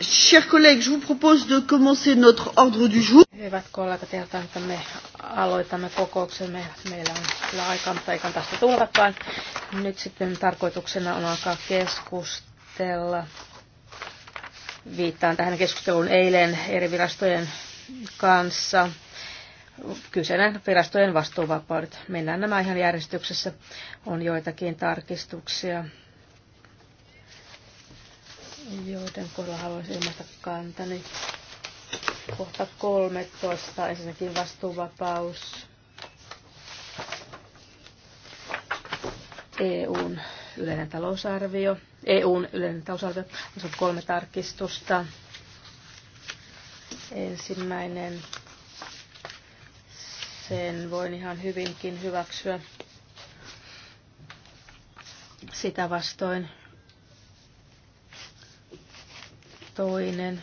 chers collègues, je vous propose de commencer notre ordre du jour. Hyvät kollegat, ehdotan, että me aloitamme kokouksemme. Meillä on kyllä aikaa, mutta ei tästä tullakaan. Nyt sitten tarkoituksena on alkaa keskustella. Viittaan tähän keskusteluun eilen eri virastojen kanssa. Kyseinen virastojen vastuuvapaudet. Mennään nämä ihan järjestyksessä. On joitakin tarkistuksia joiden kohdalla haluaisin ilmaista kantani. Kohta 13, ensinnäkin vastuuvapaus. EUn yleinen talousarvio. EUn yleinen talousarvio. Tässä on kolme tarkistusta. Ensimmäinen. Sen voin ihan hyvinkin hyväksyä. Sitä vastoin toinen.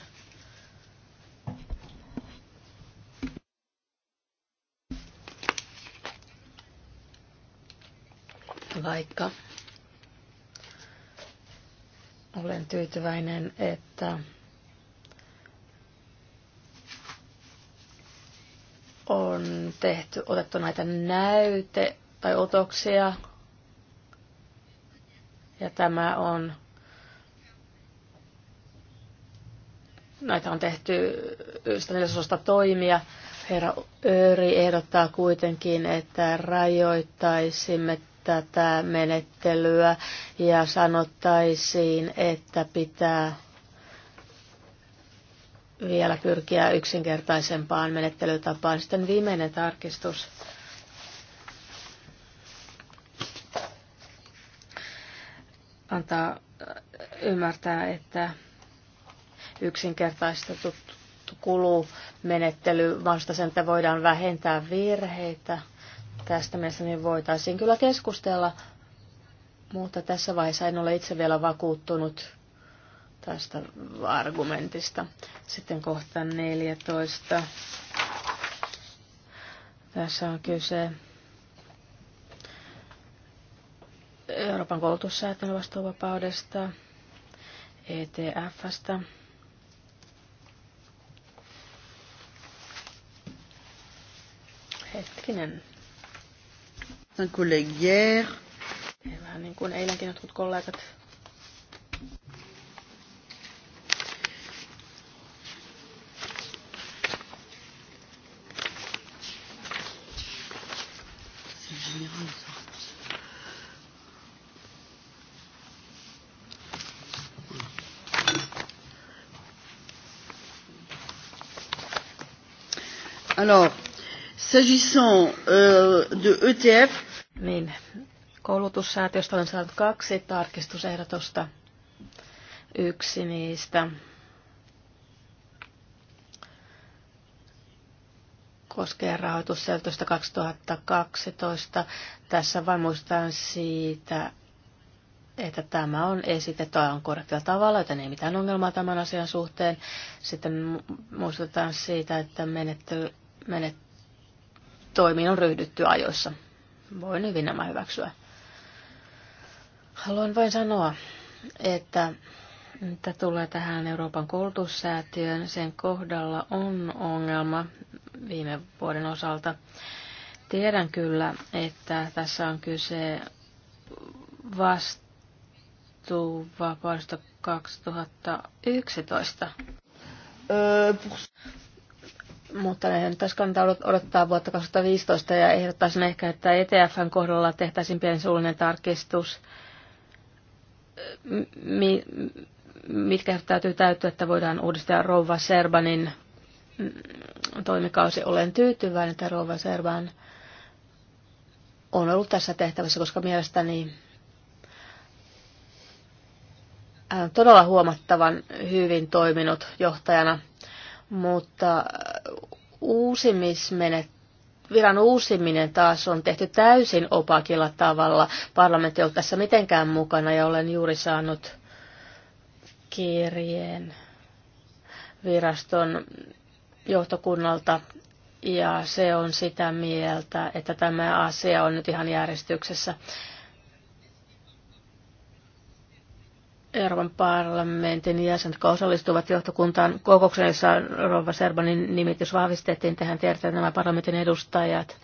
Vaikka olen tyytyväinen, että on tehty, otettu näitä näyte- tai otoksia. Ja tämä on Näitä on tehty yhdestä toimia. Herra Öri ehdottaa kuitenkin, että rajoittaisimme tätä menettelyä ja sanottaisiin, että pitää vielä pyrkiä yksinkertaisempaan menettelytapaan. Sitten viimeinen tarkistus. Antaa ymmärtää, että yksinkertaistettu kulumenettely vasta sen, että voidaan vähentää virheitä. Tästä mielestäni voitaisiin kyllä keskustella, mutta tässä vaiheessa en ole itse vielä vakuuttunut tästä argumentista. Sitten kohta 14. Tässä on kyse Euroopan koulutussäätön vastuuvapaudesta, ETFstä. Hetkinen. Kollegier. Vähän niin kuin eilenkin jotkut kollegat. Alors, S'agissant euh, de ETF. Niin, koulutussäätiöstä olen saanut kaksi tarkistusehdotusta. Yksi niistä koskee rahoitusseltosta 2012. Tässä vain muistan siitä, että tämä on esitetty aivan korrektilla tavalla, joten ei mitään ongelmaa tämän asian suhteen. Sitten muistutetaan siitä, että menettely, menet, toimiin on ryhdytty ajoissa. Voin hyvin nämä hyväksyä. Haluan vain sanoa, että mitä tulee tähän Euroopan koulutussäätiön, sen kohdalla on ongelma viime vuoden osalta. Tiedän kyllä, että tässä on kyse vastuuvapaudesta 2011 mutta näin tässä kannattaa odottaa vuotta 2015 ja ehdottaisin ehkä, että ETFn kohdalla tehtäisiin pieni suullinen tarkistus, mi, mitkä täytyy täyttyä, että voidaan uudistaa Rouva Serbanin mm, toimikausi. Olen tyytyväinen, että Rouva Serban on ollut tässä tehtävässä, koska mielestäni hän on todella huomattavan hyvin toiminut johtajana, mutta uusimismenet, viran uusiminen taas on tehty täysin opakilla tavalla. Parlamentti ei tässä mitenkään mukana ja olen juuri saanut kirjeen viraston johtokunnalta ja se on sitä mieltä, että tämä asia on nyt ihan järjestyksessä. Euroopan parlamentin jäsenet, jotka osallistuvat johtokuntaan kokoukseen, jossa Rova Serbanin nimitys vahvistettiin. Tähän tiedetään nämä parlamentin edustajat,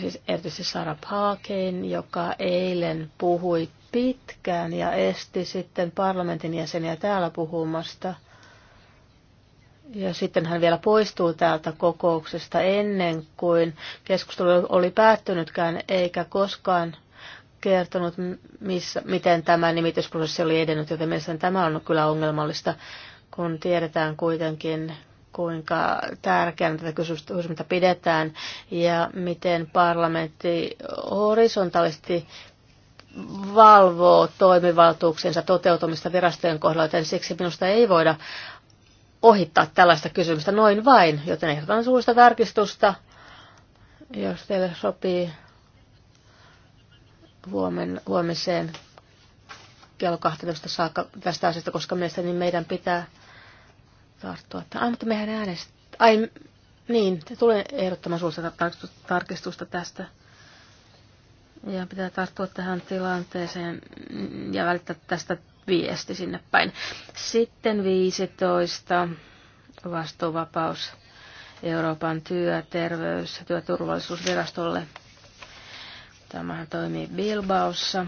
siis erityisesti Sara Paakin, joka eilen puhui pitkään ja esti sitten parlamentin jäseniä täällä puhumasta. Ja sitten hän vielä poistuu täältä kokouksesta ennen kuin keskustelu oli päättynytkään, eikä koskaan kertonut, missä, miten tämä nimitysprosessi oli edennyt, joten mielestäni tämä on kyllä ongelmallista, kun tiedetään kuitenkin, kuinka tärkeänä tätä kysymystä pidetään ja miten parlamentti horisontaalisesti valvoo toimivaltuuksensa toteutumista virastojen kohdalla, joten siksi minusta ei voida ohittaa tällaista kysymystä noin vain, joten ehdotan suurista tarkistusta, jos teille sopii huomen, huomiseen kello 12 saakka tästä asiasta, koska mielestäni meidän pitää tarttua. Ai, mutta mehän äänestä. Ai, niin, tulee ehdottoman suosta tarkistusta tästä. Ja pitää tarttua tähän tilanteeseen ja välittää tästä viesti sinne päin. Sitten 15. Vastuuvapaus Euroopan työ, terveys ja työturvallisuusvirastolle. Tämähän toimii Bilbaossa.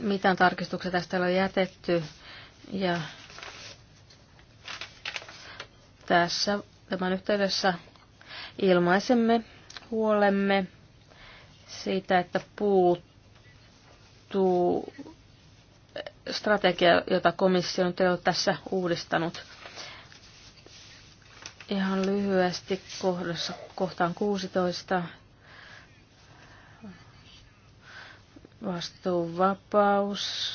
Mitään tarkistuksia tästä ei ole jätetty. Ja tässä tämän yhteydessä ilmaisemme huolemme siitä, että puuttuu strategia, jota komissio on tässä uudistanut. Ihan lyhyesti kohdassa, kohtaan 16. Vastuuvapaus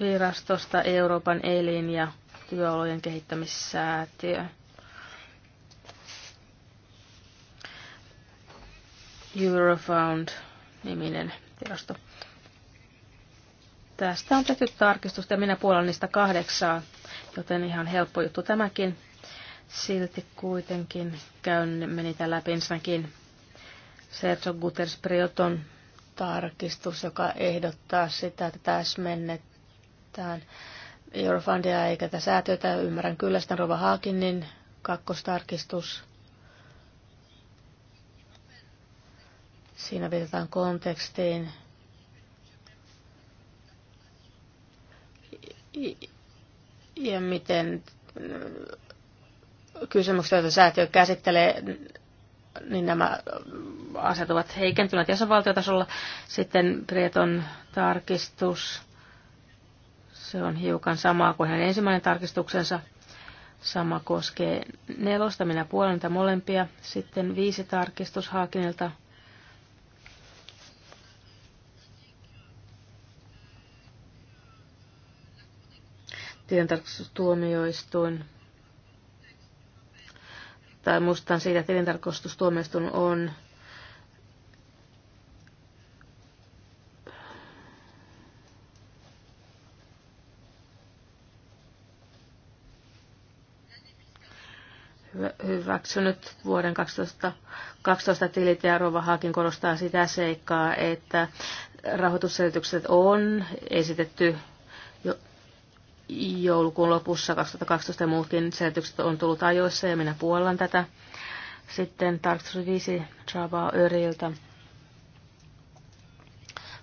virastosta Euroopan elin- ja työolojen kehittämissäätiö. Eurofound-niminen virasto. Tästä on tehty tarkistusta ja minä puolan niistä kahdeksaa joten ihan helppo juttu tämäkin. Silti kuitenkin käyn meni niitä läpi ensinnäkin Sergio Guterres Prioton tarkistus, joka ehdottaa sitä, että täsmennetään Eurofundia eikä tätä säätiötä. Ymmärrän kyllä sitä Rova Haakinin kakkostarkistus. Siinä viitataan kontekstiin ja miten äh, kysymykset, joita säätiö käsittelee, niin nämä asiat ovat heikentyneet jäsenvaltiotasolla. Sitten Prieton tarkistus, se on hiukan samaa kuin hänen ensimmäinen tarkistuksensa. Sama koskee nelosta, minä puolen molempia. Sitten viisi tarkistus Haakinilta tilintarkastustuomioistuin tai muistan siitä, että tilintarkastustuomioistuin on hyväksynyt vuoden 2012 tilit ja Rova Haakin korostaa sitä seikkaa, että rahoitusselitykset on esitetty joulukuun lopussa 2012 ja muutkin selitykset on tullut ajoissa ja minä puollan tätä. Sitten Tarkastus 5 Java Öriltä.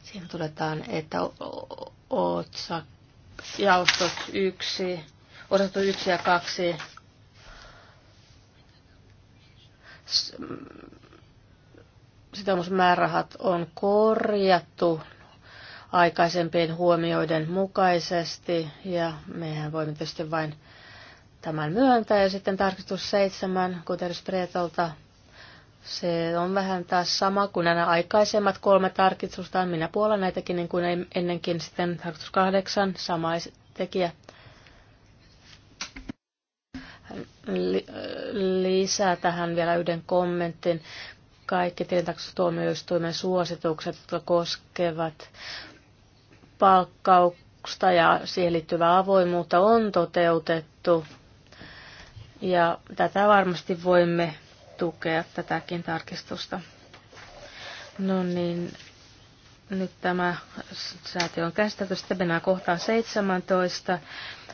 Siinä todetaan, että otsak, jaostot 1, osastot 1 ja 2 sitoumusmäärärahat on korjattu aikaisempien huomioiden mukaisesti ja mehän voimme tietysti vain tämän myöntää. Ja sitten tarkistus seitsemän, kuten Spreetolta, se on vähän taas sama kuin nämä aikaisemmat kolme tarkistusta. Minä puolen näitäkin niin kuin ennenkin sitten tarkistus kahdeksan, sama tekijä. Lisää tähän vielä yhden kommentin. Kaikki tilintaksustuomioistuimen suositukset, jotka koskevat palkkausta ja siihen liittyvää avoimuutta on toteutettu. Ja tätä varmasti voimme tukea tätäkin tarkistusta. No niin, nyt tämä säätiö on käsitelty. Sitten mennään kohtaan 17.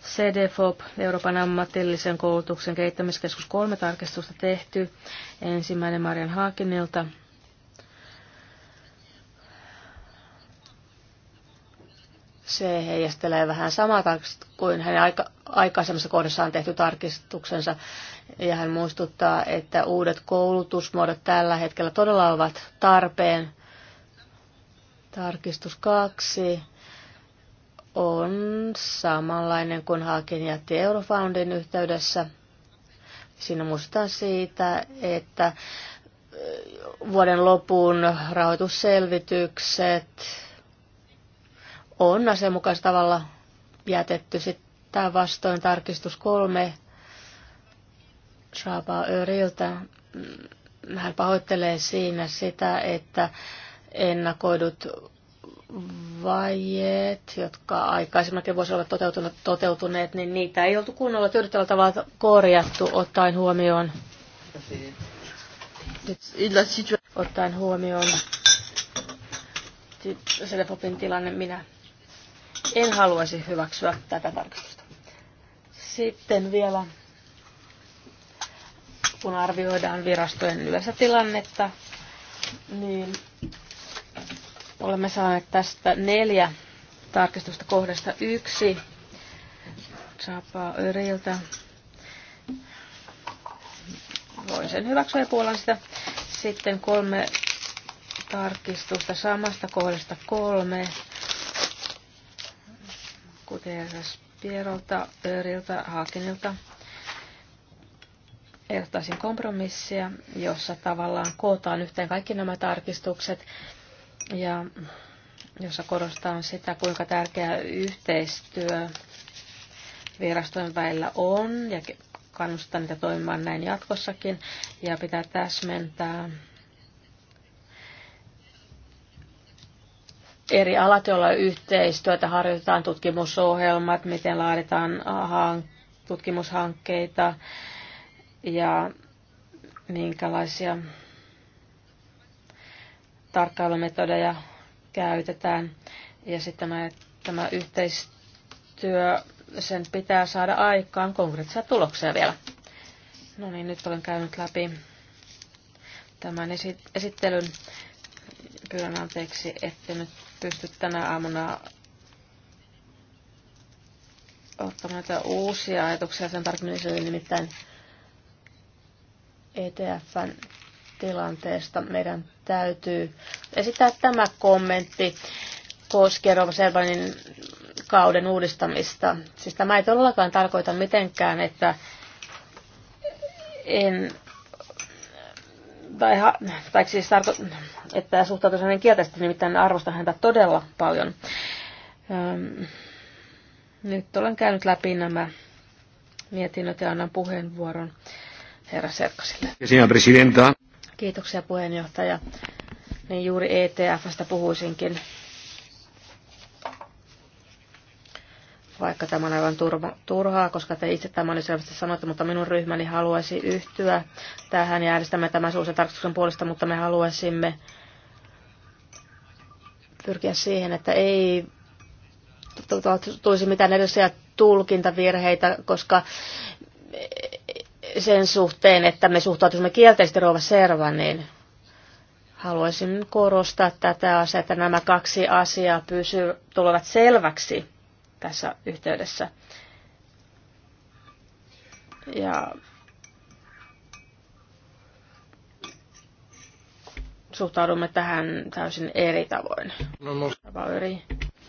CDFOP, Euroopan ammatillisen koulutuksen kehittämiskeskus, kolme tarkistusta tehty. Ensimmäinen Marian Haakinilta, Se heijastelee vähän samaa kuin hänen aika, aikaisemmassa kohdassaan tehty tarkistuksensa. Ja hän muistuttaa, että uudet koulutusmuodot tällä hetkellä todella ovat tarpeen. Tarkistus 2 on samanlainen kuin Haakin jätti Eurofoundin yhteydessä. Siinä muistetaan siitä, että vuoden lopun rahoitusselvitykset on asianmukaisella tavalla jätetty. Sitten vastoin tarkistus kolme saapaa Öriltä. Hän pahoittelee siinä sitä, että ennakoidut vajeet, jotka aikaisemmakin voisi olla toteutuneet, toteutuneet, niin niitä ei oltu kunnolla tyydyttävällä tavalla korjattu ottaen huomioon ottaen huomioon Selepopin tilanne minä en haluaisi hyväksyä tätä tarkastusta. Sitten vielä, kun arvioidaan virastojen yleensä tilannetta, niin olemme saaneet tästä neljä tarkistusta kohdasta yksi. saapaa Öriltä. Voin sen hyväksyä ja puolan sitä. Sitten kolme tarkistusta samasta kohdasta kolme kuten Pierolta, Öriltä, Haakinilta. Ehdottaisin kompromissia, jossa tavallaan kootaan yhteen kaikki nämä tarkistukset ja jossa korostetaan sitä, kuinka tärkeä yhteistyö virastojen välillä on ja kannustaa niitä toimimaan näin jatkossakin ja pitää täsmentää eri alat, joilla yhteistyötä harjoitetaan, tutkimusohjelmat, miten laaditaan äh, tutkimushankkeita ja minkälaisia tarkkailumetodeja käytetään. Ja sitten tämä, tämä yhteistyö, sen pitää saada aikaan konkreettisia tuloksia vielä. No niin, nyt olen käynyt läpi tämän esittelyn. Pyydän anteeksi, että nyt pysty tänä aamuna ottamaan näitä uusia ajatuksia sen tarkemmin oli nimittäin ETFn tilanteesta. Meidän täytyy esittää tämä kommentti koskien Rova Selvanin kauden uudistamista. Siis tämä ei todellakaan tarkoita mitenkään, että en tai, ha, tai siis tarko, että suhtautuisi hänen kieltästi, nimittäin arvostan häntä todella paljon. Öm, nyt olen käynyt läpi nämä mietinnöt ja annan puheenvuoron herra Serkasille. Kiitoksia puheenjohtaja. Niin juuri ETFstä puhuisinkin. vaikka tämä on aivan turva, turhaa, koska te itse tämän oli selvästi sanoitte, mutta minun ryhmäni haluaisi yhtyä tähän ja äänestämme tämän suosien tarkastuksen puolesta, mutta me haluaisimme pyrkiä siihen, että ei tulisi mitään edellisiä tulkintavirheitä, koska sen suhteen, että me suhtautuisimme kielteisesti Rova Serva, niin haluaisin korostaa tätä asiaa, että nämä kaksi asiaa pysyvät tulevat selväksi tässä yhteydessä. Ja suhtaudumme tähän täysin eri tavoin. No, no. Vauri.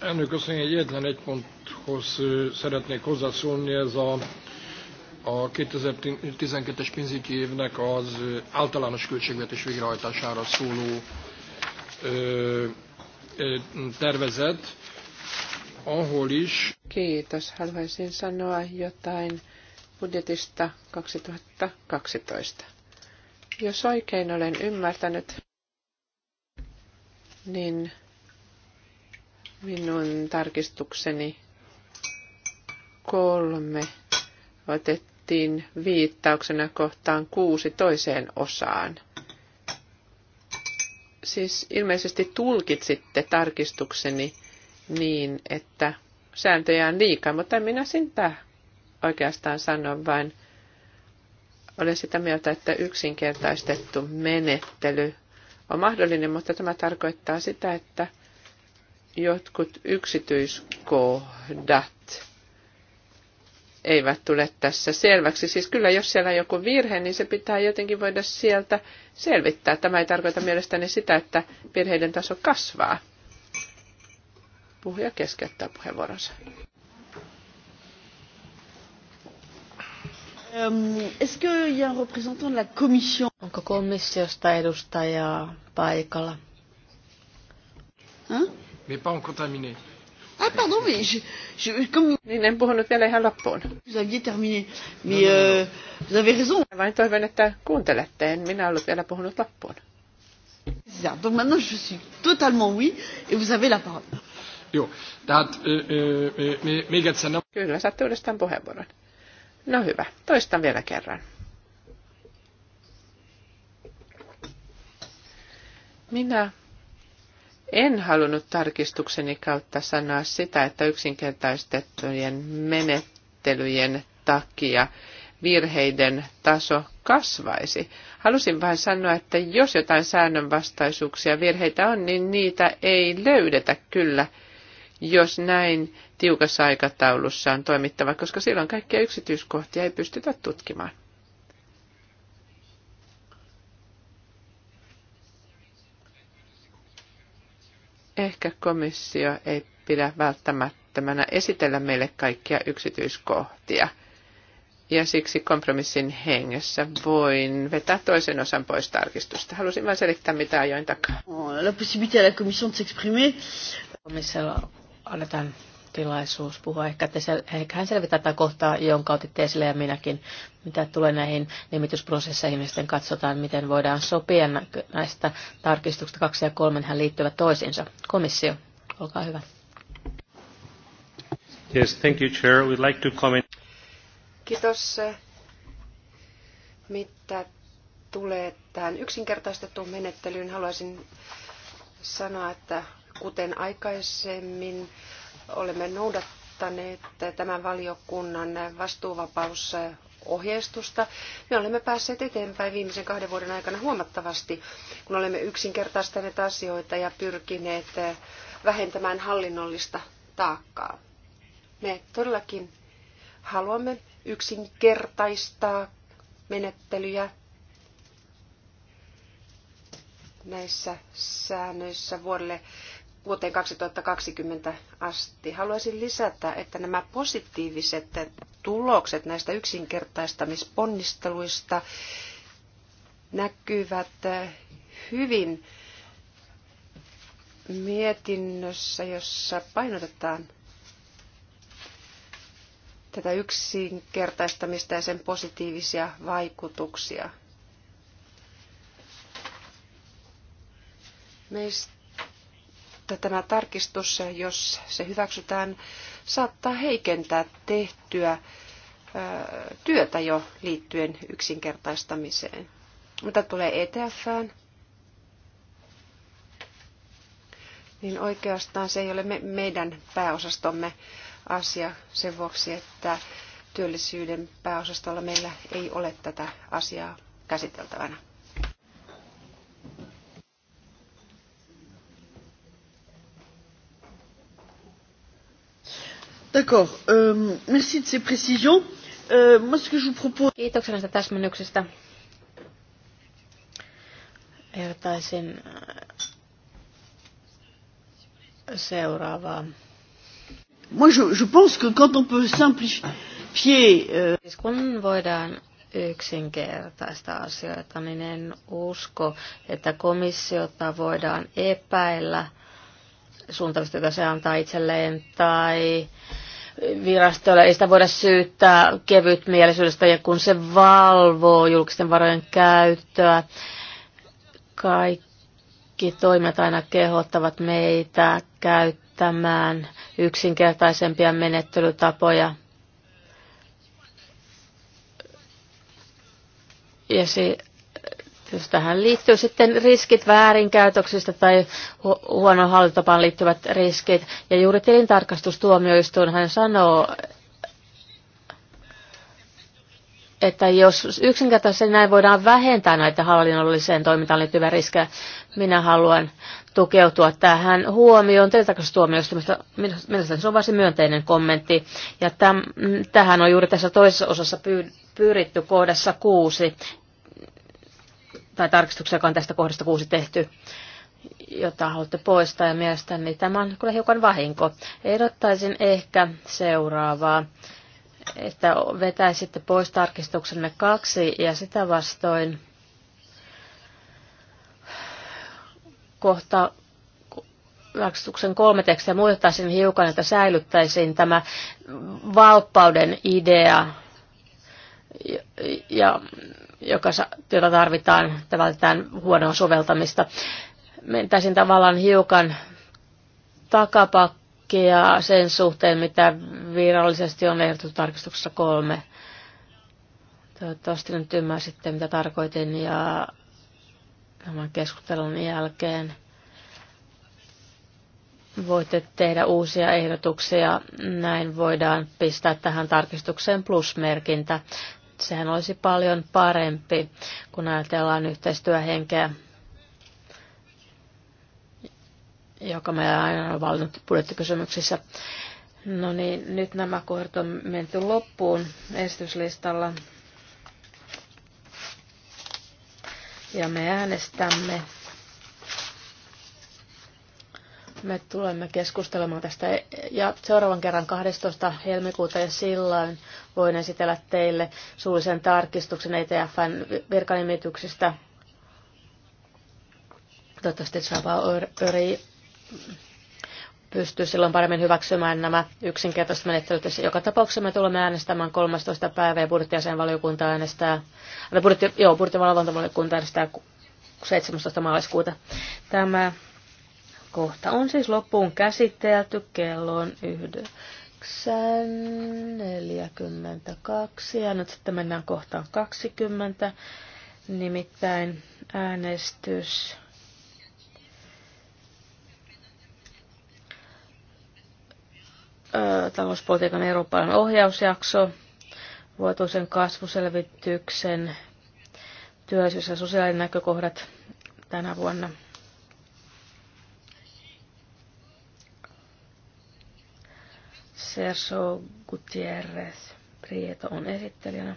Elnök asszony, egy egyetlen egy ponthoz szeretnék hozzászólni, ez a, a 2012-es pénzügyi évnek az általános költségvetés végrehajtására szóló ö, ö, tervezet ahol is. Kiitos. Haluaisin sanoa jotain budjetista 2012. Jos oikein olen ymmärtänyt, niin minun tarkistukseni kolme otettiin viittauksena kohtaan kuusi toiseen osaan. Siis ilmeisesti tulkitsitte tarkistukseni niin, että sääntöjä on liikaa, mutta en minä sitä oikeastaan sanon, vaan olen sitä mieltä, että yksinkertaistettu menettely on mahdollinen, mutta tämä tarkoittaa sitä, että jotkut yksityiskohdat eivät tule tässä selväksi. Siis kyllä, jos siellä on joku virhe, niin se pitää jotenkin voida sieltä selvittää. Tämä ei tarkoita mielestäni sitä, että virheiden taso kasvaa. Puhuja keskeyttää puheenvuoronsa. Um, Onko komissiosta edustajaa paikalla? Mais pas encore terminé. Ah pardon, mais je, je, comme... Niin en puhunut vielä ihan loppuun. Vous aviez terminé, mais no, no, no. Euh, vous avez raison. Mä Vain toivon, että kuuntelette. En minä ollut vielä puhunut loppuun. Donc maintenant je suis totalement oui et vous avez la parole. Joo, e, még egyszer nem... Kyllä, saatte uudestaan puheenvuoron. No hyvä, toistan vielä kerran. Minä en halunnut tarkistukseni kautta sanoa sitä, että yksinkertaistettujen menettelyjen takia virheiden taso kasvaisi. Halusin vain sanoa, että jos jotain säännönvastaisuuksia virheitä on, niin niitä ei löydetä kyllä jos näin tiukassa aikataulussa on toimittava, koska silloin kaikkia yksityiskohtia ei pystytä tutkimaan. Ehkä komissio ei pidä välttämättömänä esitellä meille kaikkia yksityiskohtia. Ja siksi kompromissin hengessä voin vetää toisen osan pois tarkistusta. Halusin vain selittää, mitä ajoin takaa. La possibilité à la commission de s'exprimer annetaan tilaisuus puhua. Ehkä te sel- hän selvitä tätä kohtaa, jonka otitte esille ja minäkin. Mitä tulee näihin nimitysprosesseihin, sitten katsotaan, miten voidaan sopia näistä tarkistuksista. Kaksi ja kolmen hän liittyvät toisiinsa. Komissio, olkaa hyvä. Yes, thank you, Chair. We'd like to comment. Kiitos. Mitä tulee tähän yksinkertaistettuun menettelyyn, haluaisin sanoa, että Kuten aikaisemmin olemme noudattaneet tämän valiokunnan vastuuvapausohjeistusta. ohjeistusta. Me olemme päässeet eteenpäin viimeisen kahden vuoden aikana huomattavasti, kun olemme yksinkertaistaneet asioita ja pyrkineet vähentämään hallinnollista taakkaa. Me todellakin haluamme yksinkertaistaa menettelyjä näissä säännöissä vuodelle vuoteen 2020 asti. Haluaisin lisätä, että nämä positiiviset tulokset näistä yksinkertaistamisponnisteluista näkyvät hyvin mietinnössä, jossa painotetaan tätä yksinkertaistamista ja sen positiivisia vaikutuksia. Meistä tämä tarkistus, jos se hyväksytään, saattaa heikentää tehtyä työtä jo liittyen yksinkertaistamiseen. Mitä tulee etf niin oikeastaan se ei ole me, meidän pääosastomme asia sen vuoksi, että työllisyyden pääosastolla meillä ei ole tätä asiaa käsiteltävänä. D'accord. Euh, merci de ces précisions. Euh, ce que je vous propose... Kiitoksia näistä täsmennyksistä. Ehdotaisin äh, seuraavaa. Moi, je, je pense que quand on peut simplifier... Euh... Siis kun voidaan yksinkertaista asioita, niin en usko, että komissiota voidaan epäillä – suuntaamista, jota se antaa itselleen, tai virastoille. Ei sitä voida syyttää mielisyydestä ja kun se valvoo julkisten varojen käyttöä, kaikki toimet aina kehottavat meitä käyttämään yksinkertaisempia menettelytapoja. Ja se, jos tähän liittyy sitten riskit väärinkäytöksistä tai hu- huonon hallintopaan liittyvät riskit, ja juuri tilintarkastustuomioistuin hän sanoo, että jos yksinkertaisesti näin voidaan vähentää näitä hallinnolliseen toimintaan liittyviä riskejä, minä haluan tukeutua tähän huomioon tilintarkastustuomioistuimesta. Mielestäni se on varsin myönteinen kommentti. Ja täm, tähän on juuri tässä toisessa osassa pyydetty pyritty kohdassa kuusi tai tarkistuksia, joka on tästä kohdasta kuusi tehty, jota haluatte poistaa ja mielestäni niin tämä on kyllä hiukan vahinko. Ehdottaisin ehkä seuraavaa, että vetäisitte pois tarkistuksenne kaksi ja sitä vastoin kohta tarkistuksen kolme tekstiä muutettaisiin hiukan, että säilyttäisiin tämä valppauden idea ja joka, jota tarvitaan, tavallaan huonoa soveltamista. Mentäisin tavallaan hiukan takapakkia sen suhteen, mitä virallisesti on ehdotettu tarkistuksessa kolme. Toivottavasti nyt ymmärsitte, mitä tarkoitin ja tämän keskustelun jälkeen voitte tehdä uusia ehdotuksia. Näin voidaan pistää tähän tarkistukseen plusmerkintä. Sehän olisi paljon parempi, kun ajatellaan yhteistyöhenkeä, joka meillä aina on valinnut budjettikysymyksissä. No niin, nyt nämä kohdat on menty loppuun esityslistalla. Ja me äänestämme me tulemme keskustelemaan tästä e- ja seuraavan kerran 12. helmikuuta ja silloin voin esitellä teille suullisen tarkistuksen ETFn virkanimityksistä. Toivottavasti Sava Öri pystyy silloin paremmin hyväksymään nämä yksinkertaiset menettelyt. Joka tapauksessa me tulemme äänestämään 13. päivää ja valiokunta äänestää, budjetti, joo, budjettivalvontavaliokunta äänestää 17. maaliskuuta. Tämä kohta on siis loppuun käsitelty. Kello on 9.42 ja nyt sitten mennään kohtaan 20, nimittäin äänestys. talouspolitiikan Euroopan ohjausjakso, vuotuisen kasvuselvityksen, työllisyys- ja sosiaalinäkökohdat tänä vuonna. Sergio Gutierrez Prieto on esittelijänä.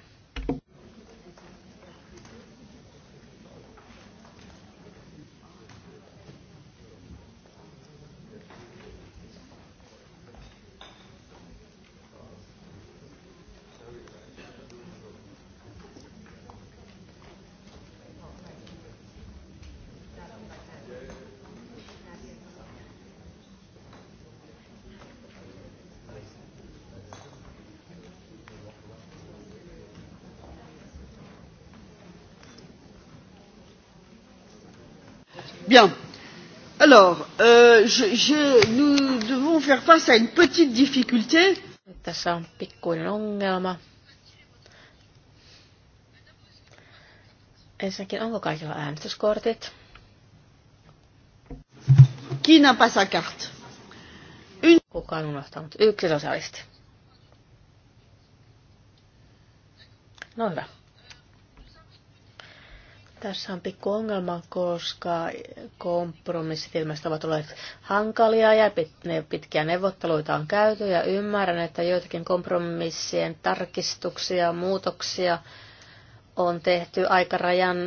Bien. Alors, euh, je, je, nous devons faire face à une petite difficulté. Tässä on pikkuinen ongelma. Ensinnäkin, onko kaikilla äänestyskortit? Qui n'a pas sa carte? Une... Kuka on unohtanut? Yksi sosialisti. No hyvä. Tässä on pikku ongelma, koska kompromissit ilmeisesti ovat olleet hankalia ja pitkiä neuvotteluita on käyty ja ymmärrän, että joitakin kompromissien tarkistuksia ja muutoksia on tehty aikarajan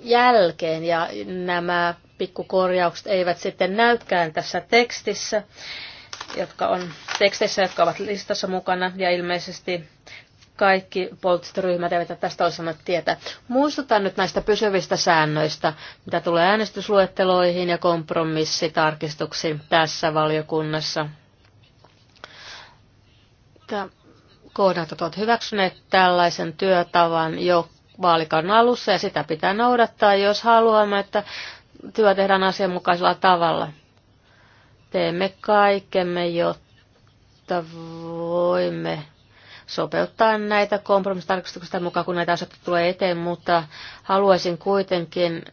jälkeen ja nämä pikkukorjaukset eivät sitten näykään tässä tekstissä, jotka on tekstissä, jotka ovat listassa mukana ja ilmeisesti kaikki poliittiset ryhmät eivät tästä osannut tietää. Muistutan nyt näistä pysyvistä säännöistä, mitä tulee äänestysluetteloihin ja kompromissitarkistuksiin tässä valiokunnassa. Kohdat ovat hyväksyneet tällaisen työtavan jo vaalikauden alussa ja sitä pitää noudattaa, jos haluamme, että työ tehdään asianmukaisella tavalla. Teemme kaikkemme, jotta voimme sopeuttaa näitä kompromissitarkistuksia mukaan, kun näitä asioita tulee eteen, mutta haluaisin kuitenkin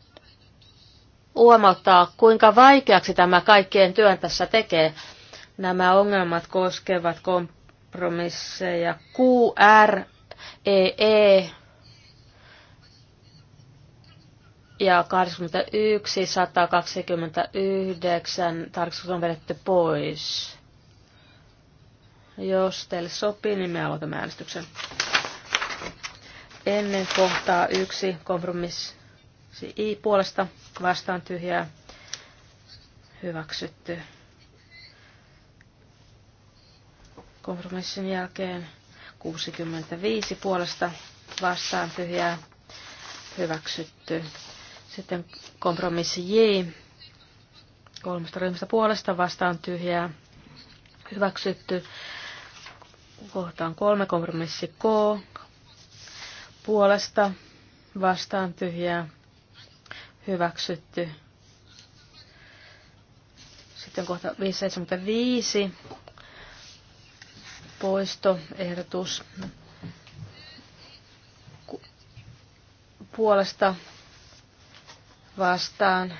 huomauttaa, kuinka vaikeaksi tämä kaikkien työn tässä tekee. Nämä ongelmat koskevat kompromisseja QREE e ja 81, 129 tarkistus on vedetty pois. Jos teille sopii, niin me aloitamme äänestyksen. Ennen kohtaa yksi kompromissi I puolesta vastaan tyhjää hyväksytty. Kompromissin jälkeen 65 puolesta vastaan tyhjää hyväksytty. Sitten kompromissi J kolmesta ryhmästä puolesta vastaan tyhjää hyväksytty kohtaan kolme kompromissi K puolesta vastaan tyhjää hyväksytty. Sitten kohta 575 poistoehdotus puolesta vastaan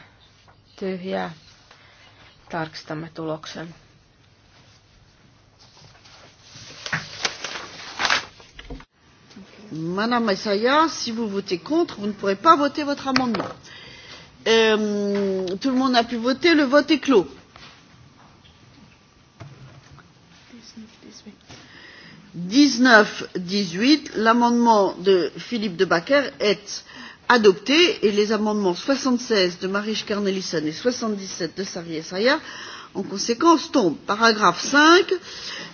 tyhjää. Tarkistamme tuloksen. Madame Essaya, si vous votez contre, vous ne pourrez pas voter votre amendement. Euh, tout le monde a pu voter, le vote est clos. dix neuf dix huit l'amendement de philippe de Bacquer est adopté et les amendements soixante seize de Marie Carnelissen et soixante dix sept de saryi essayah en conséquence, tombe. Paragraphe 5,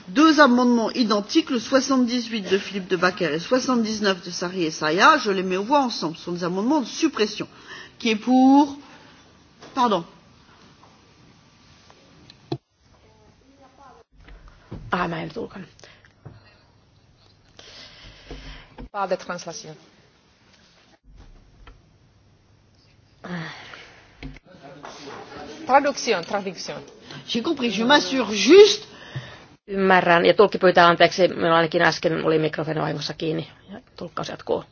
deux amendements identiques, le 78 de Philippe de Bacquer et le 79 de Sari et Saya. Je les mets aux voix ensemble. Ce sont des amendements de suppression. Qui est pour Pardon. Ah, mais elle tulkan. Pas de translation. Traduction, traduction. J'ai compris, je m'assure juste. Ymmärrän, ja tulkki pyytää anteeksi, minulla ainakin äsken oli mikrofoni vahingossa kiinni, ja tulkkaus jatkuu.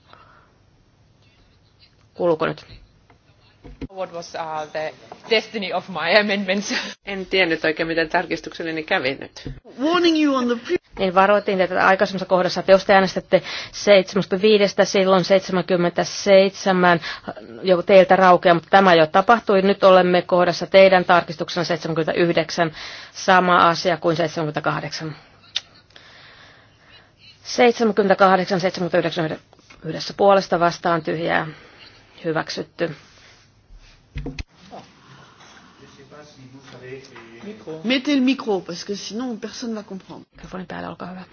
Kuuluuko nyt? What was uh, the destiny of my amendments? En tiennyt oikein, miten tarkistukseni kävi nyt. Warning you on the niin varoitin tätä aikaisemmassa kohdassa, että jos te äänestätte 75, silloin 77 jo teiltä raukeaa, mutta tämä jo tapahtui. Nyt olemme kohdassa teidän tarkistuksena 79, sama asia kuin 78. 78, 79 yhdessä puolesta vastaan tyhjää hyväksytty. Mikro. Mettez le micro, parce que sinon personne ne va comprendre. Mikrofonin päällä, olkaa hyvä.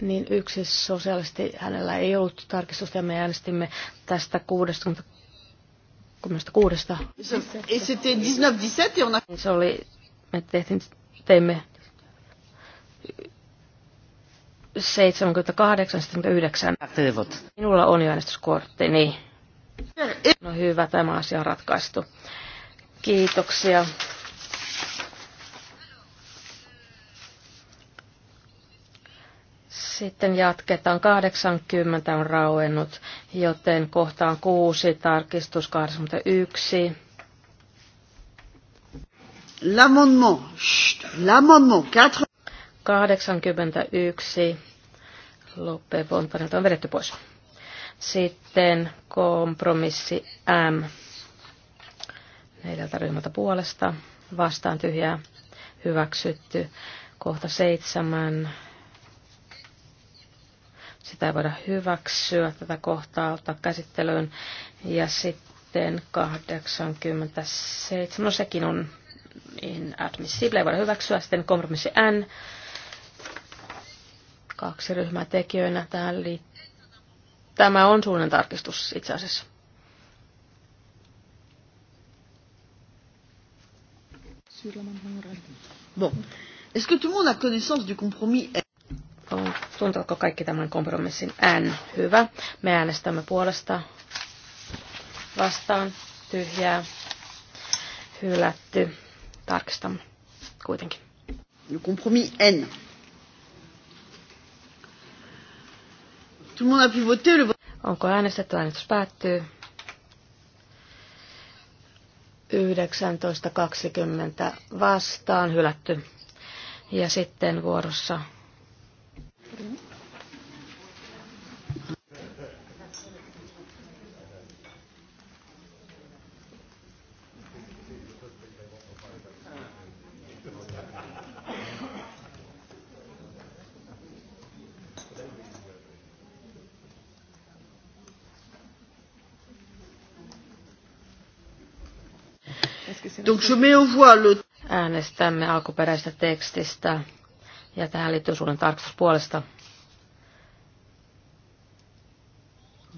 Niin yksi sosiaalisesti hänellä ei ollut tarkistusta ja me äänestimme tästä 66. 36. Niin se oli, me tehtiin, teimme 78-79. Minulla on jo äänestyskortti, niin. Eh, eh. No hyvä, tämä asia on ratkaistu. Kiitoksia. Sitten jatketaan. 80 on rauennut, joten kohtaan 6, tarkistus 81. L'amendement, l'amendement 81. Loppe Vontanelta on vedetty pois. Sitten kompromissi M. Neljältä ryhmältä puolesta. Vastaan tyhjää. Hyväksytty. Kohta seitsemän sitä ei voida hyväksyä tätä kohtaa ottaa käsittelyyn. Ja sitten 87, no sekin on inadmissible, ei voida hyväksyä. Sitten kompromissi N, kaksi ryhmää tekijöinä. Tähän Tämä on suunnan tarkistus itse asiassa. Bon. Est-ce que tout le monde a connaissance du compromis Tuntuvatko kaikki tämän kompromissin N? Hyvä. Me äänestämme puolesta vastaan tyhjää hylätty. Tarkistamme kuitenkin. Le compromis N. Tout le monde a pu voter le Onko äänestetty? Äänestys päättyy. 19.20 vastaan hylätty. Ja sitten vuorossa Donc je mets au voile le... Äänestämme alkuperäisestä tekstistä ja tähän liittyy suuren tarkastus puolesta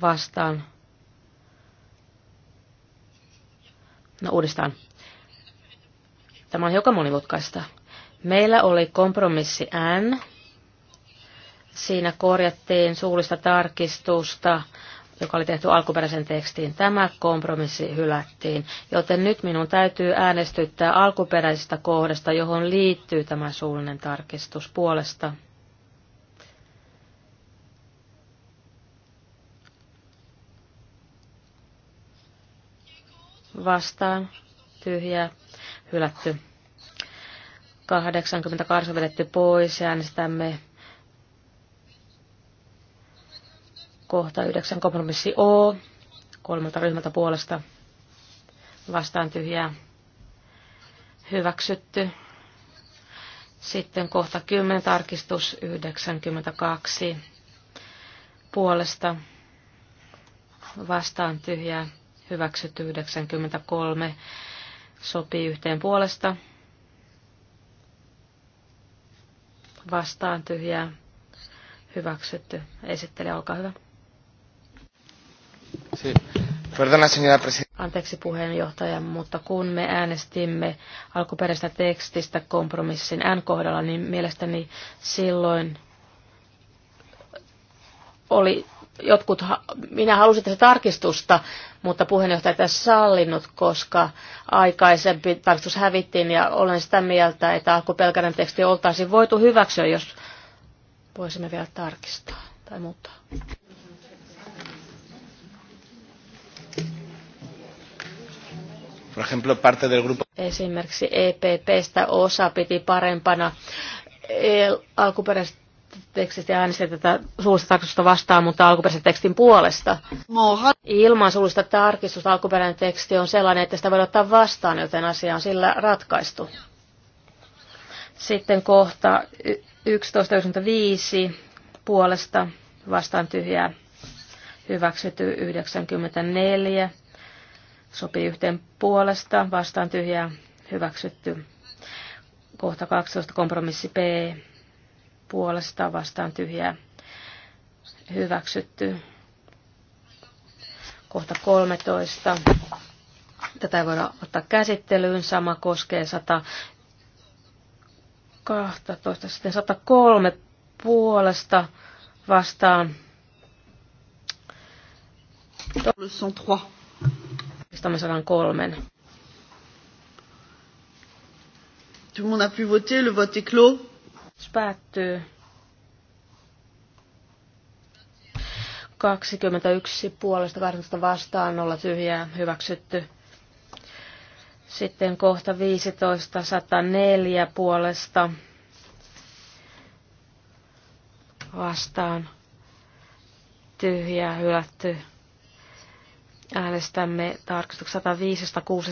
vastaan. No uudestaan. Tämä on hiukan monimutkaista. Meillä oli kompromissi N. Siinä korjattiin suullista tarkistusta joka oli tehty alkuperäisen tekstiin. Tämä kompromissi hylättiin, joten nyt minun täytyy äänestyttää alkuperäisestä kohdasta, johon liittyy tämä suullinen tarkistus puolesta. Vastaan. Tyhjää. Hylätty. 88 vedetty pois ja äänestämme Kohta 9 kompromissi O kolmelta ryhmältä puolesta vastaan tyhjää hyväksytty. Sitten kohta 10 tarkistus 92 puolesta vastaan tyhjää hyväksytty 93 sopii yhteen puolesta vastaan tyhjää hyväksytty. Esittelijä, olkaa hyvä. Anteeksi puheenjohtaja, mutta kun me äänestimme alkuperäisestä tekstistä kompromissin N-kohdalla, niin mielestäni silloin oli jotkut, minä halusin tässä tarkistusta, mutta puheenjohtaja tässä sallinut, koska aikaisempi tarkistus hävittiin ja olen sitä mieltä, että alkuperäinen teksti oltaisiin voitu hyväksyä, jos voisimme vielä tarkistaa tai muuttaa. Por ejemplo, parte del grupo... Esimerkiksi EPPstä osa piti parempana e, alkuperäistä tekstistä äänesti tätä suullista tarkistusta vastaan, mutta alkuperäisen tekstin puolesta. Moha. Ilman suullista tarkistusta alkuperäinen teksti on sellainen, että sitä voi ottaa vastaan, joten asia on sillä ratkaistu. Sitten kohta 11.95 puolesta vastaan tyhjää hyväksytty 94 Sopii yhteen puolesta, vastaan tyhjää, hyväksytty. Kohta 12, kompromissi B, puolesta, vastaan tyhjää, hyväksytty. Kohta 13. Tätä ei voida ottaa käsittelyyn. Sama koskee 112, sitten 103 puolesta vastaan. 103. 103. Tout le monde a pu voter, le vote est clos. Päättyy. 21 puolesta 18 vastaan, 0 tyhjää, hyväksytty. Sitten kohta 15, 104 puolesta vastaan, tyhjää, hylätty. Äänestämme tarkistukset 105, 106,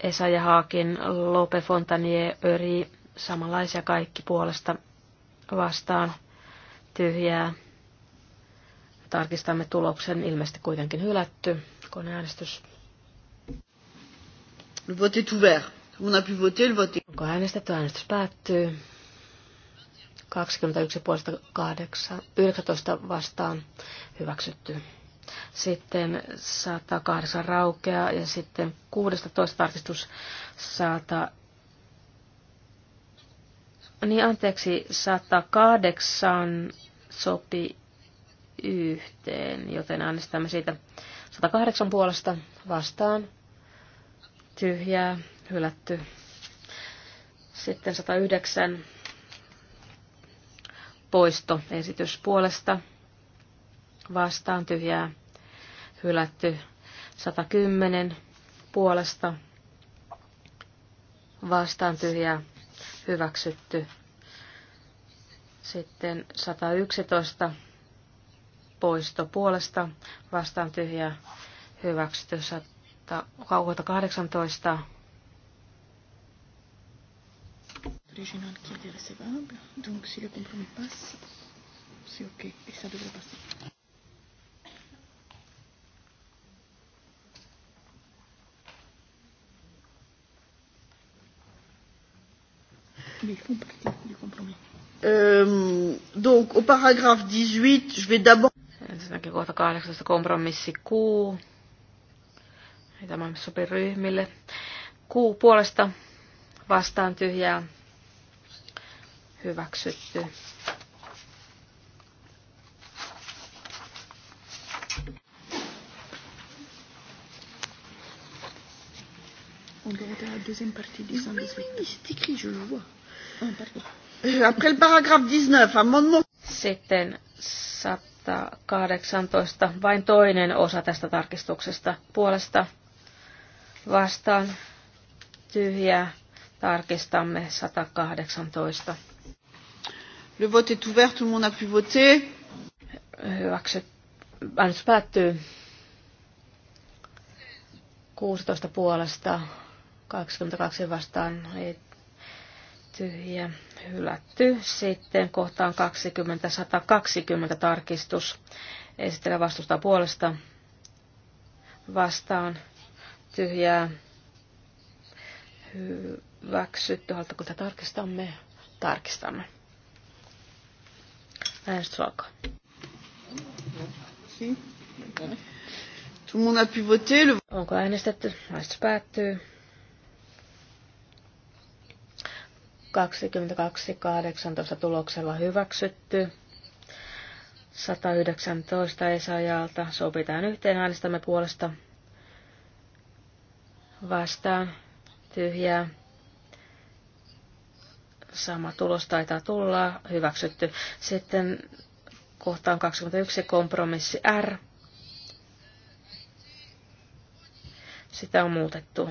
Esa ja Haakin, Lope, Fontanier, Öri, samanlaisia kaikki puolesta vastaan tyhjää. Tarkistamme tuloksen, ilmeisesti kuitenkin hylätty koneäänestys. Le vote est ouvert. On a pu voter, le vote Onko äänestetty? Äänestys päättyy. 21 puolesta 8, 19 vastaan hyväksytty. Sitten 108 raukea ja sitten 16 tarkistus 100. Niin anteeksi, 108 sopi yhteen, joten äänestämme siitä 108 puolesta vastaan. Tyhjää, hylätty. Sitten 109 poisto esitys puolesta vastaan tyhjää hylätty 110 puolesta vastaan tyhjä hyväksytty. Sitten 111 poisto puolesta vastaan tyhjä hyväksytty 118 Donc si le compromis passe, c'est OK. Et ça devrait passer. Mais ils font compromis. Euh, donc, au paragraphe 18, je vais d'abord... Ensinnäkin kohta ryhmille. Q puolesta vastaan tyhjää hyväksytty. On doit regarder la deuxième partie du 118. Oui, c'est écrit, je le vois. Après le paragraphe 19, amendement... Sitten 118, vain toinen osa tästä tarkistuksesta puolesta vastaan tyhjää. Tarkistamme 118. Le vote est ouvert, tout le monde a pu voter. Hyväksyt. Äänestys päättyy. 16 puolesta, 22 vastaan, ei tyhjä hylätty. Sitten kohtaan 20, 120 tarkistus. Esitellä vastustaa puolesta. Vastaan tyhjää hyväksytty. Haluatko tätä tarkistamme? Tarkistamme. Äänestys alkaa. Onko äänestetty? Äänestys päättyy. 22.18 tuloksella hyväksytty. 119 Esajalta Sopitaan yhteen äänestämme puolesta vastaan tyhjää. Sama tulos taitaa tulla, hyväksytty. Sitten kohtaan 21 kompromissi R. Sitä on muutettu.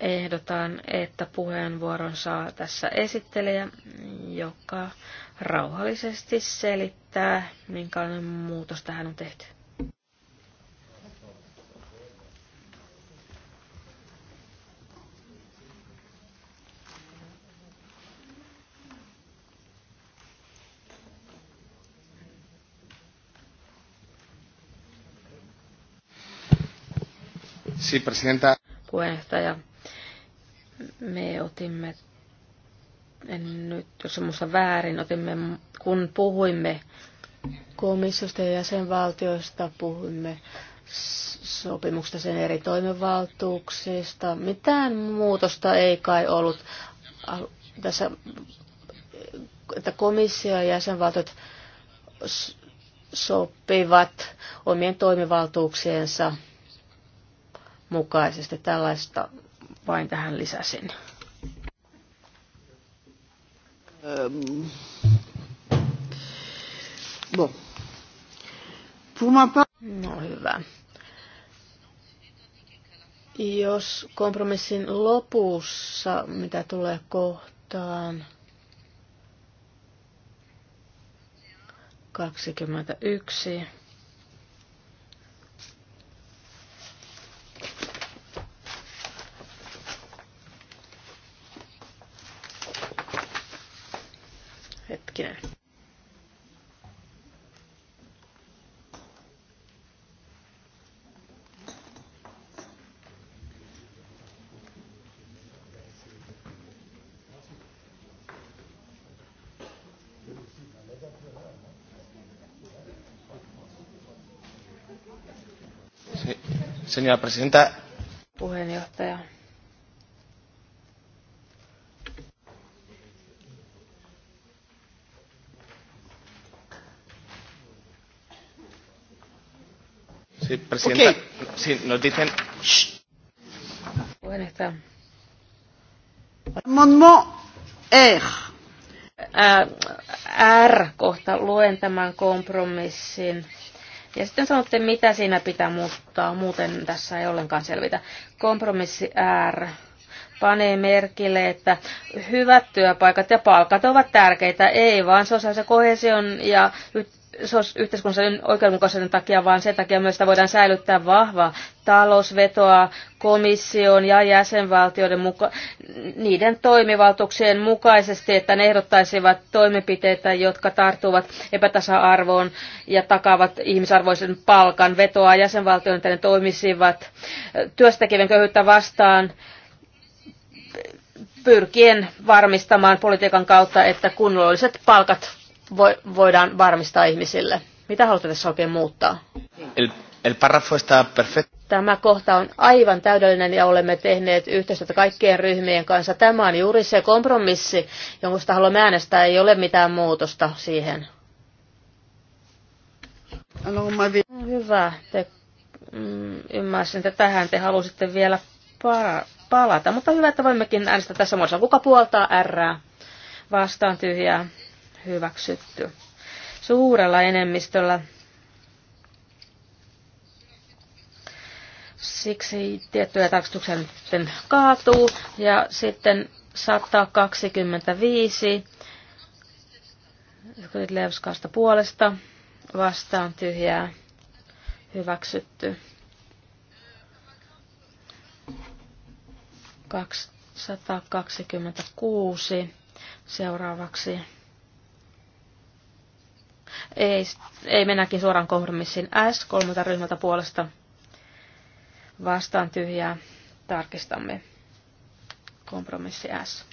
ehdotan, että puheenvuoron saa tässä esittelijä, joka rauhallisesti selittää, minkälainen muutos tähän on tehty. Sí, presidenta. Puheenjohtaja me otimme, en nyt jos muista väärin, otimme, kun puhuimme komissiosta ja jäsenvaltioista, puhuimme sopimuksesta sen eri toimivaltuuksista. Mitään muutosta ei kai ollut tässä, että komissio ja jäsenvaltiot sopivat omien toimivaltuuksiensa mukaisesti. Tällaista vain tähän lisäsin. Um, ähm. bon. No hyvä. Jos kompromissin lopussa, mitä tulee kohtaan 21, señora presidenta. Puheenjohtaja. Sí, presidenta. Okay. Sí, nos dicen. Shh. Puheenjohtaja. Amendement R. Äh, R-kohta luen tämän kompromissin ja sitten sanotte, mitä siinä pitää muuttaa, muuten tässä ei ollenkaan selvitä. Kompromissi R panee merkille, että hyvät työpaikat ja palkat ovat tärkeitä, ei vaan sosiaalisen kohesion ja yhteiskunnallisen oikeudenmukaisuuden takia, vaan sen takia myös että voidaan säilyttää vahva talousvetoa komission ja jäsenvaltioiden muka- niiden toimivaltuuksien mukaisesti, että ne ehdottaisivat toimenpiteitä, jotka tarttuvat epätasa-arvoon ja takaavat ihmisarvoisen palkan vetoa jäsenvaltioiden, että ne toimisivat työstäkivän köyhyyttä vastaan pyrkien varmistamaan politiikan kautta, että kunnolliset palkat voidaan varmistaa ihmisille. Mitä haluatte tässä oikein muuttaa? El, el Tämä kohta on aivan täydellinen ja olemme tehneet yhteistyötä kaikkien ryhmien kanssa. Tämä on juuri se kompromissi, jonka haluamme äänestää. Ei ole mitään muutosta siihen. Hyvä. Te, mm, ymmärsin, että tähän te halusitte vielä para, palata. Mutta hyvä, että voimmekin äänestää tässä muodossa. Kuka puoltaa R? Vastaan tyhjää hyväksytty suurella enemmistöllä. Siksi tiettyjä tarkistuksia nyt kaatuu ja sitten 125 Levskaasta puolesta vastaan tyhjää hyväksytty. 226 seuraavaksi. Ei, ei mennäkin suoraan kompromissin S kolmelta ryhmältä puolesta vastaan tyhjää. Tarkistamme kompromissi S.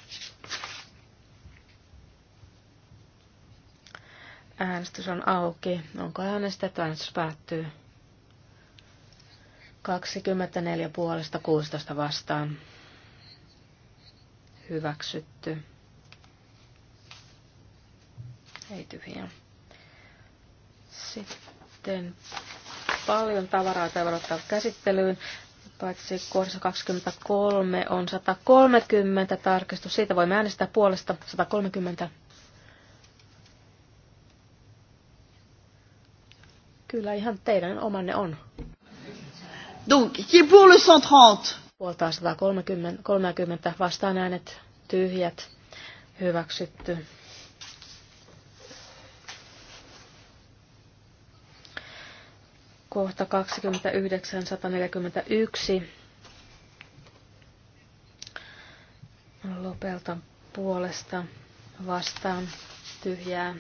Äänestys on auki. Onko äänestetty? Äänestys päättyy. 24 puolesta 16 vastaan. Hyväksytty. Ei tyhjää. Sitten paljon tavaraa tai varoittaa käsittelyyn. Paitsi kohdassa 23 on 130 tarkistus. Siitä voimme äänestää puolesta 130. Kyllä ihan teidän omanne on. Donc, qui est pour le 130? Puoltaa 130 vastaan äänet tyhjät hyväksytty. Kohta 29141. Lopelta puolesta vastaan tyhjää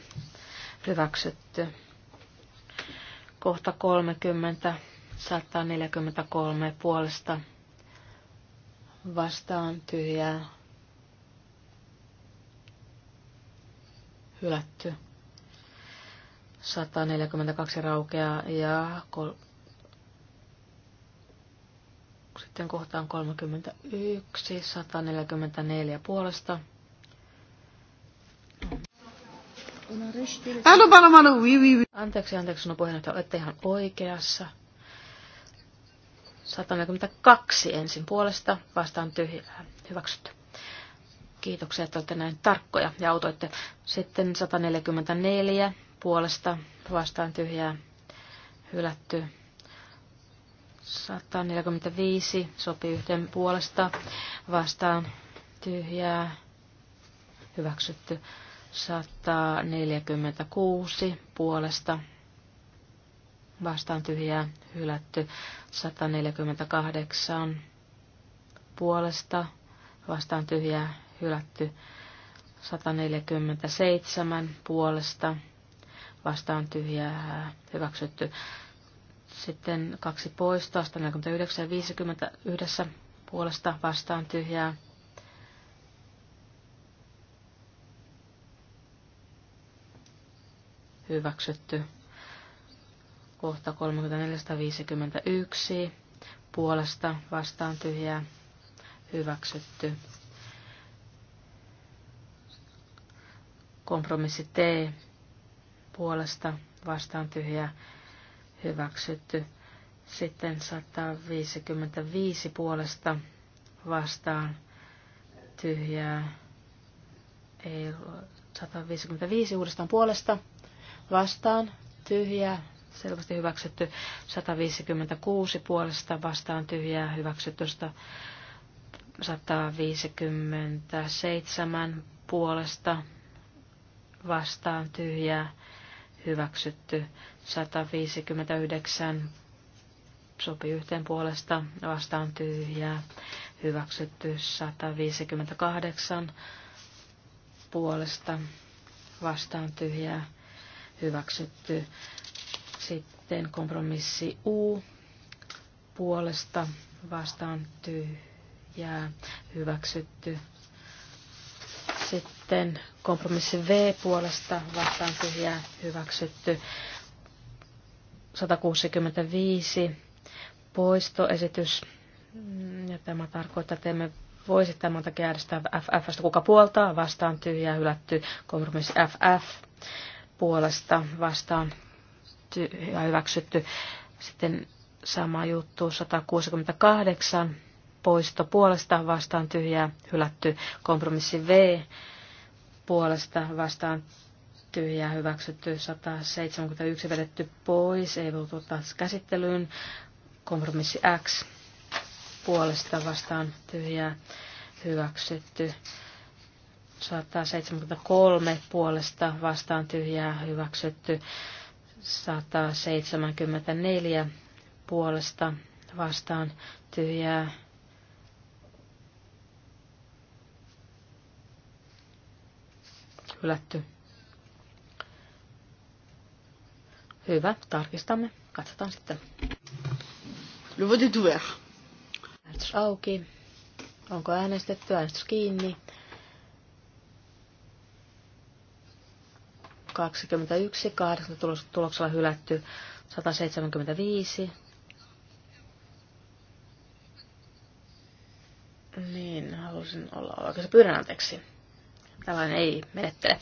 hyväksytty. Kohta 30 143 puolesta vastaan tyhjää hylätty. 142 raukeaa ja kol- sitten kohtaan 31, 144 puolesta. Pardon, pardon, pardon. Anteeksi, anteeksi, no puheenjohtaja, olette ihan oikeassa. 142 ensin puolesta, vastaan tyhjää. Hyväksytty. Kiitoksia, että olette näin tarkkoja ja autoitte. Sitten 144 puolesta vastaan tyhjää hylätty. 145 sopii yhden puolesta vastaan tyhjää hyväksytty. 146 puolesta vastaan tyhjää hylätty. 148 puolesta vastaan tyhjää hylätty. 147 puolesta vastaan tyhjää hyväksytty. Sitten kaksi poistoa, 149 ja 50 yhdessä puolesta vastaan tyhjää hyväksytty. Kohta 3451 puolesta vastaan tyhjää hyväksytty. Kompromissi T puolesta vastaan tyhjää hyväksytty. Sitten 155 puolesta vastaan tyhjää. Ei, 155 uudestaan puolesta vastaan tyhjää. Selvästi hyväksytty 156 puolesta vastaan tyhjää hyväksytty 157 puolesta vastaan tyhjää hyväksytty 159 sopi yhteen puolesta vastaan tyhjää hyväksytty 158 puolesta vastaan tyhjää hyväksytty sitten kompromissi U puolesta vastaan tyhjää hyväksytty sitten kompromissi V puolesta vastaan tyhjää hyväksytty 165 poistoesitys. Ja tämä tarkoittaa, että emme voisi tämän takia äänestää FFstä, kuka puoltaa vastaan tyhjää hylätty kompromissi FF puolesta vastaan tyhjää hyväksytty. Sitten sama juttu 168 poisto puolesta vastaan tyhjää hylätty kompromissi V puolesta vastaan tyhjää hyväksytty, 171 vedetty pois, ei voitu ottaa käsittelyyn, kompromissi X puolesta vastaan tyhjää hyväksytty. 173 puolesta vastaan tyhjää hyväksytty. 174 puolesta vastaan tyhjää hylätty. Hyvä, tarkistamme. Katsotaan sitten. Le vote est ouvert. Äänestys auki. Onko äänestetty? Äänestys kiinni. 21, 8 tuloksella hylätty, 175. Niin, halusin olla oikeassa. Pyydän anteeksi. Tällainen ei menettele.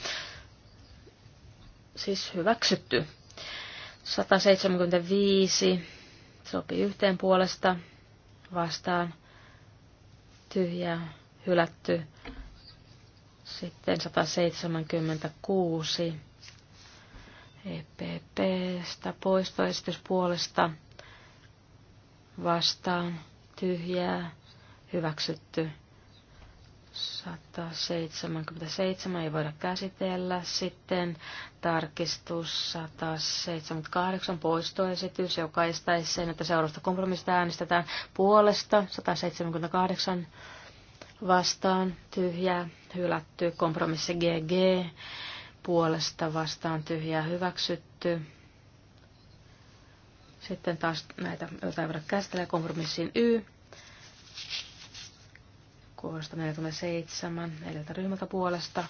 Siis hyväksytty. 175 sopii yhteen puolesta vastaan. tyhjä hylätty. Sitten 176 EPPstä poistoesitys puolesta vastaan tyhjää hyväksytty. 177 ei voida käsitellä. Sitten tarkistus 178 poistoesitys, joka estäisi sen, että seuraavasta kompromissista äänestetään puolesta. 178 vastaan tyhjää, hylätty. Kompromissi GG puolesta vastaan tyhjää, hyväksytty. Sitten taas näitä, joita ei voida käsitellä, kompromissiin Y kohdasta 47 neljältä ryhmältä puolesta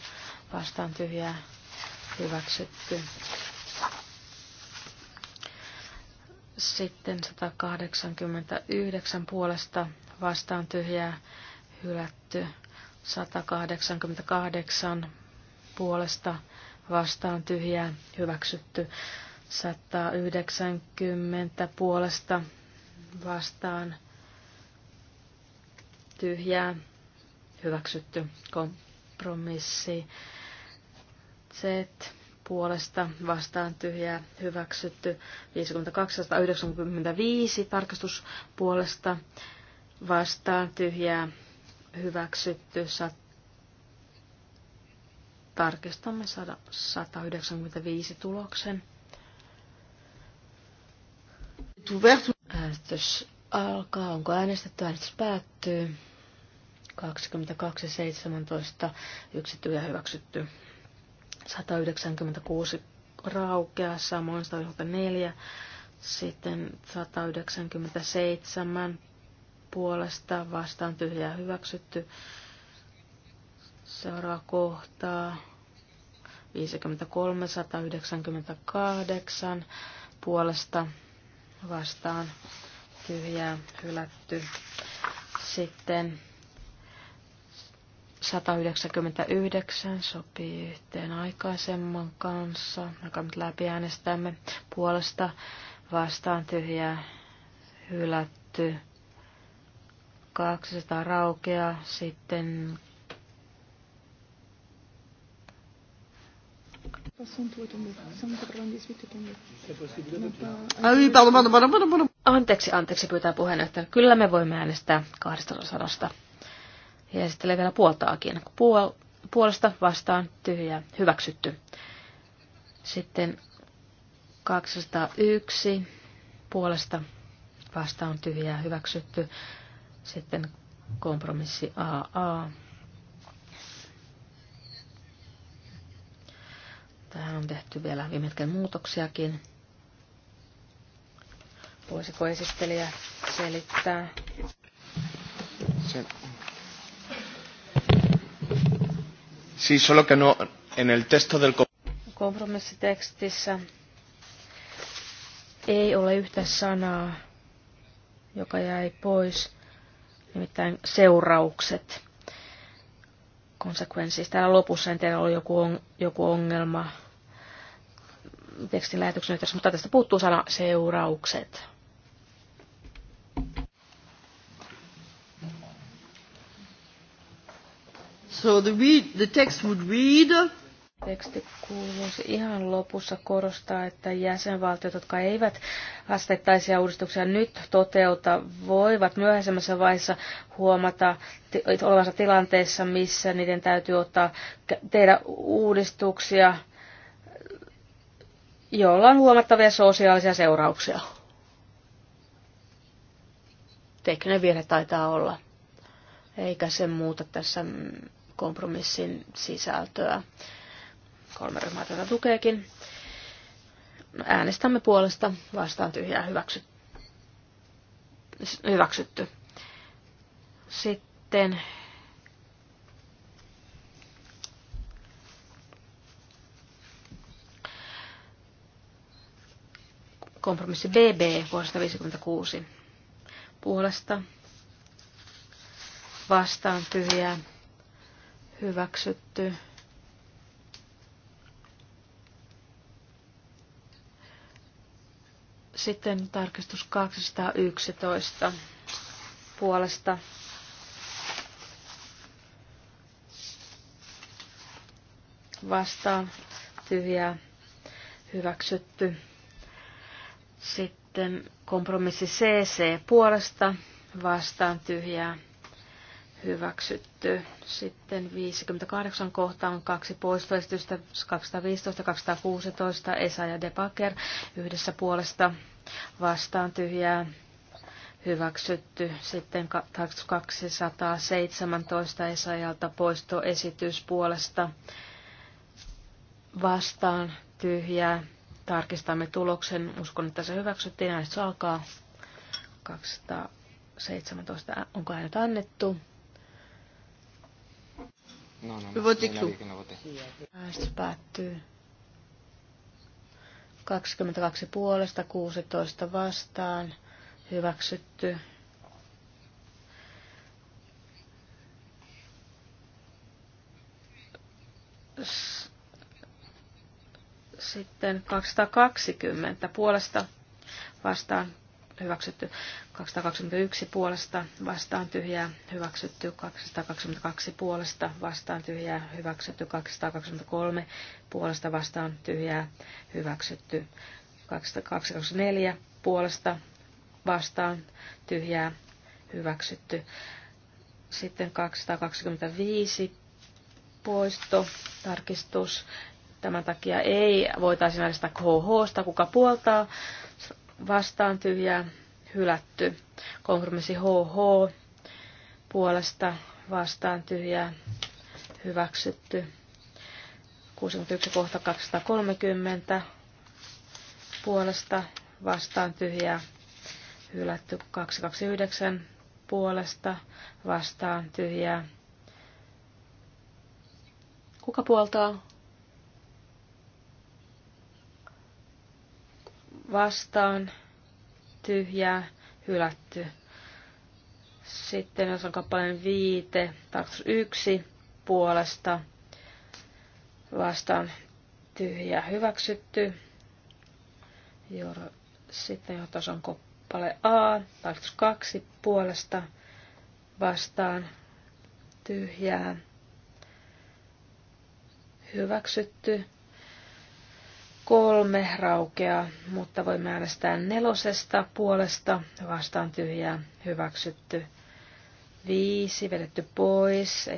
vastaan tyhjää hyväksytty. Sitten 189 puolesta vastaan tyhjää hylätty. 188 puolesta vastaan tyhjää hyväksytty. 190 puolesta vastaan tyhjää hyväksytty kompromissi. Z puolesta vastaan tyhjää hyväksytty 5295 tarkastus puolesta vastaan tyhjää hyväksytty tarkistamme 195 tuloksen. Äänestys alkaa. Onko äänestetty? Äänestys päättyy. 22.17 Yksitty ja hyväksytty. 196 raukea, samoin 104. sitten 197 puolesta vastaan tyhjää hyväksytty. Seuraava kohtaa 53, 198 puolesta vastaan tyhjää hylätty. Sitten 199 sopii yhteen aikaisemman kanssa, joka nyt läpi äänestämme puolesta vastaan tyhjää hylätty. 200 raukea, sitten niin, Anteeksi, anteeksi, pyytää puheenjohtaja. Kyllä me voimme äänestää 200. Ja esittelee vielä puoltaakin. Puol, puolesta vastaan tyhjä hyväksytty. Sitten 201 puolesta vastaan tyhjä hyväksytty. Sitten kompromissi AA. Tähän on tehty vielä viime hetken muutoksiakin. Voisiko esittelijä selittää? Se Sí, solo que no, en el texto del kompromissitekstissä ei ole yhtä sanaa, joka jäi pois, nimittäin seuraukset. konsekvenssit. Täällä lopussa en tiedä, oli joku, on, joku ongelma tekstin lähetyksen yhteydessä, mutta tästä puuttuu sana seuraukset. So the, read, the text would read. Teksti kuuluisi ihan lopussa korostaa, että jäsenvaltiot, jotka eivät asteittaisia uudistuksia nyt toteuta, voivat myöhäisemmässä vaiheessa huomata olevansa tilanteessa, missä niiden täytyy ottaa, tehdä uudistuksia, joilla on huomattavia sosiaalisia seurauksia. Tekninen virhe taitaa olla, eikä se muuta tässä kompromissin sisältöä. Kolme ryhmää tätä tukeekin. Äänestämme puolesta vastaan tyhjää hyväksy... hyväksytty. Sitten kompromissi BB vuodesta 56 puolesta vastaan tyhjää hyväksytty. Sitten tarkistus 211 puolesta. Vastaan tyhjää hyväksytty. Sitten kompromissi CC puolesta vastaan tyhjää hyväksytty. Sitten 58 kohtaan kaksi poistoesitystä, 215, 216, Esa ja Debaker yhdessä puolesta vastaan tyhjää hyväksytty. Sitten 217 Esajalta poistoesitys puolesta vastaan tyhjää. Tarkistamme tuloksen. Uskon, että se hyväksyttiin. Äänestys alkaa 217. Onko äänet annettu? No, no, no. Votiklu. No, Äänestys päättyy. 22 puolesta, 16 vastaan. Hyväksytty. Sitten 220 puolesta vastaan hyväksytty 221 puolesta vastaan tyhjää, hyväksytty 222 puolesta vastaan tyhjää, hyväksytty 223 puolesta vastaan tyhjää, hyväksytty 224 puolesta vastaan tyhjää, hyväksytty. Sitten 225 poisto, tarkistus. Tämän takia ei voitaisiin äänestää KH, kuka puoltaa vastaan tyhjää hylätty. Kompromissi HH puolesta vastaan tyhjää hyväksytty. 61 kohta 230 puolesta vastaan tyhjää hylätty 229 puolesta vastaan tyhjää. Kuka puoltaa? vastaan, tyhjää, hylätty. Sitten jos on kappaleen viite, tarkoitus yksi, puolesta, vastaan, tyhjää, hyväksytty. Sitten jos on kappale A, tarkoitus kaksi, puolesta, vastaan, tyhjää, hyväksytty. Kolme raukeaa, mutta voimme äänestää nelosesta puolesta vastaan tyhjää hyväksytty. Viisi vedetty pois,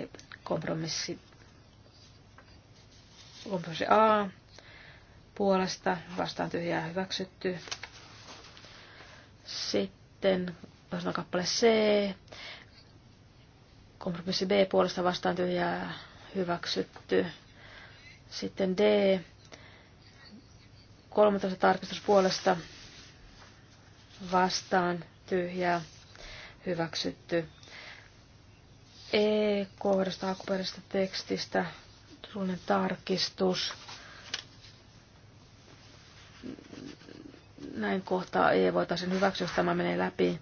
kompromissi, kompromissi A puolesta vastaan tyhjää hyväksytty. Sitten vastaan kappale C, kompromissi B puolesta vastaan tyhjää hyväksytty. Sitten D 13 tarkistuspuolesta vastaan tyhjää hyväksytty. E-kohdasta alkuperäisestä tekstistä suullinen tarkistus. Näin kohtaa E voitaisiin hyväksyä, jos tämä menee läpi.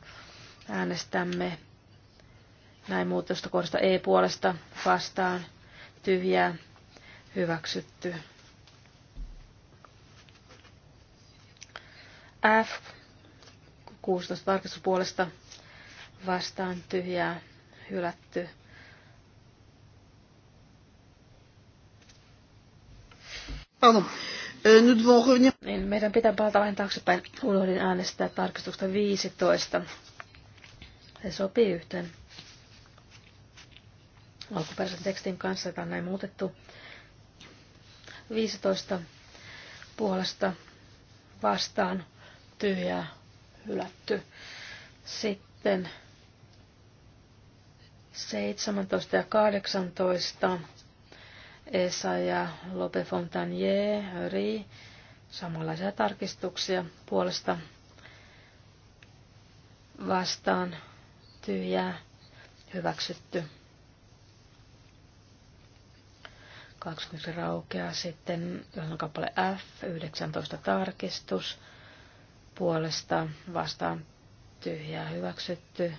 Äänestämme näin muutosta kohdasta E puolesta vastaan tyhjää hyväksytty. F 16 tarkistuspuolesta vastaan tyhjää hylätty. Pardon. Euh, Nyt Niin, meidän pitää palata vähän taaksepäin. Unohdin äänestää tarkistusta 15. Se sopii yhteen alkuperäisen tekstin kanssa, jota on näin muutettu. 15 puolesta vastaan tyhjää hylätty. Sitten 17 ja 18 Esa ja Lope Fontanier, Ri, samanlaisia tarkistuksia puolesta vastaan tyhjää hyväksytty. 20 raukeaa sitten yhden kappale F, 19 tarkistus puolesta vastaan tyhjää hyväksytty.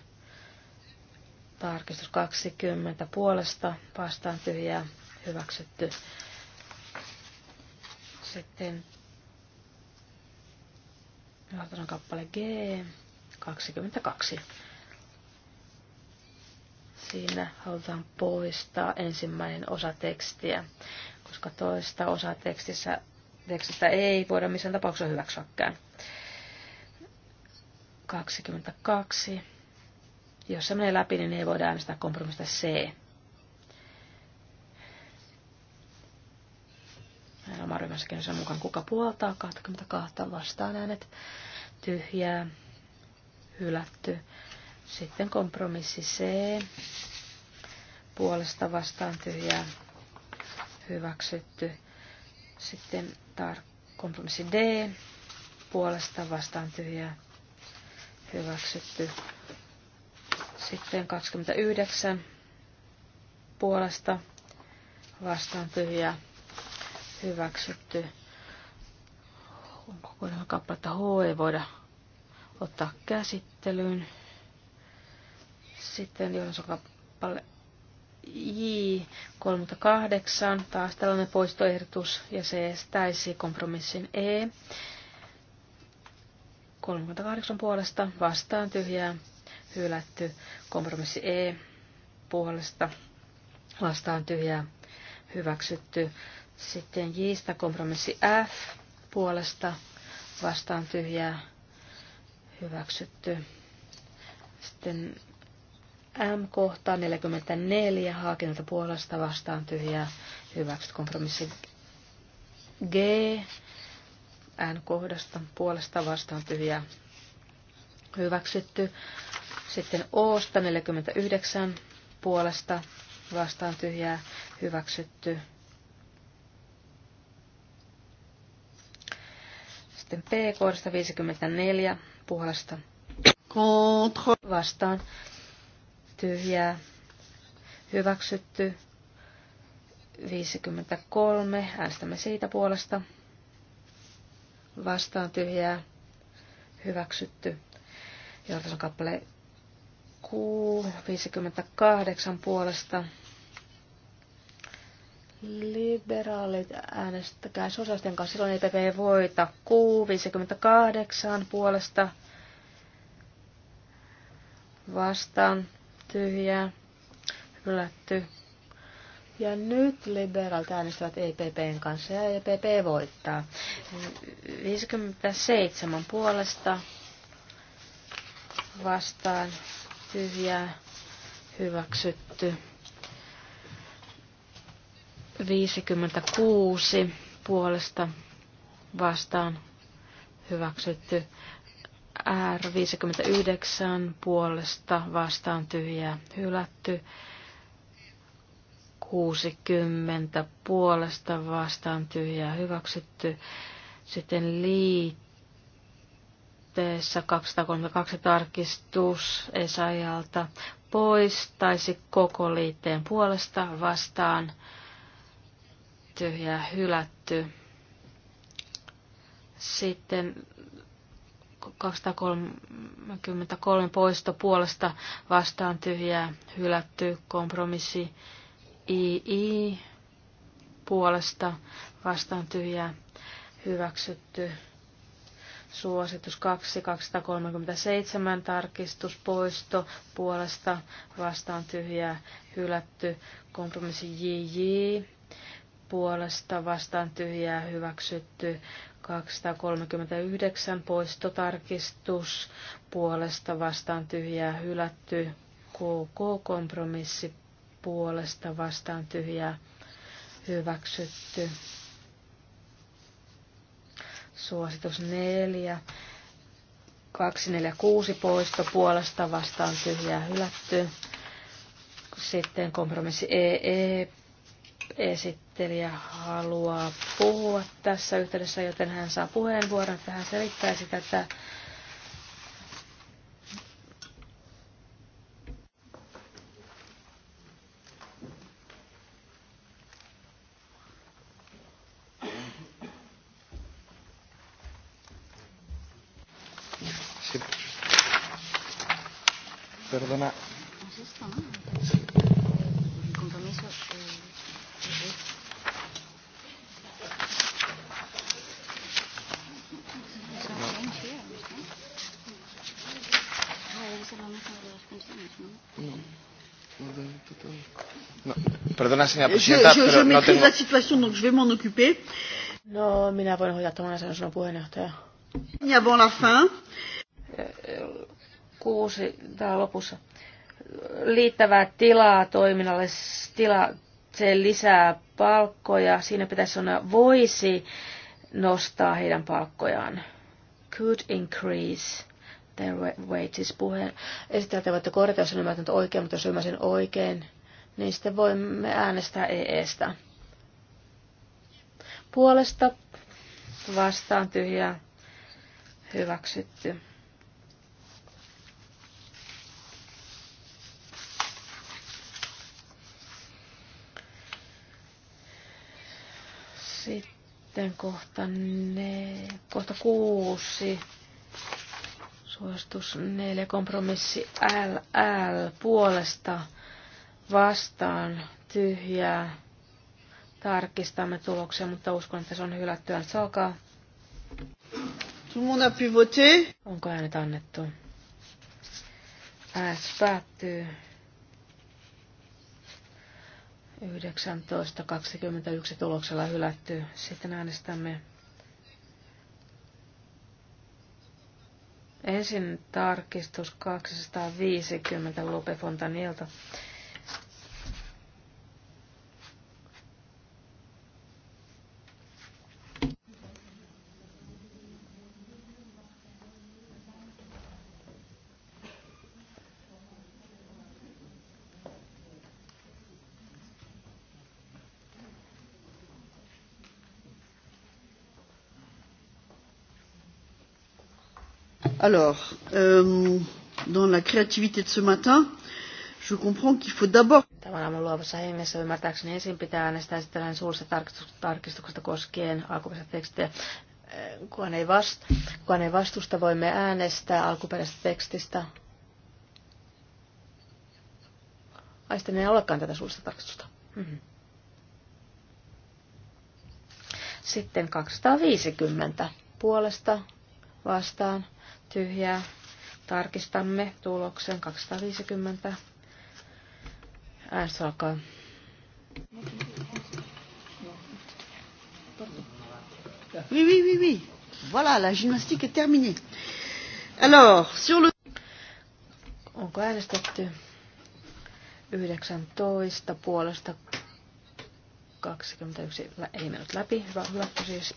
Tarkistus 20 puolesta vastaan tyhjää hyväksytty. Sitten johtajan kappale G 22. Siinä halutaan poistaa ensimmäinen osa tekstiä, koska toista osa tekstissä, tekstistä ei voida missään tapauksessa hyväksyäkään. 22. Jos se menee läpi, niin ei voida äänestää kompromista C. Meillä on ryhmässäkin sen mukaan, kuka puoltaa. 22 vastaan äänet. Tyhjää. Hylätty. Sitten kompromissi C. Puolesta vastaan tyhjää. Hyväksytty. Sitten tar- kompromissi D. Puolesta vastaan tyhjää hyväksytty. Sitten 29 puolesta vastaan tyhjää hyväksytty. Onko kuitenkaan kappaletta H ei voida ottaa käsittelyyn. Sitten jos on kappale J38, taas tällainen poistoehdotus, ja se estäisi kompromissin E. 38 puolesta vastaan tyhjää, hylätty. Kompromissi E puolesta vastaan tyhjää, hyväksytty. Sitten Jistä kompromissi F puolesta vastaan tyhjää, hyväksytty. Sitten m kohta 44, haakinnalta puolesta vastaan tyhjää, hyväksytty kompromissi G N kohdasta puolesta vastaan pyhiä hyväksytty. Sitten Osta 49 puolesta vastaan tyhjää hyväksytty. Sitten P-kohdasta 54 puolesta Contre. vastaan tyhjää hyväksytty. 53 äänestämme siitä puolesta vastaan tyhjää hyväksytty. Johdatus kappale Q 58 puolesta. Liberaalit äänestäkää sosiaalisten kanssa, silloin EPP ei voita. Q 58 puolesta vastaan tyhjää hylätty. Ja nyt liberaalit äänestävät EPPn kanssa ja EPP voittaa. 57 puolesta vastaan tyhjää hyväksytty. 56 puolesta vastaan hyväksytty. R59 puolesta vastaan tyhjää hylätty. 60 puolesta vastaan tyhjää hyväksytty. Sitten liitteessä 232 tarkistus Esajalta poistaisi koko liitteen puolesta vastaan tyhjää hylätty. Sitten 233 poisto puolesta vastaan tyhjää hylätty kompromissi II puolesta vastaan tyhjää hyväksytty. Suositus 2, 237, tarkistus, poisto, puolesta, vastaan tyhjää, hylätty, kompromissi JJ, puolesta, vastaan tyhjää, hyväksytty, 239, poisto tarkistus puolesta, vastaan tyhjää, hylätty, KK, kompromissi, puolesta, vastaan tyhjää, hyväksytty. Suositus 4. 246 poisto puolesta vastaan tyhjää hylätty. Sitten kompromissi EE e. esittelijä haluaa puhua tässä yhteydessä, joten hän saa puheenvuoron, että hän selittäisi tätä señora presidenta, Yo, yo, pero yo no tengo... la situación, donc je vais m'en occuper. No, mira, minä voin hoitaa tämän asian, sanoi puheenjohtaja. Y bon la fin. Kuusi täällä lopussa. Liittävää tilaa toiminnalle, tila, se lisää palkkoja. Siinä pitäisi sanoa, voisi nostaa heidän palkkojaan. Could increase their wages. Puheen. Esittäjältä voitte korjata, jos en ymmärtänyt oikein, mutta jos ymmärsin oikein, niin sitten voimme äänestää EEstä. Puolesta vastaan tyhjää hyväksytty. Sitten kohta, ne, kohta kuusi. Suositus neljä kompromissi LL puolesta vastaan tyhjää. Tarkistamme tuloksia, mutta uskon, että se on hylätty. Se alkaa. Onko äänet annettu? Äänet päättyy. 19.21 tuloksella hylätty. Sitten äänestämme ensin tarkistus 250 Lupe Fontanilta. Alors, euh, dans la créativité de ce matin, je comprends qu'il faut d'abord... Tavallaan mun luovassa hengessä ymmärtääkseni ensin pitää äänestää sitten suullisesta koskien alkuperäistä tekstiä. Äh, ei, vast, ei vastusta, voimme äänestää alkuperäisestä tekstistä. Ai sitten ei olekaan tätä tarkistusta. Mm-hmm. Sitten 250 puolesta vastaan tyhjää. Tarkistamme tuloksen 250. Äänsä alkaa. Oui, oui, oui, oui. Voilà, la gymnastique est terminée. Alors, sur le... Onko äänestetty 19 puolesta 21? Ei mennyt läpi. Hyvä, hyvä. siis.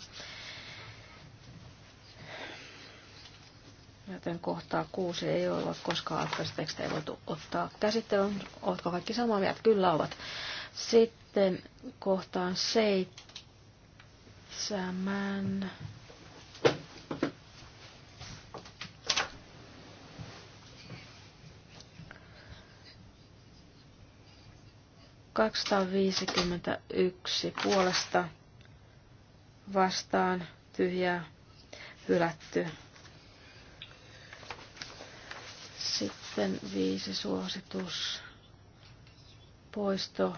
joten kohtaa kuusi ei ole koskaan ei voitu ottaa käsittelyyn. Oletko kaikki samaa mieltä? Kyllä ovat. Sitten kohtaan seitsemän. yksi puolesta vastaan tyhjää hylätty Sitten viisi suositus. Poisto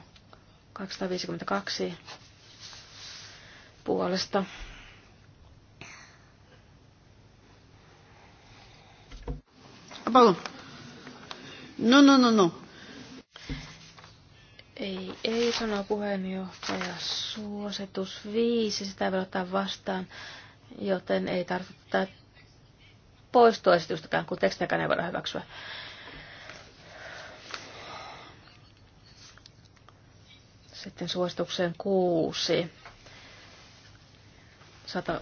252 puolesta. Ah, pardon. No, no, no, no. Ei, ei sano puheenjohtaja. Suositus viisi, sitä ei voi ottaa vastaan, joten ei tarvitse poistoesitystäkään, kun tekstiäkään ei voida hyväksyä. Sitten suositukseen 6.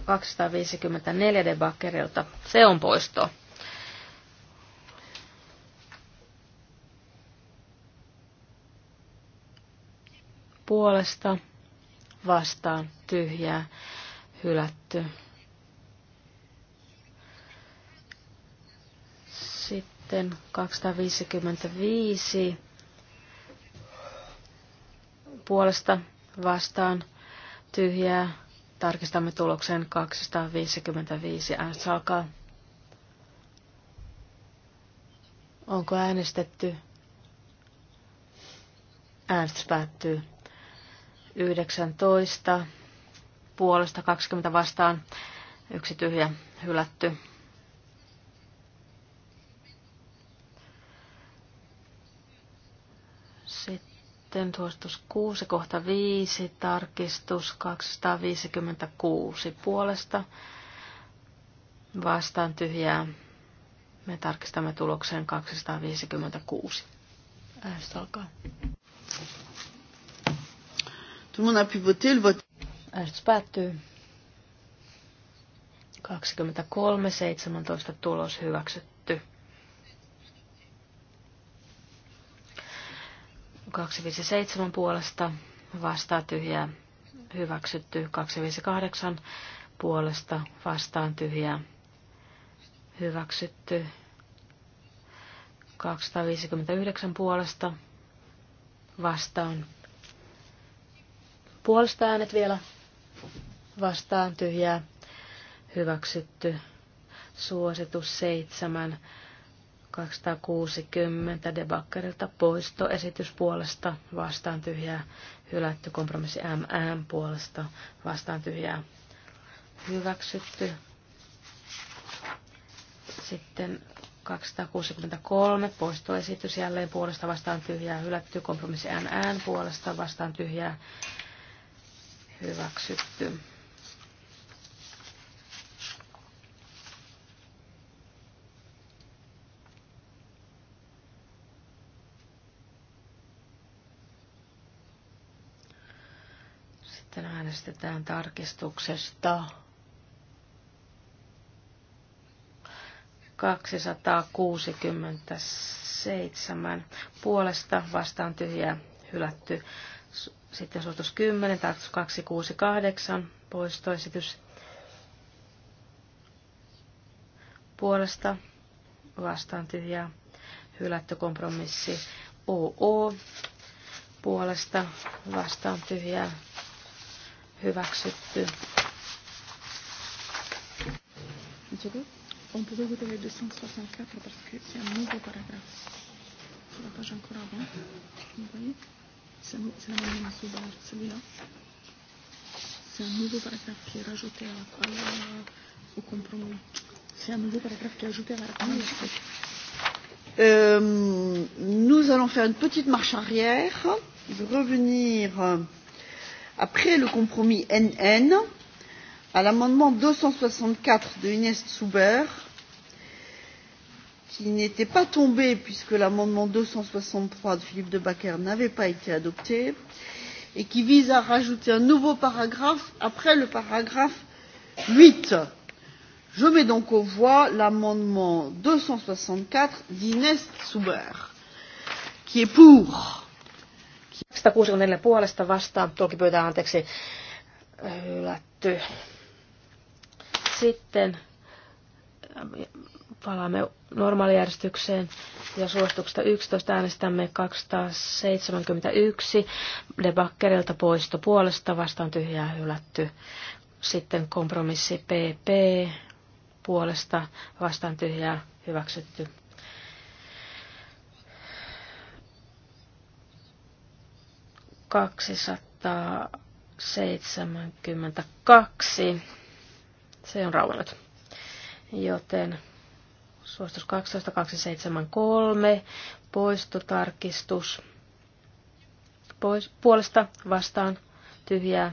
254 debakkerilta. Se on poisto. Puolesta vastaan tyhjää hylätty. Sitten 255 puolesta vastaan tyhjää. Tarkistamme tuloksen 255. Äänestys alkaa. Onko äänestetty? Äänestys päättyy. 19 puolesta 20 vastaan. Yksi tyhjä hylätty. Sitten tuostus 6, kohta 5, tarkistus 256 puolesta. Vastaan tyhjää. Me tarkistamme tuloksen 256. Äänestys alkaa. Tout Äänestys päättyy. 23.17 tulos hyväksytty. 257 puolesta vastaan tyhjää hyväksytty. 258 puolesta vastaan tyhjää hyväksytty. 259 puolesta vastaan. Puolesta äänet vielä vastaan tyhjää hyväksytty. Suositus 7 260 debakkerilta poistoesitys puolesta vastaan tyhjää hylätty kompromissi MM puolesta vastaan tyhjää hyväksytty. Sitten 263 poistoesitys jälleen puolesta vastaan tyhjää hylätty kompromissi NN puolesta vastaan tyhjää hyväksytty. äänestetään tarkistuksesta 267 puolesta vastaan tyhjää hylätty. Sitten suositus 10, tarkistus 268, poistoesitys puolesta vastaan tyhjää hylätty kompromissi OO puolesta vastaan tyhjää hyväksytty. On peut voter les 264 parce que c'est un nouveau paragraphe sur la page encore avant. Vous voyez C'est l'amendement Soubar, celui-là. C'est un nouveau paragraphe qui est rajouté à, à, au compromis. C'est un nouveau paragraphe qui est ajouté à la ah oui. euh, Nous allons faire une petite marche arrière, revenir après le compromis nn à l'amendement deux cent soixante quatre de ines zuber qui n'était pas tombé puisque l'amendement deux cent soixante trois de philippe de backer n'avait pas été adopté et qui vise à rajouter un nouveau paragraphe après le paragraphe huit. je mets donc aux voix l'amendement deux cent soixante quatre d'ines zuber qui est pour? 164 puolesta vastaan, tulki pyytää anteeksi, hylätty. Sitten ähm, palaamme normaalijärjestykseen ja suosituksesta 11 äänestämme 271. Debakkerilta poisto puolesta vastaan tyhjää hylätty. Sitten kompromissi PP puolesta vastaan tyhjää hyväksytty. 272. Se on rauennut. Joten suositus 12273, poistotarkistus pois, puolesta vastaan tyhjää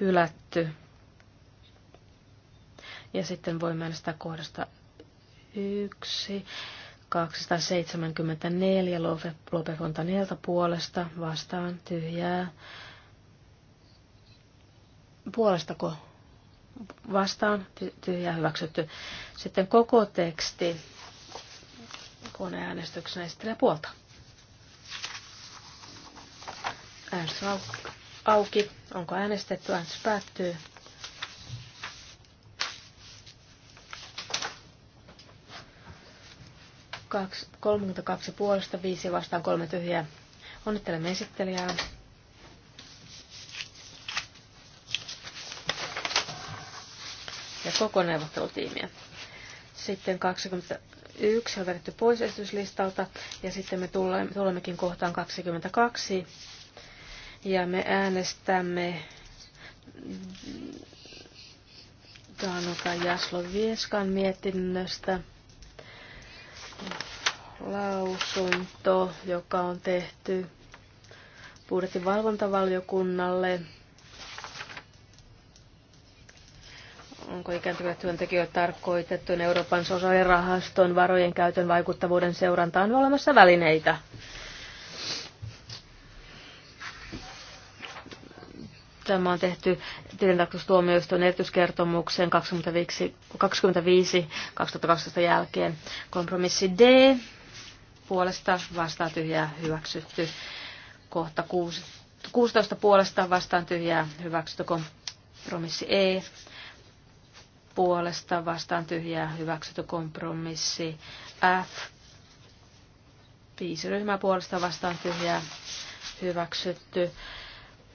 hylätty. Ja sitten voimme äänestää kohdasta yksi 274 Lope, Lope Fontanelta puolesta vastaan tyhjää. Puolestako vastaan tyhjää hyväksytty. Sitten koko teksti koneäänestyksenä esittelee puolta. Äänestys auki. Onko äänestetty? Äänestys päättyy. 32 puolesta, 5 vastaan, 3 tyhjää. Onnittelemme esittelijää. Ja koko neuvottelutiimiä. Sitten 21 on vedetty pois esityslistalta ja sitten me tulemmekin kohtaan 22 ja me äänestämme Danuta Jaslovieskan mietinnöstä lausunto, joka on tehty budjetin valvontavaliokunnalle. Onko ikääntyviä työntekijöitä tarkoitettu Euroopan sosiaalirahaston varojen käytön vaikuttavuuden seurantaan on olemassa välineitä? Tämä on tehty tilintarkastustuomioistuin erityiskertomuksen 25, 25 2012 jälkeen. Kompromissi D puolesta vastaan tyhjää hyväksytty. Kohta 16 puolesta vastaan tyhjää hyväksytty. Kompromissi E puolesta vastaan tyhjää hyväksytty. Kompromissi F. Viisi ryhmää puolesta vastaan tyhjää hyväksytty.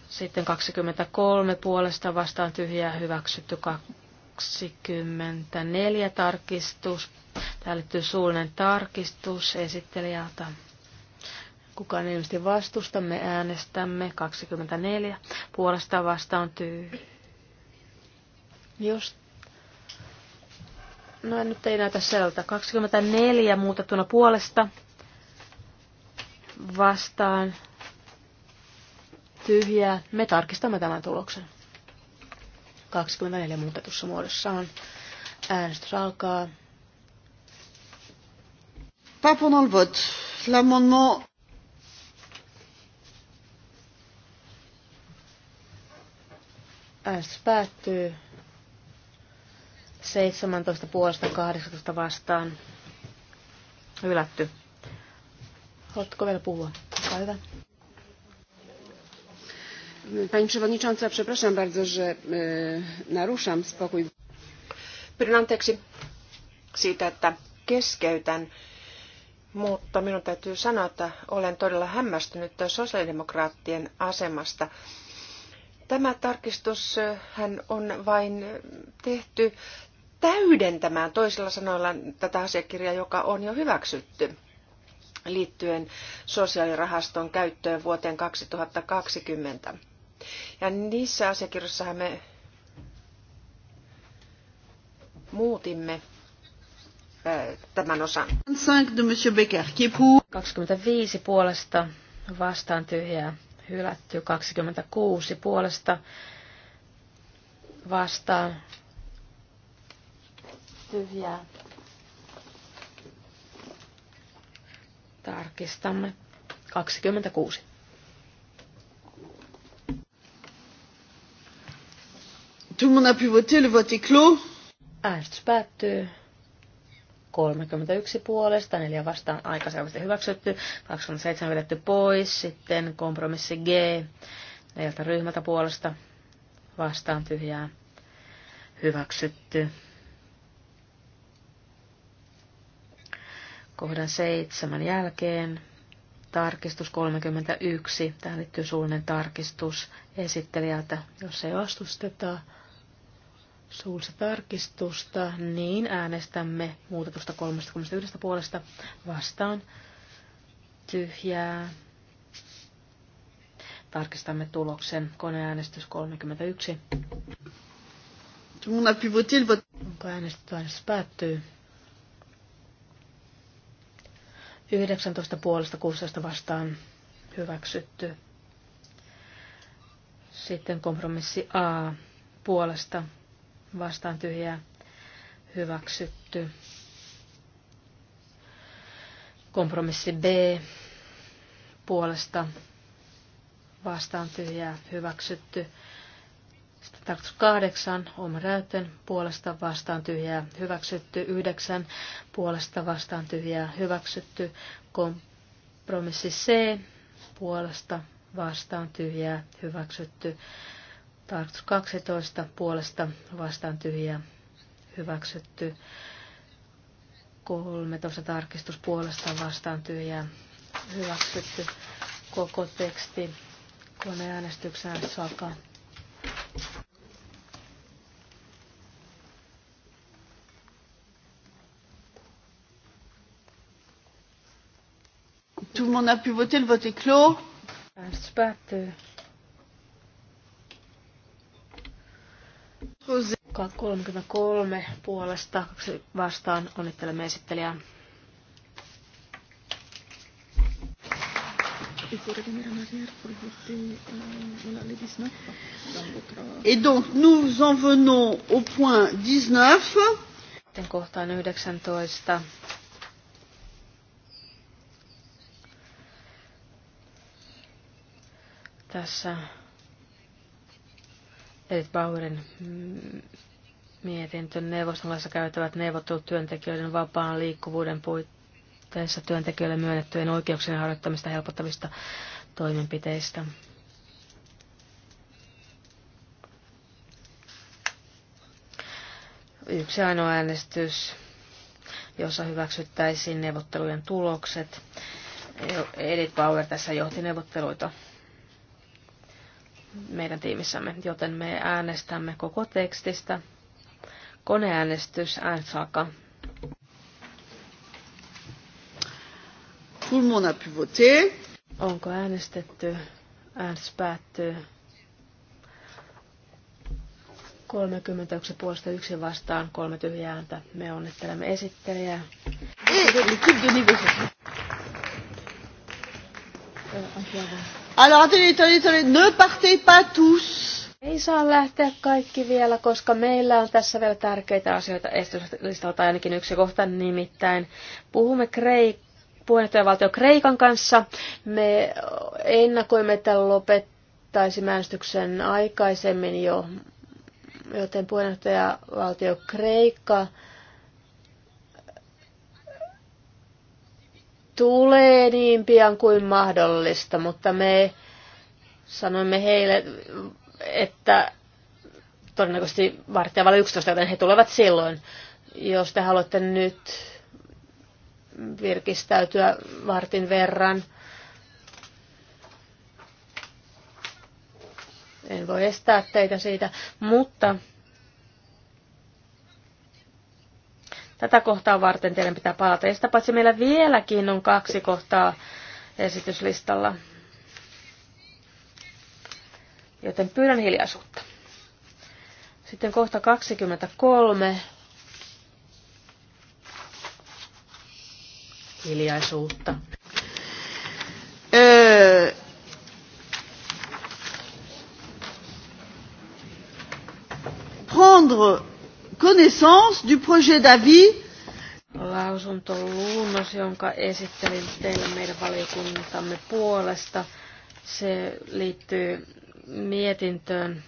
Sitten 23 puolesta vastaan tyhjää hyväksytty 24 tarkistus. Täällä liittyy suullinen tarkistus esittelijältä. Kukaan ilmeisesti vastustamme, äänestämme 24. Puolesta vastaan tyy. Jos No nyt ei näytä seltä. 24 muutettuna puolesta vastaan tyhjää. Me tarkistamme tämän tuloksen. 24 muutetussa muodossaan. Äänestys alkaa. Pas pendant L'amendement äänestys päättyy 17 puolesta 18 vastaan. Hylätty. Haluatko vielä puhua? Olkaa hyvä. Mm, Pani przewodnicząca, przepraszam bardzo, że e, naruszam spokój. Pyydän anteeksi siitä, että keskeytän, mutta minun täytyy sanoa, että olen todella hämmästynyt sosiaalidemokraattien asemasta. Tämä tarkistus e, hän on vain tehty täydentämään toisilla sanoilla tätä asiakirjaa, joka on jo hyväksytty liittyen sosiaalirahaston käyttöön vuoteen 2020. Ja niissä asiakirjoissahan me muutimme tämän osan. 25 puolesta vastaan tyhjää hylätty, 26 puolesta vastaan tyhjää. Tarkistamme 26. Tout le monde a pu voter, le vote est clos. Äänestys päättyy. 31 puolesta, 4 vastaan aikaisemmin hyväksytty, 27 vedetty pois, sitten kompromissi G, neljältä ryhmältä puolesta vastaan tyhjää hyväksytty. Kohdan seitsemän jälkeen tarkistus 31. Tähän liittyy suunnilleen tarkistus esittelijältä, jos ei vastusteta suullista tarkistusta, niin äänestämme muutetusta 31 puolesta vastaan tyhjää. Tarkistamme tuloksen koneäänestys 31. Onko äänestetty äänestys päättyy? 19 puolesta 16 vastaan hyväksytty. Sitten kompromissi A puolesta vastaan tyhjää hyväksytty. Kompromissi B puolesta vastaan tyhjää hyväksytty. Sitten tarkoitus kahdeksan Oma Räyten puolesta vastaan tyhjää hyväksytty. Yhdeksän puolesta vastaan tyhjää hyväksytty. Kompromissi C, puolesta vastaan tyhjää hyväksytty. Tarkoitus 12 puolesta vastaan tyhjä hyväksytty. 13 tarkistus puolesta vastaan tyhjä hyväksytty. Koko teksti koneäänestyksenä saakka. Tout le monde a pu voter, le vote est clos. 33 puolesta vastaan onnittelemme esittelijää. Et donc nous en venons au point 19. kohtaan 19. Tässä Edith Bauerin mm, mietintö neuvostolaissa käytävät neuvottelut työntekijöiden vapaan liikkuvuuden puitteissa työntekijöille myönnettyjen oikeuksien harjoittamista helpottavista toimenpiteistä. Yksi ainoa äänestys, jossa hyväksyttäisiin neuvottelujen tulokset. Edith Bauer tässä johti neuvotteluita meidän tiimissämme, joten me äänestämme koko tekstistä. Koneäänestys, äänsaka. Tout le monde a pu voter. Onko äänestetty? Äänestys päättyy. 31 puolesta yksi vastaan, kolme tyhjää ääntä. Me onnittelemme esittelijää. Ei, Alors attendez, attendez, attendez, ne partez pas tous. Ei saa lähteä kaikki vielä, koska meillä on tässä vielä tärkeitä asioita esityslistalta ainakin yksi kohta, nimittäin puhumme Kreik puheenjohtajavaltio Kreikan kanssa. Me ennakoimme, että lopettaisi äänestyksen aikaisemmin jo, joten puheenjohtajavaltio Kreikka tulee niin pian kuin mahdollista, mutta me sanoimme heille, että todennäköisesti vartijavalle 11, joten he tulevat silloin. Jos te haluatte nyt virkistäytyä vartin verran, en voi estää teitä siitä, mutta Tätä kohtaa varten teidän pitää palata. Ja sitä paitsi meillä vieläkin on kaksi kohtaa esityslistalla. Joten pyydän hiljaisuutta. Sitten kohta 23. Hiljaisuutta. Öö, prendre connaissance du projet d'avis Lausuntoluunnos, jonka esittelin teille meidän valiokuntamme puolesta, se liittyy mietintöön,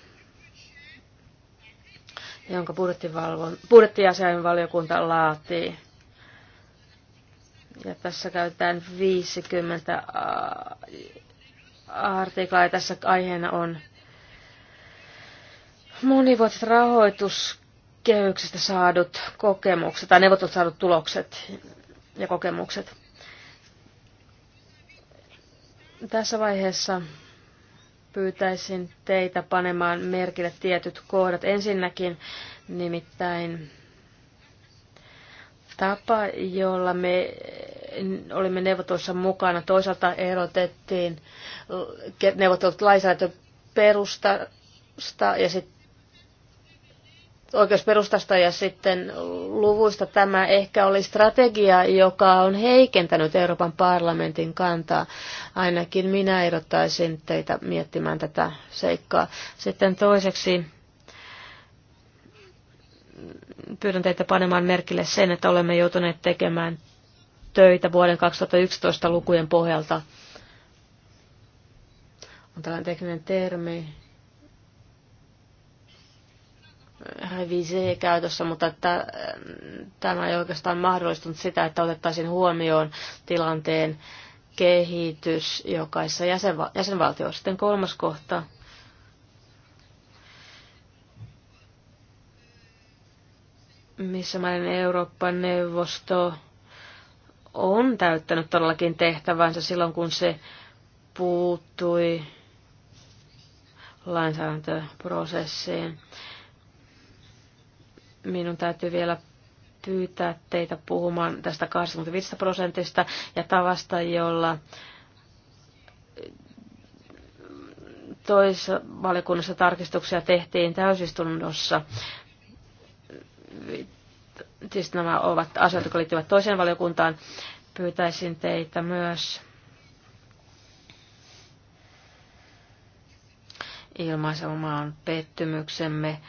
jonka budjettiasiain valiokunta laatii. Ja tässä käytetään 50 artiklaa ja tässä aiheena on monivuotiset rahoitus kehyksestä saadut kokemukset tai neuvottelut saadut tulokset ja kokemukset. Tässä vaiheessa pyytäisin teitä panemaan merkille tietyt kohdat. Ensinnäkin nimittäin tapa, jolla me olimme neuvotteluissa mukana. Toisaalta erotettiin neuvottelut lainsäädäntöperustasta ja sitten oikeusperustasta ja sitten luvuista tämä ehkä oli strategia, joka on heikentänyt Euroopan parlamentin kantaa. Ainakin minä erottaisin teitä miettimään tätä seikkaa. Sitten toiseksi pyydän teitä panemaan merkille sen, että olemme joutuneet tekemään töitä vuoden 2011 lukujen pohjalta. On tällainen tekninen termi, revisee käytössä, mutta että ähm, tämä ei oikeastaan mahdollistunut sitä, että otettaisiin huomioon tilanteen kehitys jokaisessa jäsenva- jäsenvaltiossa. Sitten kolmas kohta. missä maiden Euroopan neuvosto on täyttänyt todellakin tehtävänsä silloin, kun se puuttui lainsäädäntöprosessiin minun täytyy vielä pyytää teitä puhumaan tästä 25 prosentista ja tavasta, jolla toisessa valiokunnassa tarkistuksia tehtiin täysistunnossa. Siis nämä ovat asioita, jotka liittyvät toiseen valiokuntaan. Pyytäisin teitä myös ilmaisemaan pettymyksemme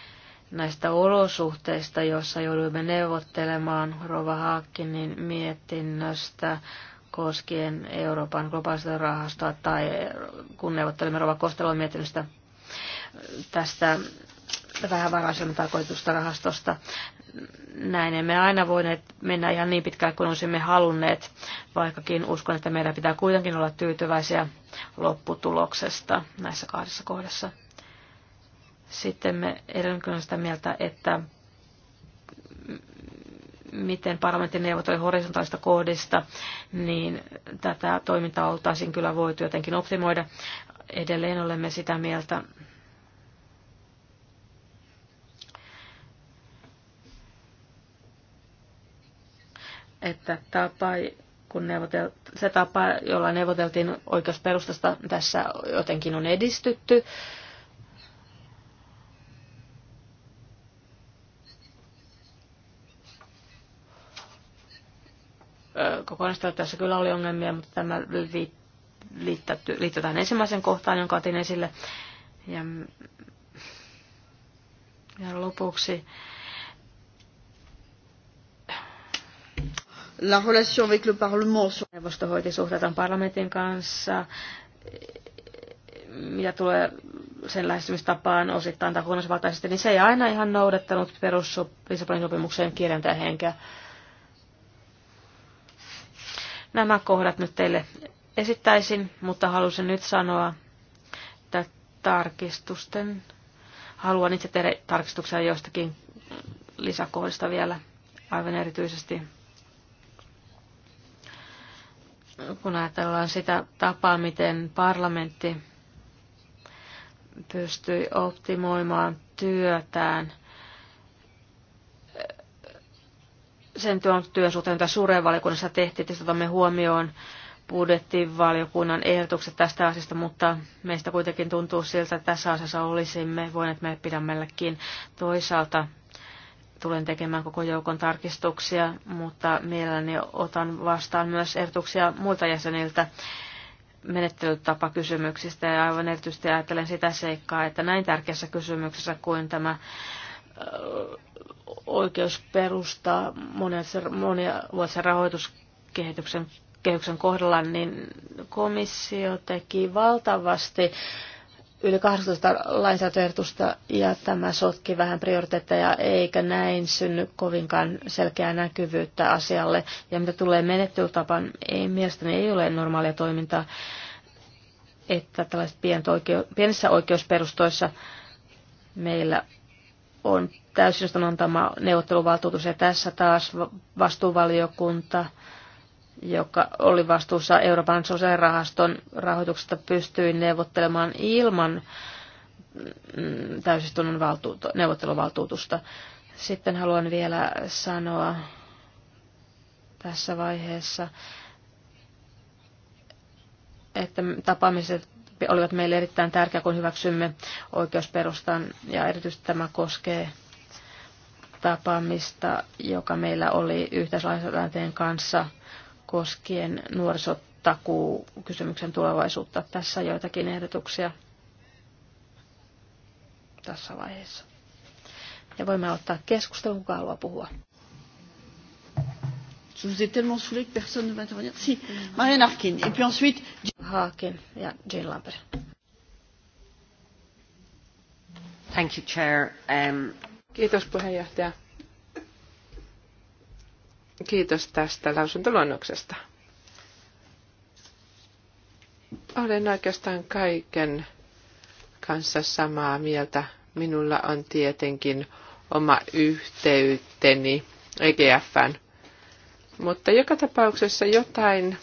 näistä olosuhteista, joissa jouduimme neuvottelemaan Rova Haakkinin mietinnöstä koskien Euroopan globaalista rahastoa tai kun neuvottelemme Rova Kostelon mietinnöstä tästä vähävaraisemman tarkoitusta rahastosta. Näin emme aina voineet mennä ihan niin pitkään kuin olisimme halunneet, vaikkakin uskon, että meidän pitää kuitenkin olla tyytyväisiä lopputuloksesta näissä kahdessa kohdassa. Sitten me edelleenkin sitä mieltä, että miten parlamentin neuvotteli horisontaalista kohdista, niin tätä toimintaa oltaisiin kyllä voitu jotenkin optimoida. Edelleen olemme sitä mieltä, että tapa, kun neuvotel, se tapa, jolla neuvoteltiin oikeusperustasta, tässä jotenkin on edistytty. kokonaisuudessa tässä kyllä oli ongelmia, mutta tämä liittyy ensimmäisen kohtaan, jonka otin esille. Ja, ja lopuksi la relation avec le Parlement. Neuvosto hoiti suhteitaan parlamentin kanssa, mitä tulee sen lähestymistapaan osittain tai kokonaisvaltaisesti, niin se ei aina ihan noudattanut perussopimukseen kirjantajan henkeä Nämä kohdat nyt teille esittäisin, mutta halusin nyt sanoa, että tarkistusten, haluan itse tehdä tarkistuksia joistakin lisäkohdista vielä aivan erityisesti kun ajatellaan sitä tapaa, miten parlamentti pystyi optimoimaan työtään – sen työn suhteen, mitä suureen valiokunnassa tehtiin, että otamme huomioon budjettivaliokunnan ehdotukset tästä asiasta, mutta meistä kuitenkin tuntuu siltä, että tässä asiassa olisimme voineet me pidämmellekin. Toisaalta tulen tekemään koko joukon tarkistuksia, mutta mielelläni otan vastaan myös ehdotuksia muilta jäseniltä menettelytapakysymyksistä ja aivan erityisesti ajattelen sitä seikkaa, että näin tärkeässä kysymyksessä kuin tämä oikeus perustaa monen, monia vuosien rahoituskehityksen kehyksen kohdalla, niin komissio teki valtavasti yli 18 lainsäädäntöehdotusta ja tämä sotki vähän prioriteetteja eikä näin synny kovinkaan selkeää näkyvyyttä asialle. Ja mitä tulee menettelytapaan, ei, mielestäni ei ole normaalia toimintaa, että tällaiset oikeu, pienissä oikeusperustoissa meillä on täysin antama neuvotteluvaltuutus ja tässä taas vastuuvaliokunta joka oli vastuussa Euroopan sosiaalirahaston rahoituksesta, pystyi neuvottelemaan ilman mm, täysistunnon valtuutu- neuvotteluvaltuutusta. Sitten haluan vielä sanoa tässä vaiheessa, että tapaamiset olivat meille erittäin tärkeä, kun hyväksymme oikeusperustan, ja erityisesti tämä koskee tapaamista, joka meillä oli yhteislainsäädäntöjen kanssa koskien nuorisotakuu kysymyksen tulevaisuutta. Tässä joitakin ehdotuksia tässä vaiheessa. Ja voimme ottaa keskustelun, kuka haluaa puhua. Je vous ai tellement saoulé que personne ne va intervenir. Si, Marianne Harkin. Et puis ensuite... Harkin ja Jane Lambert. Thank you, Chair. Um... Kiitos puheenjohtaja. Kiitos tästä lausuntoluonnoksesta. Olen oikeastaan kaiken kanssa samaa mieltä. Minulla on tietenkin oma yhteyteni EGFn mutta joka tapauksessa jotain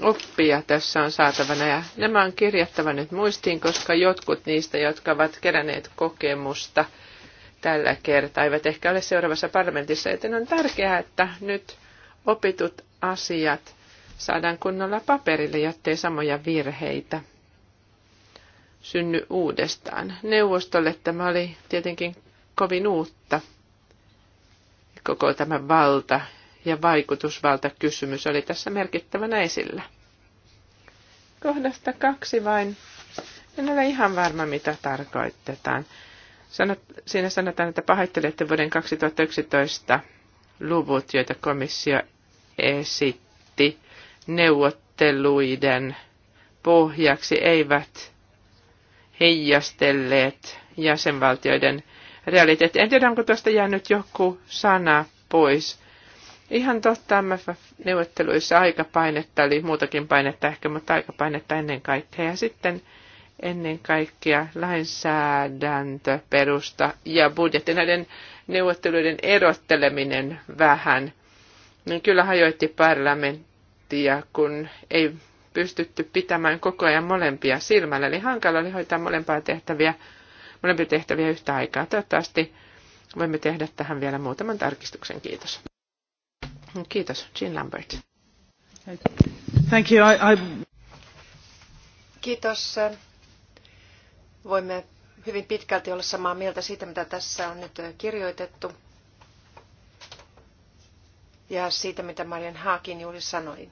oppia tässä on saatavana ja nämä on kirjattava nyt muistiin, koska jotkut niistä, jotka ovat keränneet kokemusta tällä kertaa, eivät ehkä ole seuraavassa parlamentissa, joten on tärkeää, että nyt opitut asiat saadaan kunnolla paperille, jottei samoja virheitä synny uudestaan. Neuvostolle tämä oli tietenkin kovin uutta, koko tämä valta, ja vaikutusvalta kysymys oli tässä merkittävänä esillä. Kohdasta kaksi vain. En ole ihan varma, mitä tarkoitetaan. Sanot, siinä sanotaan, että pahoittelette vuoden 2011 luvut, joita komissio esitti neuvotteluiden pohjaksi, eivät heijastelleet jäsenvaltioiden realiteettia. En tiedä, onko tuosta jäänyt joku sana pois. Ihan totta, MFF-neuvotteluissa aikapainetta oli muutakin painetta ehkä, mutta aikapainetta ennen kaikkea. Ja sitten ennen kaikkea lainsäädäntöperusta ja budjetti. Näiden neuvotteluiden erotteleminen vähän, niin kyllä hajoitti parlamenttia, kun ei pystytty pitämään koko ajan molempia silmällä. Eli hankala oli hoitaa molempia tehtäviä, molempia tehtäviä yhtä aikaa. Toivottavasti voimme tehdä tähän vielä muutaman tarkistuksen. Kiitos. Kiitos, Jean Lambert. Thank you. I, I... Kiitos. Voimme hyvin pitkälti olla samaa mieltä siitä, mitä tässä on nyt kirjoitettu ja siitä, mitä Marian Haakin juuri sanoi.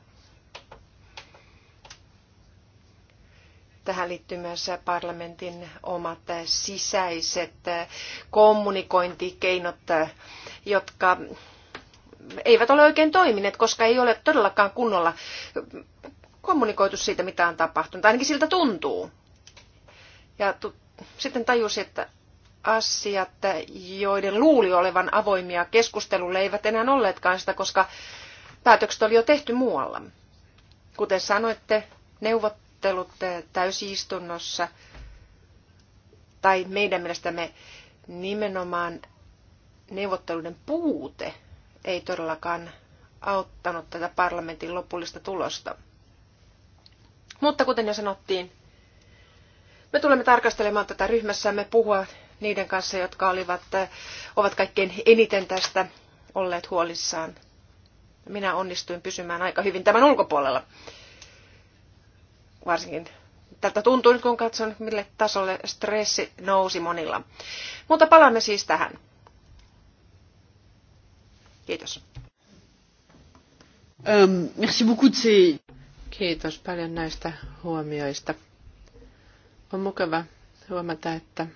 Tähän liittyy myös parlamentin omat sisäiset kommunikointikeinot, jotka eivät ole oikein toimineet, koska ei ole todellakaan kunnolla kommunikoitu siitä, mitä on tapahtunut. Ainakin siltä tuntuu. Ja tu- sitten tajusi, että asiat, joiden luuli olevan avoimia keskustelulle, eivät enää olleetkaan sitä, koska päätökset oli jo tehty muualla. Kuten sanoitte, neuvottelut täysistunnossa, tai meidän mielestämme nimenomaan neuvotteluiden puute ei todellakaan auttanut tätä parlamentin lopullista tulosta. Mutta kuten jo sanottiin, me tulemme tarkastelemaan tätä ryhmässämme puhua niiden kanssa, jotka olivat, ovat kaikkein eniten tästä olleet huolissaan. Minä onnistuin pysymään aika hyvin tämän ulkopuolella. Varsinkin tältä tuntuu nyt, kun katson, mille tasolle stressi nousi monilla. Mutta palaamme siis tähän. Kiitos. Ähm, merci beaucoup de Kiitos paljon näistä huomioista. On mukava huomata, että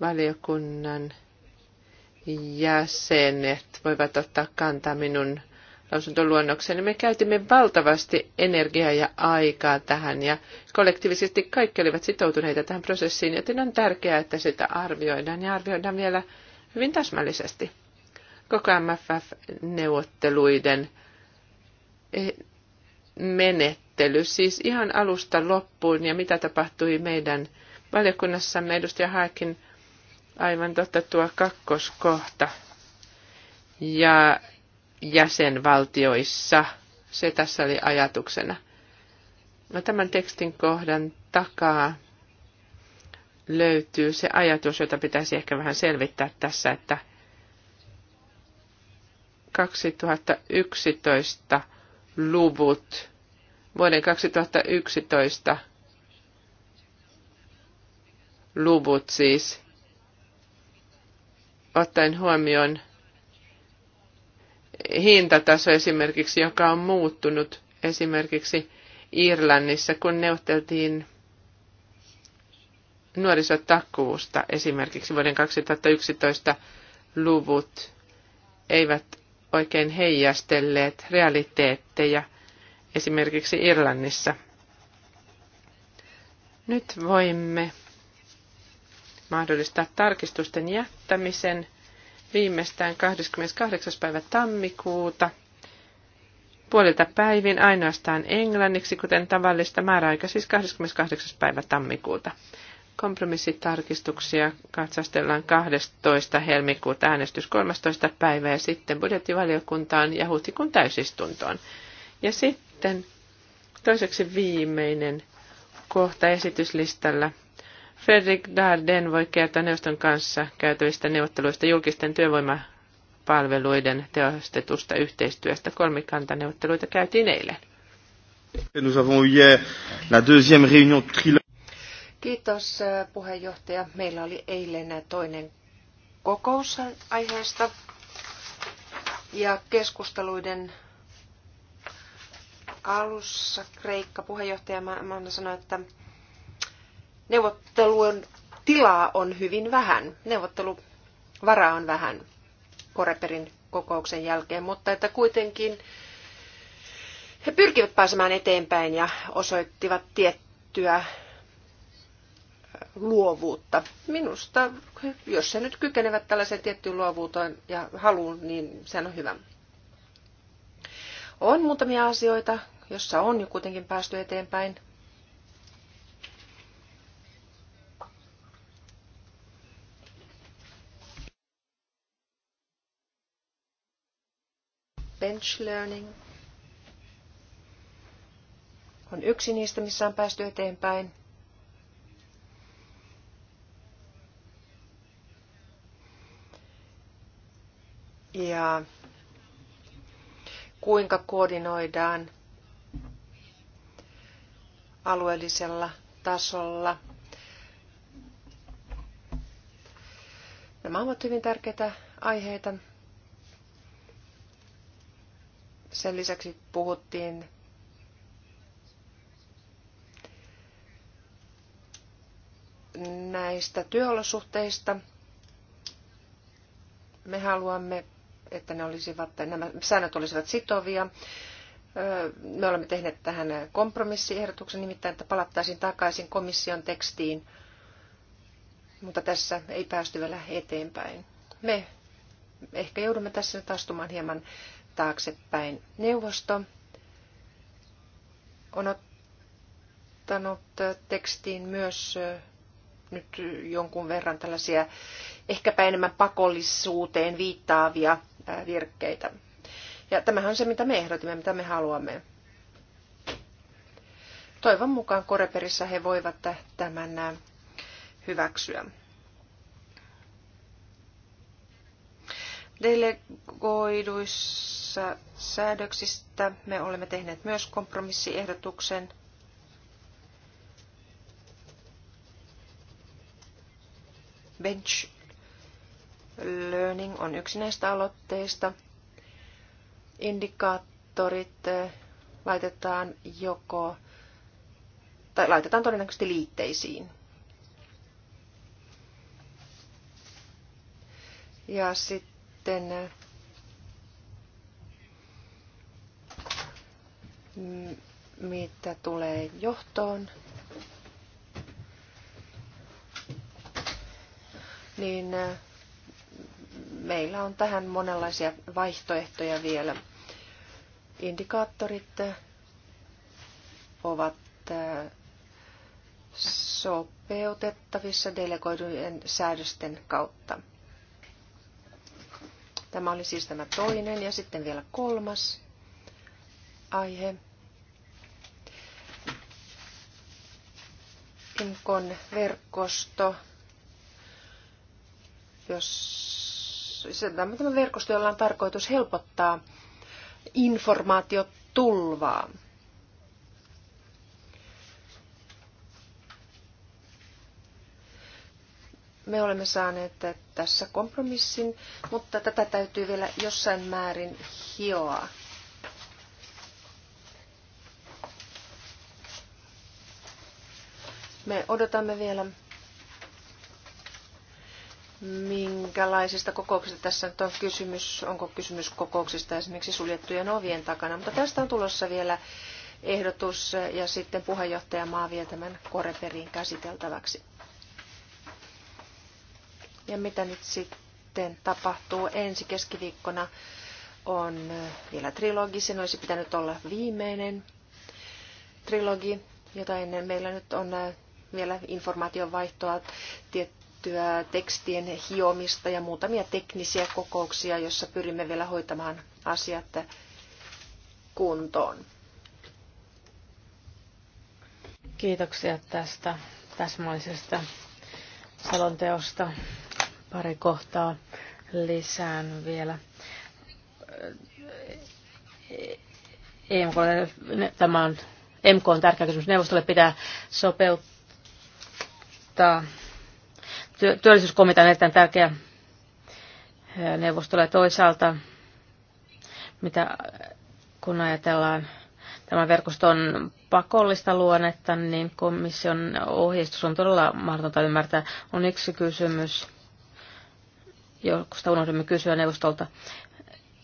valiokunnan jäsenet voivat ottaa kantaa minun lausuntoluonnokseni. Me käytimme valtavasti energiaa ja aikaa tähän ja kollektiivisesti kaikki olivat sitoutuneita tähän prosessiin, joten on tärkeää, että sitä arvioidaan ja arvioidaan vielä hyvin täsmällisesti koko MFF-neuvotteluiden eh, menettely, siis ihan alusta loppuun ja mitä tapahtui meidän valiokunnassamme. Edustaja Haakin aivan totta tuo kakkoskohta. Ja jäsenvaltioissa, se tässä oli ajatuksena. No, tämän tekstin kohdan takaa löytyy se ajatus, jota pitäisi ehkä vähän selvittää tässä, että – 2011 luvut vuoden 2011 luvut siis, ottaen huomioon hintataso esimerkiksi, joka on muuttunut esimerkiksi Irlannissa, kun neuvoteltiin nuorisotakuusta esimerkiksi vuoden 2011 luvut eivät oikein heijastelleet realiteetteja esimerkiksi Irlannissa. Nyt voimme mahdollistaa tarkistusten jättämisen viimeistään 28. päivä tammikuuta puolilta päivin ainoastaan englanniksi, kuten tavallista määräaika siis 28. päivä tammikuuta. Kompromissitarkistuksia katsastellaan 12. helmikuuta äänestys 13. päivää ja sitten budjettivaliokuntaan ja huhtikuun täysistuntoon. Ja sitten toiseksi viimeinen kohta esityslistalla. Fredrik Darden voi kertoa neuvoston kanssa käytävistä neuvotteluista julkisten työvoimapalveluiden tehostetusta yhteistyöstä. Kolmikantaneuvotteluita käytiin eilen. Nous avons eu hier la deuxième réunion trilogue. Kiitos äh, puheenjohtaja. Meillä oli eilen toinen kokous aiheesta ja keskusteluiden alussa Kreikka puheenjohtajamaana sanoi, että neuvottelujen tilaa on hyvin vähän, neuvotteluvaraa on vähän Koreperin kokouksen jälkeen, mutta että kuitenkin he pyrkivät pääsemään eteenpäin ja osoittivat tiettyä luovuutta. Minusta, jos se nyt kykenevät tällaiseen tiettyyn luovuuteen ja haluun, niin sehän on hyvä. On muutamia asioita, jossa on jo kuitenkin päästy eteenpäin. Bench learning on yksi niistä, missä on päästy eteenpäin. ja kuinka koordinoidaan alueellisella tasolla. Nämä ovat hyvin tärkeitä aiheita. Sen lisäksi puhuttiin näistä työolosuhteista. Me haluamme että ne olisivat, nämä säännöt olisivat sitovia. Me olemme tehneet tähän kompromissiehdotuksen, nimittäin että palattaisiin takaisin komission tekstiin, mutta tässä ei päästy vielä eteenpäin. Me ehkä joudumme tässä nyt astumaan hieman taaksepäin. Neuvosto on ottanut tekstiin myös nyt jonkun verran tällaisia ehkäpä enemmän pakollisuuteen viittaavia virkkeitä. Ja tämähän on se, mitä me ehdotimme, mitä me haluamme. Toivon mukaan Koreperissä he voivat tämän hyväksyä. Delegoiduissa säädöksistä me olemme tehneet myös kompromissiehdotuksen. Bench Learning on yksi näistä aloitteista. Indikaattorit eh, laitetaan joko tai laitetaan todennäköisesti liitteisiin. Ja sitten eh, mitä tulee johtoon, niin eh, meillä on tähän monenlaisia vaihtoehtoja vielä. Indikaattorit äh, ovat äh, sopeutettavissa delegoidujen säädösten kautta. Tämä oli siis tämä toinen ja sitten vielä kolmas aihe. Inkon verkosto, jos tarkoitus, tämä verkosto, jolla on tarkoitus helpottaa informaatiotulvaa. me olemme saaneet tässä kompromissin, mutta tätä täytyy vielä jossain määrin hioa. Me odotamme vielä minkälaisista kokouksista tässä nyt on kysymys, onko kysymys kokouksista esimerkiksi suljettujen ovien takana, mutta tästä on tulossa vielä ehdotus ja sitten maa vie tämän koreperiin käsiteltäväksi. Ja mitä nyt sitten tapahtuu ensi keskiviikkona on vielä trilogi, sen olisi pitänyt olla viimeinen trilogi, jota ennen meillä nyt on äh, vielä informaation vaihtoa tiet tiettyä tekstien hiomista ja muutamia teknisiä kokouksia, jossa pyrimme vielä hoitamaan asiat kuntoon. Kiitoksia tästä täsmällisestä selonteosta. Pari kohtaa lisään vielä. E tämä on, e MK on tärkeä kysymys. Neuvostolle pitää sopeuttaa työllisyyskomitea on erittäin tärkeä eh, neuvostolle toisaalta, mitä kun ajatellaan tämän verkoston pakollista luonnetta, niin komission ohjeistus on todella mahdotonta ymmärtää. On yksi kysymys, josta unohdimme kysyä neuvostolta.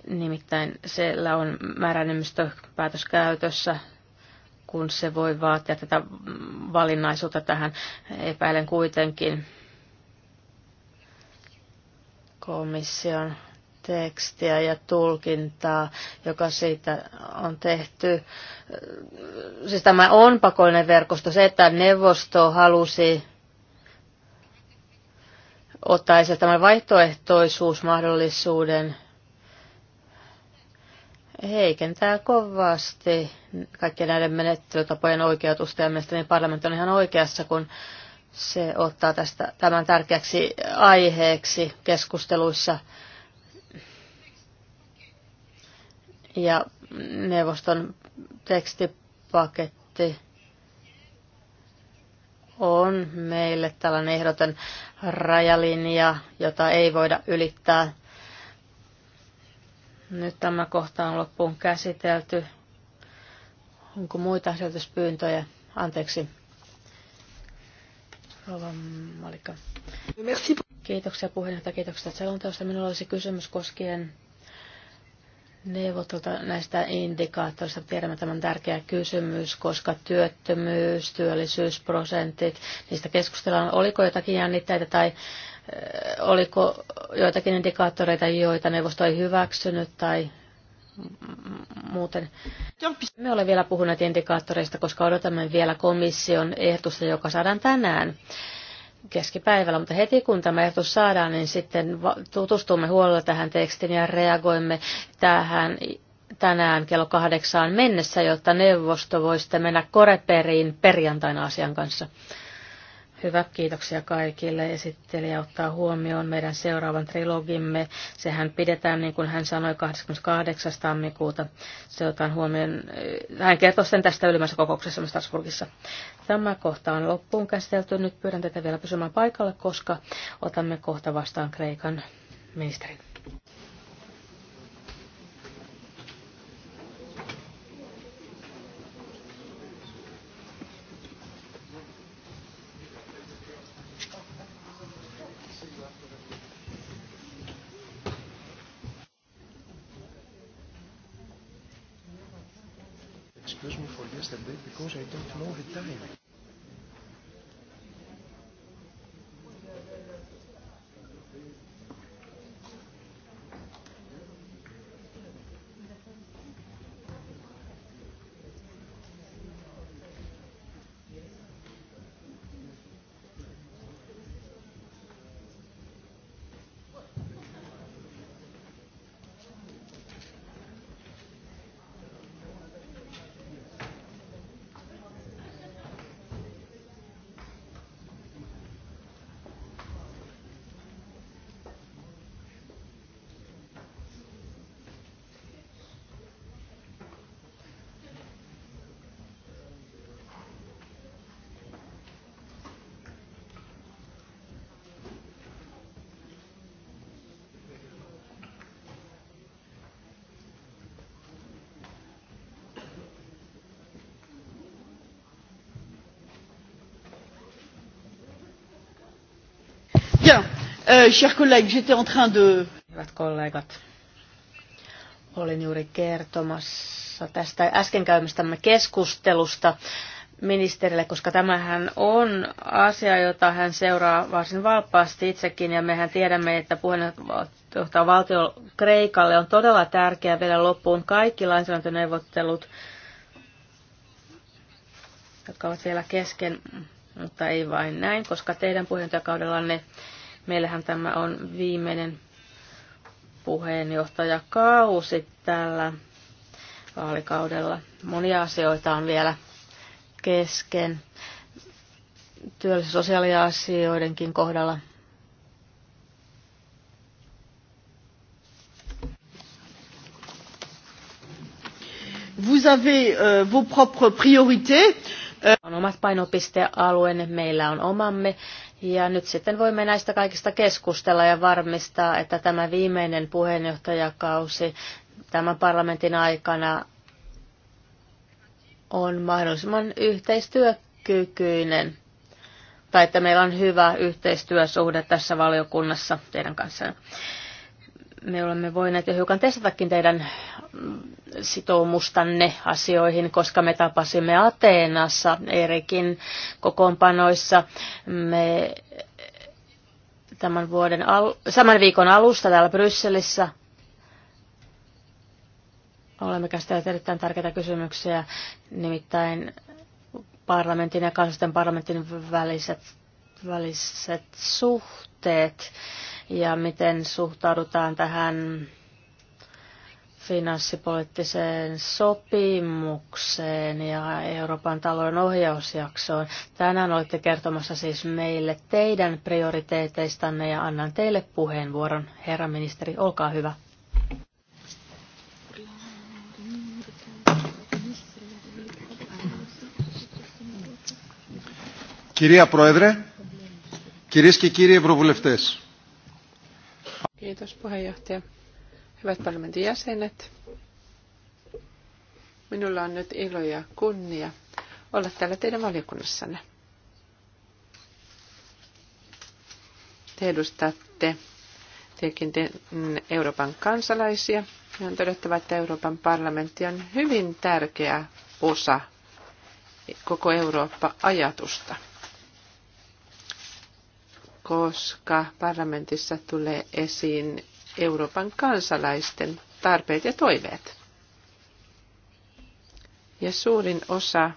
Nimittäin siellä on määräenemmistöpäätös käytössä, kun se voi vaatia tätä valinnaisuutta tähän. Epäilen kuitenkin, komission tekstiä ja tulkintaa, joka siitä on tehty. Siis tämä on pakollinen verkosto. Se, että neuvosto halusi ottaa esille tämän vaihtoehtoisuusmahdollisuuden, heikentää kovasti kaikkien näiden menettelytapojen oikeutusta ja mielestäni parlamentti on ihan oikeassa, kun se ottaa tästä, tämän tärkeäksi aiheeksi keskusteluissa. Ja neuvoston tekstipaketti on meille tällainen ehdoton rajalinja, jota ei voida ylittää. Nyt tämä kohta on loppuun käsitelty. Onko muita sijoituspyyntöjä? Anteeksi. Rova Malika. Merci. Kiitoksia puheenjohtaja, kiitoksia selonteosta. Minulla olisi kysymys koskien neuvottelta näistä indikaattoreista. Tiedämme tämän tärkeä kysymys, koska työttömyys, työllisyysprosentit, niistä keskustellaan. Oliko jotakin jännitteitä tai oliko joitakin indikaattoreita, joita neuvosto ei hyväksynyt tai muuten. Me olemme vielä puhuneet indikaattoreista, koska odotamme vielä komission ehdotusta, joka saadaan tänään keskipäivällä, mutta heti kun tämä ehdotus saadaan, niin sitten tutustumme huolella tähän tekstiin ja reagoimme tähän tänään kello kahdeksaan mennessä, jotta neuvosto voi mennä koreperiin perjantaina asian kanssa. Hyvä, kiitoksia kaikille. Esittelijä ottaa huomioon meidän seuraavan trilogimme. Sehän pidetään, niin kuin hän sanoi, 28. tammikuuta. Se otetaan huomioon. Äh, hän kertoo sen tästä ylimmässä kokouksessa Strasbourgissa. Tämä kohta on loppuun käsitelty. Nyt pyydän tätä vielä pysymään paikalla, koska otamme kohta vastaan Kreikan ministerin. Euh, chers collègues, j'étais en train de... Hyvät kollegat, olin juuri kertomassa tästä äsken käymästämme keskustelusta ministerille, koska tämähän on asia, jota hän seuraa varsin valppaasti itsekin, ja mehän tiedämme, että puheenjohtaja valtio Kreikalle on todella tärkeää vielä loppuun kaikki lainsäädäntöneuvottelut, jotka ovat vielä kesken, mutta ei vain näin, koska teidän puheenjohtajakaudellanne ne Meillähän tämä on viimeinen puheenjohtajakausi tällä vaalikaudella. Monia asioita on vielä kesken työllisyys- ja sosiaaliasioidenkin kohdalla. Vous avez euh, vos propres priorités. Euh, on omat painopistealueenne, meillä on omamme ja nyt sitten voimme näistä kaikista keskustella ja varmistaa, että tämä viimeinen puheenjohtajakausi tämän parlamentin aikana on mahdollisimman yhteistyökykyinen. Tai että meillä on hyvä yhteistyösuhde tässä valiokunnassa teidän kanssanne me olemme voineet jo hiukan testatakin teidän sitoumustanne asioihin, koska me tapasimme Ateenassa erikin kokoonpanoissa. Me tämän vuoden al- saman viikon alusta täällä Brysselissä olemme käsitelleet erittäin tärkeitä kysymyksiä, nimittäin parlamentin ja kansallisten parlamentin väliset, väliset suhteet ja miten suhtaudutaan tähän finanssipoliittiseen sopimukseen ja Euroopan talouden ohjausjaksoon. Tänään olette kertomassa siis meille teidän prioriteeteistanne ja annan teille puheenvuoron. Herra ministeri, olkaa hyvä. Κυρία Πρόεδρε, κυρίες και κύριοι Ευρωβουλευτές, Kiitos puheenjohtaja. Hyvät parlamentin jäsenet, minulla on nyt ilo ja kunnia olla täällä teidän valiokunnassanne. Te edustatte tekin Euroopan kansalaisia. Ja on todettava, että Euroopan parlamentti on hyvin tärkeä osa koko Eurooppa-ajatusta koska parlamentissa tulee esiin Euroopan kansalaisten tarpeet ja toiveet. Ja suurin osa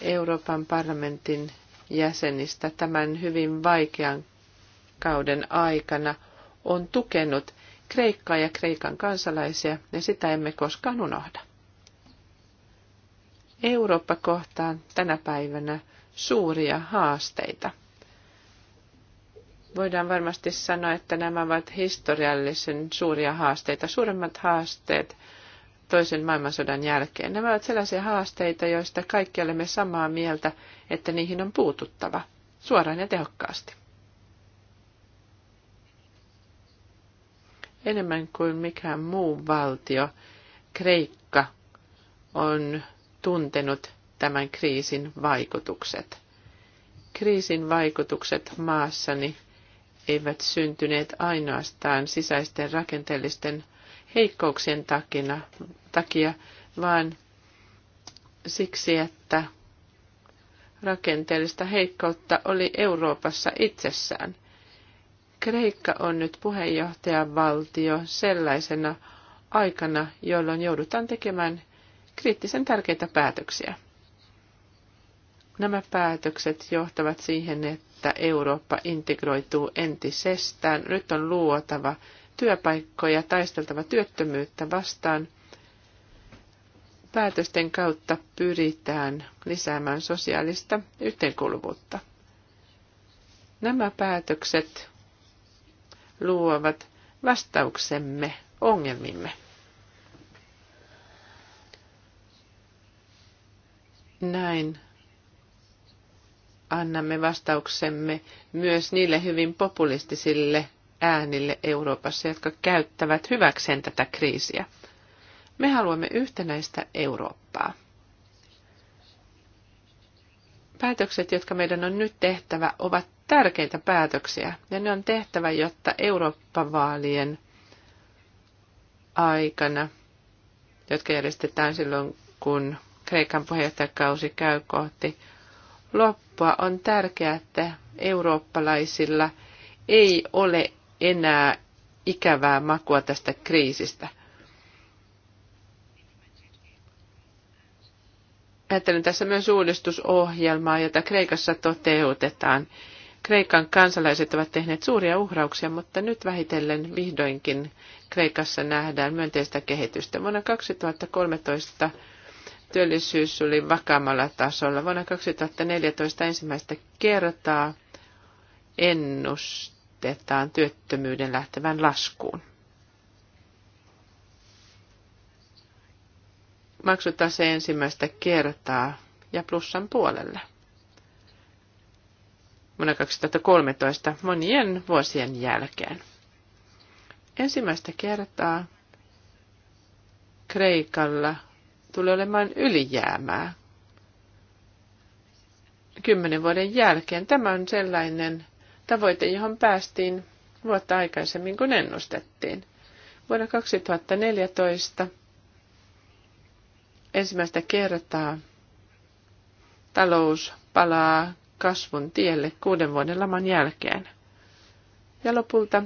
Euroopan parlamentin jäsenistä tämän hyvin vaikean kauden aikana on tukenut Kreikkaa ja Kreikan kansalaisia, ja sitä emme koskaan unohda. Eurooppa kohtaa tänä päivänä suuria haasteita voidaan varmasti sanoa, että nämä ovat historiallisen suuria haasteita, suuremmat haasteet toisen maailmansodan jälkeen. Nämä ovat sellaisia haasteita, joista kaikki olemme samaa mieltä, että niihin on puututtava suoraan ja tehokkaasti. Enemmän kuin mikään muu valtio, Kreikka on tuntenut tämän kriisin vaikutukset. Kriisin vaikutukset maassani eivät syntyneet ainoastaan sisäisten rakenteellisten heikkouksien takina, takia, vaan siksi, että rakenteellista heikkoutta oli Euroopassa itsessään. Kreikka on nyt puheenjohtajavaltio sellaisena aikana, jolloin joudutaan tekemään kriittisen tärkeitä päätöksiä. Nämä päätökset johtavat siihen, että että Eurooppa integroituu entisestään. Nyt on luotava työpaikkoja, taisteltava työttömyyttä vastaan. Päätösten kautta pyritään lisäämään sosiaalista yhteenkuuluvuutta. Nämä päätökset luovat vastauksemme ongelmimme. Näin annamme vastauksemme myös niille hyvin populistisille äänille Euroopassa, jotka käyttävät hyväkseen tätä kriisiä. Me haluamme yhtenäistä Eurooppaa. Päätökset, jotka meidän on nyt tehtävä, ovat tärkeitä päätöksiä, ja ne on tehtävä, jotta Eurooppa-vaalien aikana, jotka järjestetään silloin, kun Kreikan puheenjohtajakausi käy kohti loppua, on tärkeää, että eurooppalaisilla ei ole enää ikävää makua tästä kriisistä. Ajattelen tässä myös uudistusohjelmaa, jota Kreikassa toteutetaan. Kreikan kansalaiset ovat tehneet suuria uhrauksia, mutta nyt vähitellen vihdoinkin Kreikassa nähdään myönteistä kehitystä. Vuonna 2013 työllisyys oli vakaammalla tasolla. Vuonna 2014 ensimmäistä kertaa ennustetaan työttömyyden lähtevän laskuun. Maksutase ensimmäistä kertaa ja plussan puolelle. Vuonna 2013 monien vuosien jälkeen. Ensimmäistä kertaa Kreikalla tulee olemaan ylijäämää kymmenen vuoden jälkeen. Tämä on sellainen tavoite, johon päästiin vuotta aikaisemmin kuin ennustettiin. Vuonna 2014 ensimmäistä kertaa talous palaa kasvun tielle kuuden vuoden laman jälkeen. Ja lopulta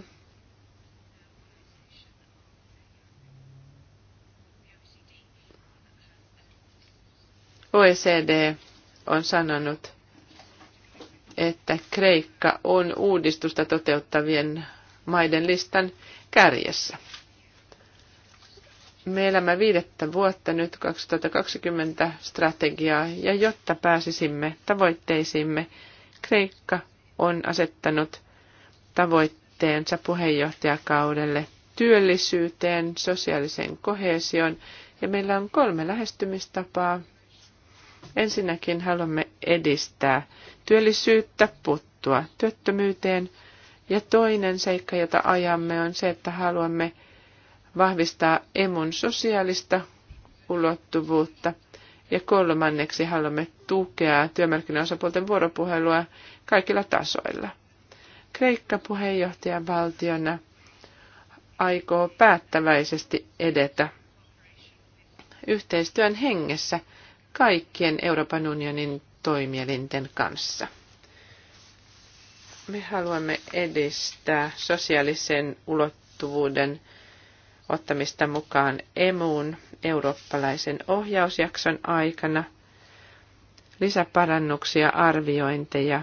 OECD on sanonut, että Kreikka on uudistusta toteuttavien maiden listan kärjessä. Me elämme viidettä vuotta nyt 2020 strategiaa ja jotta pääsisimme tavoitteisiimme, Kreikka on asettanut tavoitteensa puheenjohtajakaudelle työllisyyteen, sosiaaliseen kohesioon ja meillä on kolme lähestymistapaa, Ensinnäkin haluamme edistää työllisyyttä, puuttua työttömyyteen. Ja toinen seikka, jota ajamme, on se, että haluamme vahvistaa emun sosiaalista ulottuvuutta. Ja kolmanneksi haluamme tukea työmarkkinaosapuolten vuoropuhelua kaikilla tasoilla. Kreikka puheenjohtajan valtiona aikoo päättäväisesti edetä yhteistyön hengessä – kaikkien Euroopan unionin toimielinten kanssa. Me haluamme edistää sosiaalisen ulottuvuuden ottamista mukaan emuun eurooppalaisen ohjausjakson aikana. Lisäparannuksia arviointeja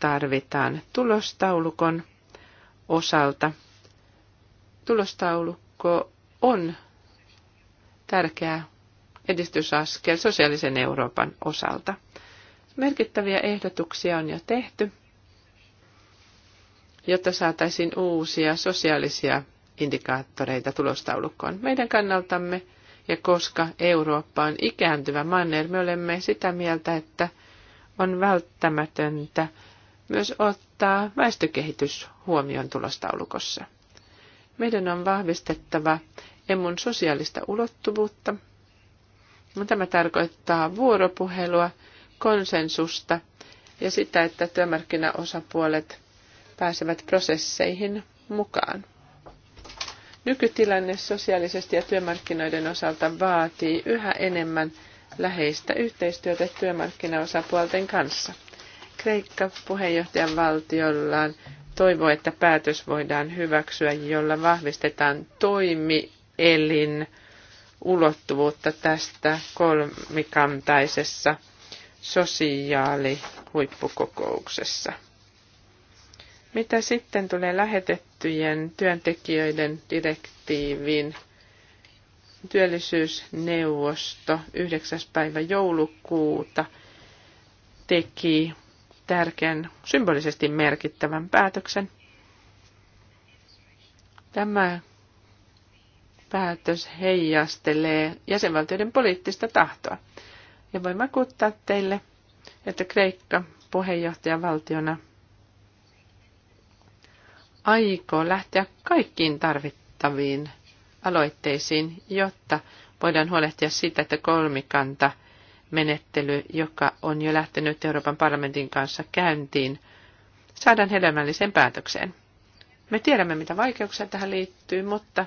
tarvitaan tulostaulukon osalta. Tulostaulukko on tärkeä edistysaskel sosiaalisen Euroopan osalta. Merkittäviä ehdotuksia on jo tehty, jotta saataisiin uusia sosiaalisia indikaattoreita tulostaulukkoon meidän kannaltamme. Ja koska Eurooppa on ikääntyvä manner, me olemme sitä mieltä, että on välttämätöntä myös ottaa väestökehitys huomioon tulostaulukossa. Meidän on vahvistettava emun sosiaalista ulottuvuutta Tämä tarkoittaa vuoropuhelua, konsensusta ja sitä, että työmarkkinaosapuolet pääsevät prosesseihin mukaan. Nykytilanne sosiaalisesti ja työmarkkinoiden osalta vaatii yhä enemmän läheistä yhteistyötä työmarkkinaosapuolten kanssa. Kreikka puheenjohtajan valtiollaan toivoo, että päätös voidaan hyväksyä, jolla vahvistetaan toimielin ulottuvuutta tästä kolmikantaisessa sosiaalihuippukokouksessa. Mitä sitten tulee lähetettyjen työntekijöiden direktiiviin? Työllisyysneuvosto 9. päivä joulukuuta teki tärkeän, symbolisesti merkittävän päätöksen. Tämä päätös heijastelee jäsenvaltioiden poliittista tahtoa. Ja voin vakuuttaa teille, että Kreikka puheenjohtajavaltiona aikoo lähteä kaikkiin tarvittaviin aloitteisiin, jotta voidaan huolehtia siitä, että kolmikanta menettely, joka on jo lähtenyt Euroopan parlamentin kanssa käyntiin, saadaan hedelmälliseen päätökseen. Me tiedämme, mitä vaikeuksia tähän liittyy, mutta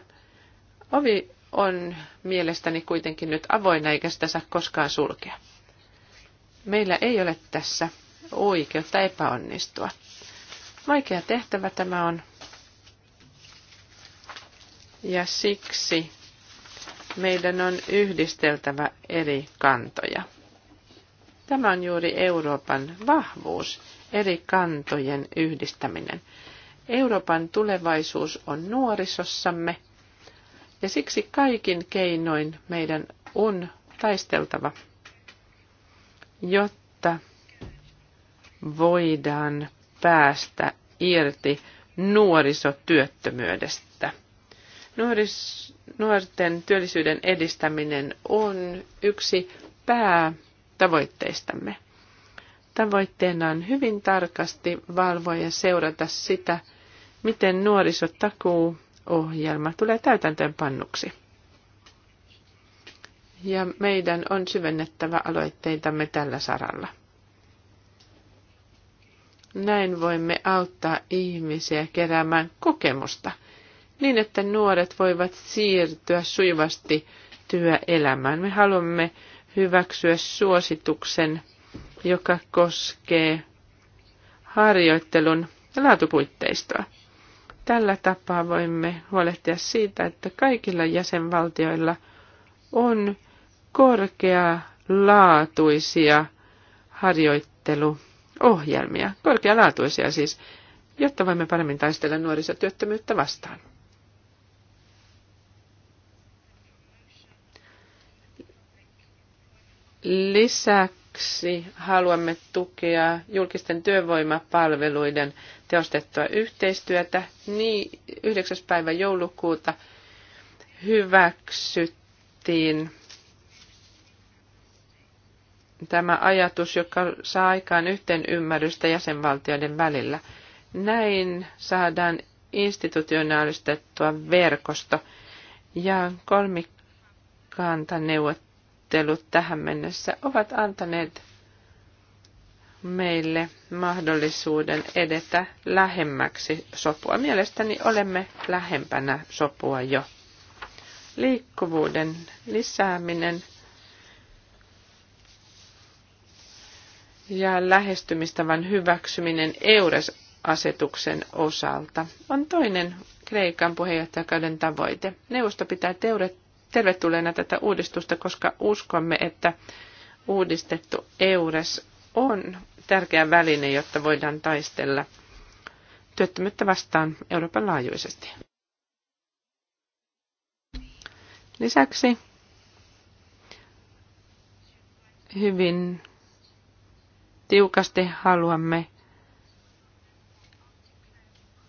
Ovi on mielestäni kuitenkin nyt avoinna eikä sitä saa koskaan sulkea. Meillä ei ole tässä oikeutta epäonnistua. Vaikea tehtävä tämä on. Ja siksi meidän on yhdisteltävä eri kantoja. Tämä on juuri Euroopan vahvuus, eri kantojen yhdistäminen. Euroopan tulevaisuus on nuorisossamme – ja siksi kaikin keinoin meidän on taisteltava, jotta voidaan päästä irti nuorisotyöttömyydestä. Nuoris, nuorten työllisyyden edistäminen on yksi päätavoitteistamme. Tavoitteena on hyvin tarkasti valvoa ja seurata sitä, miten nuorisotakuu ohjelma tulee täytäntöönpannuksi. Ja meidän on syvennettävä aloitteitamme tällä saralla. Näin voimme auttaa ihmisiä keräämään kokemusta niin, että nuoret voivat siirtyä sujuvasti työelämään. Me haluamme hyväksyä suosituksen, joka koskee harjoittelun laatupuitteistoa. Tällä tapaa voimme huolehtia siitä, että kaikilla jäsenvaltioilla on korkealaatuisia harjoitteluohjelmia, korkealaatuisia siis, jotta voimme paremmin taistella nuorisotyöttömyyttä vastaan. Lisää Siksi haluamme tukea julkisten työvoimapalveluiden teostettua yhteistyötä. Niin 9. päivä joulukuuta hyväksyttiin tämä ajatus, joka saa aikaan yhteen ymmärrystä jäsenvaltioiden välillä. Näin saadaan institutionaalistettua verkosto ja kolmikantaneuvottelut keskustelut tähän mennessä ovat antaneet meille mahdollisuuden edetä lähemmäksi sopua. Mielestäni olemme lähempänä sopua jo. Liikkuvuuden lisääminen ja lähestymistavan hyväksyminen EURES-asetuksen osalta on toinen Kreikan puheenjohtajakauden tavoite. Neuvosto pitää tervetulleena tätä uudistusta, koska uskomme, että uudistettu EURES on tärkeä väline, jotta voidaan taistella työttömyyttä vastaan Euroopan laajuisesti. Lisäksi hyvin tiukasti haluamme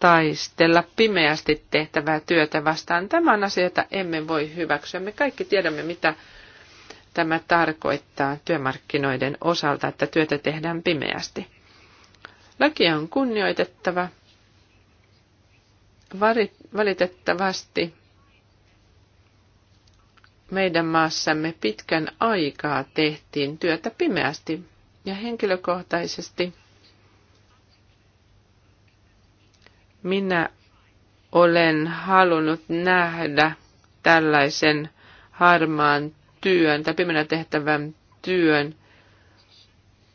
taistella pimeästi tehtävää työtä vastaan. Tämä on asia, jota emme voi hyväksyä. Me kaikki tiedämme, mitä tämä tarkoittaa työmarkkinoiden osalta, että työtä tehdään pimeästi. Laki on kunnioitettava. Valitettavasti meidän maassamme pitkän aikaa tehtiin työtä pimeästi ja henkilökohtaisesti – Minä olen halunnut nähdä tällaisen harmaan työn tai pimeänä tehtävän työn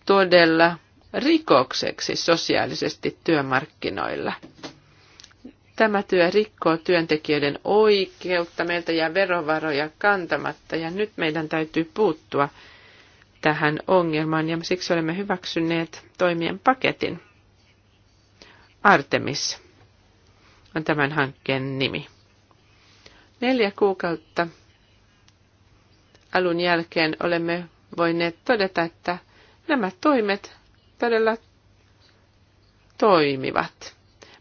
todella rikokseksi sosiaalisesti työmarkkinoilla. Tämä työ rikkoo työntekijöiden oikeutta, meiltä jää verovaroja kantamatta ja nyt meidän täytyy puuttua tähän ongelmaan ja siksi olemme hyväksyneet toimien paketin. Artemis on tämän hankkeen nimi. Neljä kuukautta alun jälkeen olemme voineet todeta, että nämä toimet todella toimivat.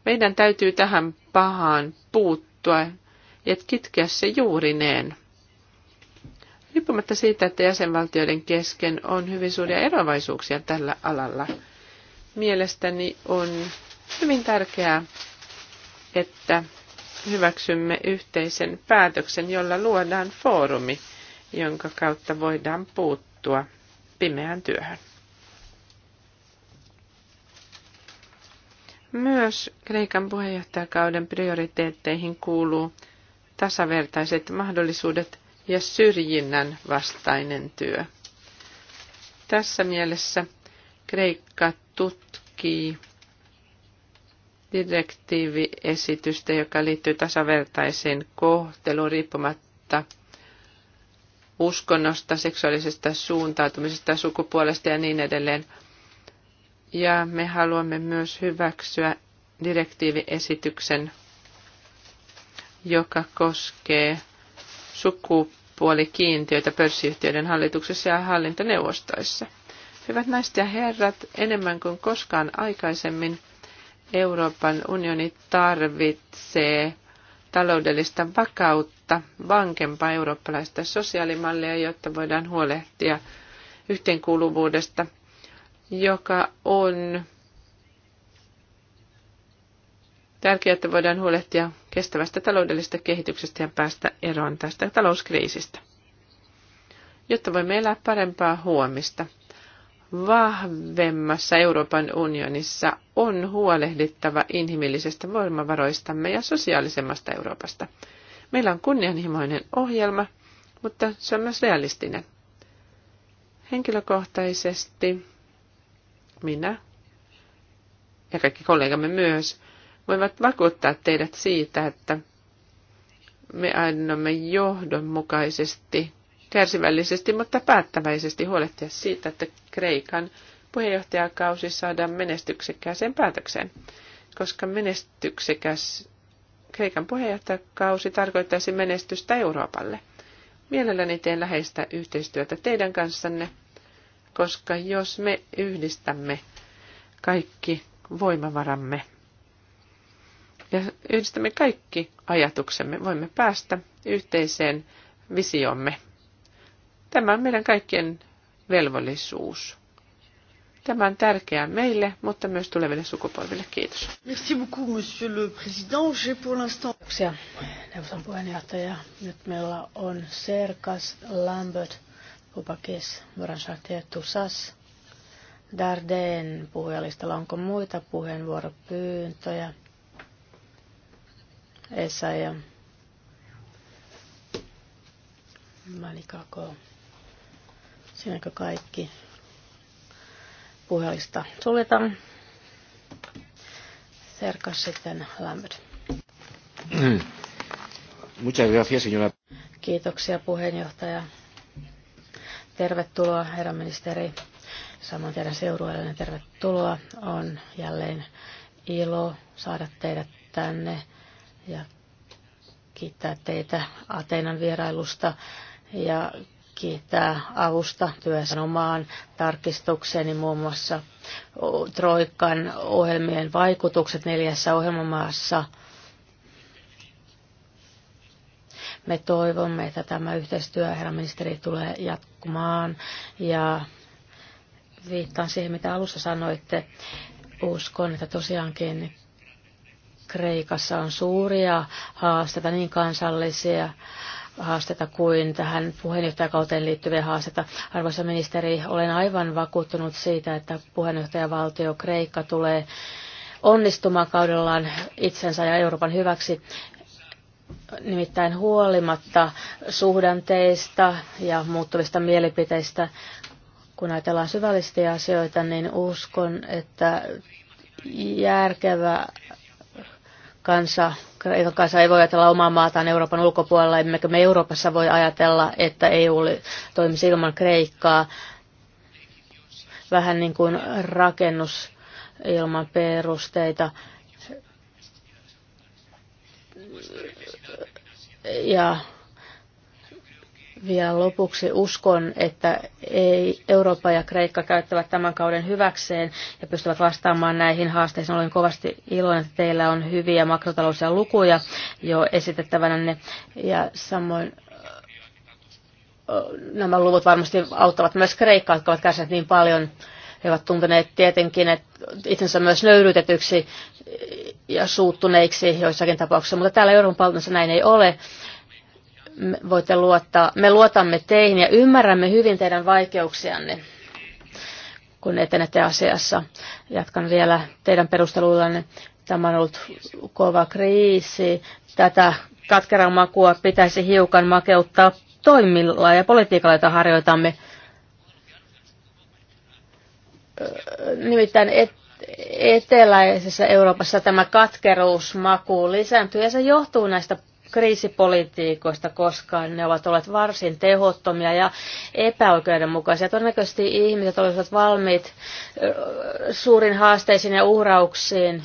Meidän täytyy tähän pahaan puuttua ja kitkeä se juurineen. Riippumatta siitä, että jäsenvaltioiden kesken on hyvin suuria eroavaisuuksia tällä alalla, mielestäni on hyvin tärkeää että hyväksymme yhteisen päätöksen, jolla luodaan foorumi, jonka kautta voidaan puuttua pimeään työhön. Myös Kreikan puheenjohtajakauden prioriteetteihin kuuluu tasavertaiset mahdollisuudet ja syrjinnän vastainen työ. Tässä mielessä Kreikka tutkii direktiiviesitystä, joka liittyy tasavertaiseen kohteluun riippumatta uskonnosta, seksuaalisesta suuntautumisesta, sukupuolesta ja niin edelleen. Ja me haluamme myös hyväksyä direktiiviesityksen, joka koskee sukupuolikiintiöitä pörssiyhtiöiden hallituksessa ja hallintoneuvostoissa. Hyvät naiset ja herrat, enemmän kuin koskaan aikaisemmin Euroopan unioni tarvitsee taloudellista vakautta, vankempaa eurooppalaista sosiaalimallia, jotta voidaan huolehtia yhteenkuuluvuudesta, joka on tärkeää, että voidaan huolehtia kestävästä taloudellisesta kehityksestä ja päästä eroon tästä talouskriisistä, jotta voimme elää parempaa huomista – vahvemmassa Euroopan unionissa on huolehdittava inhimillisestä voimavaroistamme ja sosiaalisemmasta Euroopasta. Meillä on kunnianhimoinen ohjelma, mutta se on myös realistinen. Henkilökohtaisesti minä ja kaikki kollegamme myös voivat vakuuttaa teidät siitä, että me annamme johdonmukaisesti kärsivällisesti, mutta päättäväisesti huolehtia siitä, että Kreikan puheenjohtajakausi saadaan menestyksekkääseen päätökseen, koska menestyksekäs Kreikan puheenjohtajakausi tarkoittaisi menestystä Euroopalle. Mielelläni teen läheistä yhteistyötä teidän kanssanne, koska jos me yhdistämme kaikki voimavaramme ja yhdistämme kaikki ajatuksemme, voimme päästä yhteiseen visiomme Tämä on meidän kaikkien velvollisuus. Tämä on tärkeää meille, mutta myös tuleville sukupolville. Kiitos. Merci beaucoup, monsieur le président. J'ai pour l'instant... Kiitoksia, neuvoston puheenjohtaja. Nyt meillä on Serkas, Lambert, Pupakis, Varansahti ja Tusas. Darden puhujalistalla onko muita puheenvuoropyyntöjä? Esa ja Malikako. Siinäkö kaikki? Puhelista suljetaan. Serkas sitten lämpöt. Muchas gracias, señora. Kiitoksia puheenjohtaja. Tervetuloa, herra ministeri. Samoin teidän seurueellinen tervetuloa. On jälleen ilo saada teidät tänne ja kiittää teitä Ateenan vierailusta ja kiittää avusta työssä omaan tarkistukseni muun muassa Troikan ohjelmien vaikutukset neljässä ohjelmamaassa. Me toivomme, että tämä yhteistyö, herra ministeri, tulee jatkumaan ja viittaan siihen, mitä alussa sanoitte. Uskon, että tosiaankin Kreikassa on suuria haasteita, niin kansallisia haasteita kuin tähän puheenjohtajakauteen liittyviä haasteita. Arvoisa ministeri, olen aivan vakuuttunut siitä, että puheenjohtajavaltio Kreikka tulee onnistumaan kaudellaan itsensä ja Euroopan hyväksi. Nimittäin huolimatta suhdanteista ja muuttuvista mielipiteistä, kun ajatellaan syvällisesti asioita, niin uskon, että järkevä kansa, eikä kansa ei voi ajatella omaa maataan Euroopan ulkopuolella, emmekä me Euroopassa voi ajatella, että EU toimisi ilman Kreikkaa. Vähän niin kuin rakennus ilman perusteita. Ja vielä lopuksi uskon, että ei Eurooppa ja Kreikka käyttävät tämän kauden hyväkseen ja pystyvät vastaamaan näihin haasteisiin. Olen kovasti iloinen, että teillä on hyviä makrotalousia lukuja jo esitettävänänne ja samoin nämä luvut varmasti auttavat myös Kreikkaa, jotka ovat kärsineet niin paljon. He ovat tunteneet tietenkin että itsensä myös nöyrytetyksi ja suuttuneiksi joissakin tapauksissa, mutta täällä Euroopan palvelussa näin ei ole me voitte luottaa, me luotamme teihin ja ymmärrämme hyvin teidän vaikeuksianne, kun etenette asiassa. Jatkan vielä teidän perusteluillanne. Tämä on ollut kova kriisi. Tätä katkeran makua pitäisi hiukan makeuttaa toimilla ja politiikalla, jota harjoitamme. Nimittäin et, eteläisessä Euroopassa tämä katkeruusmaku lisääntyy ja se johtuu näistä kriisipolitiikoista, koska ne ovat olleet varsin tehottomia ja epäoikeudenmukaisia. Todennäköisesti ihmiset olisivat valmiit suurin haasteisiin ja uhrauksiin,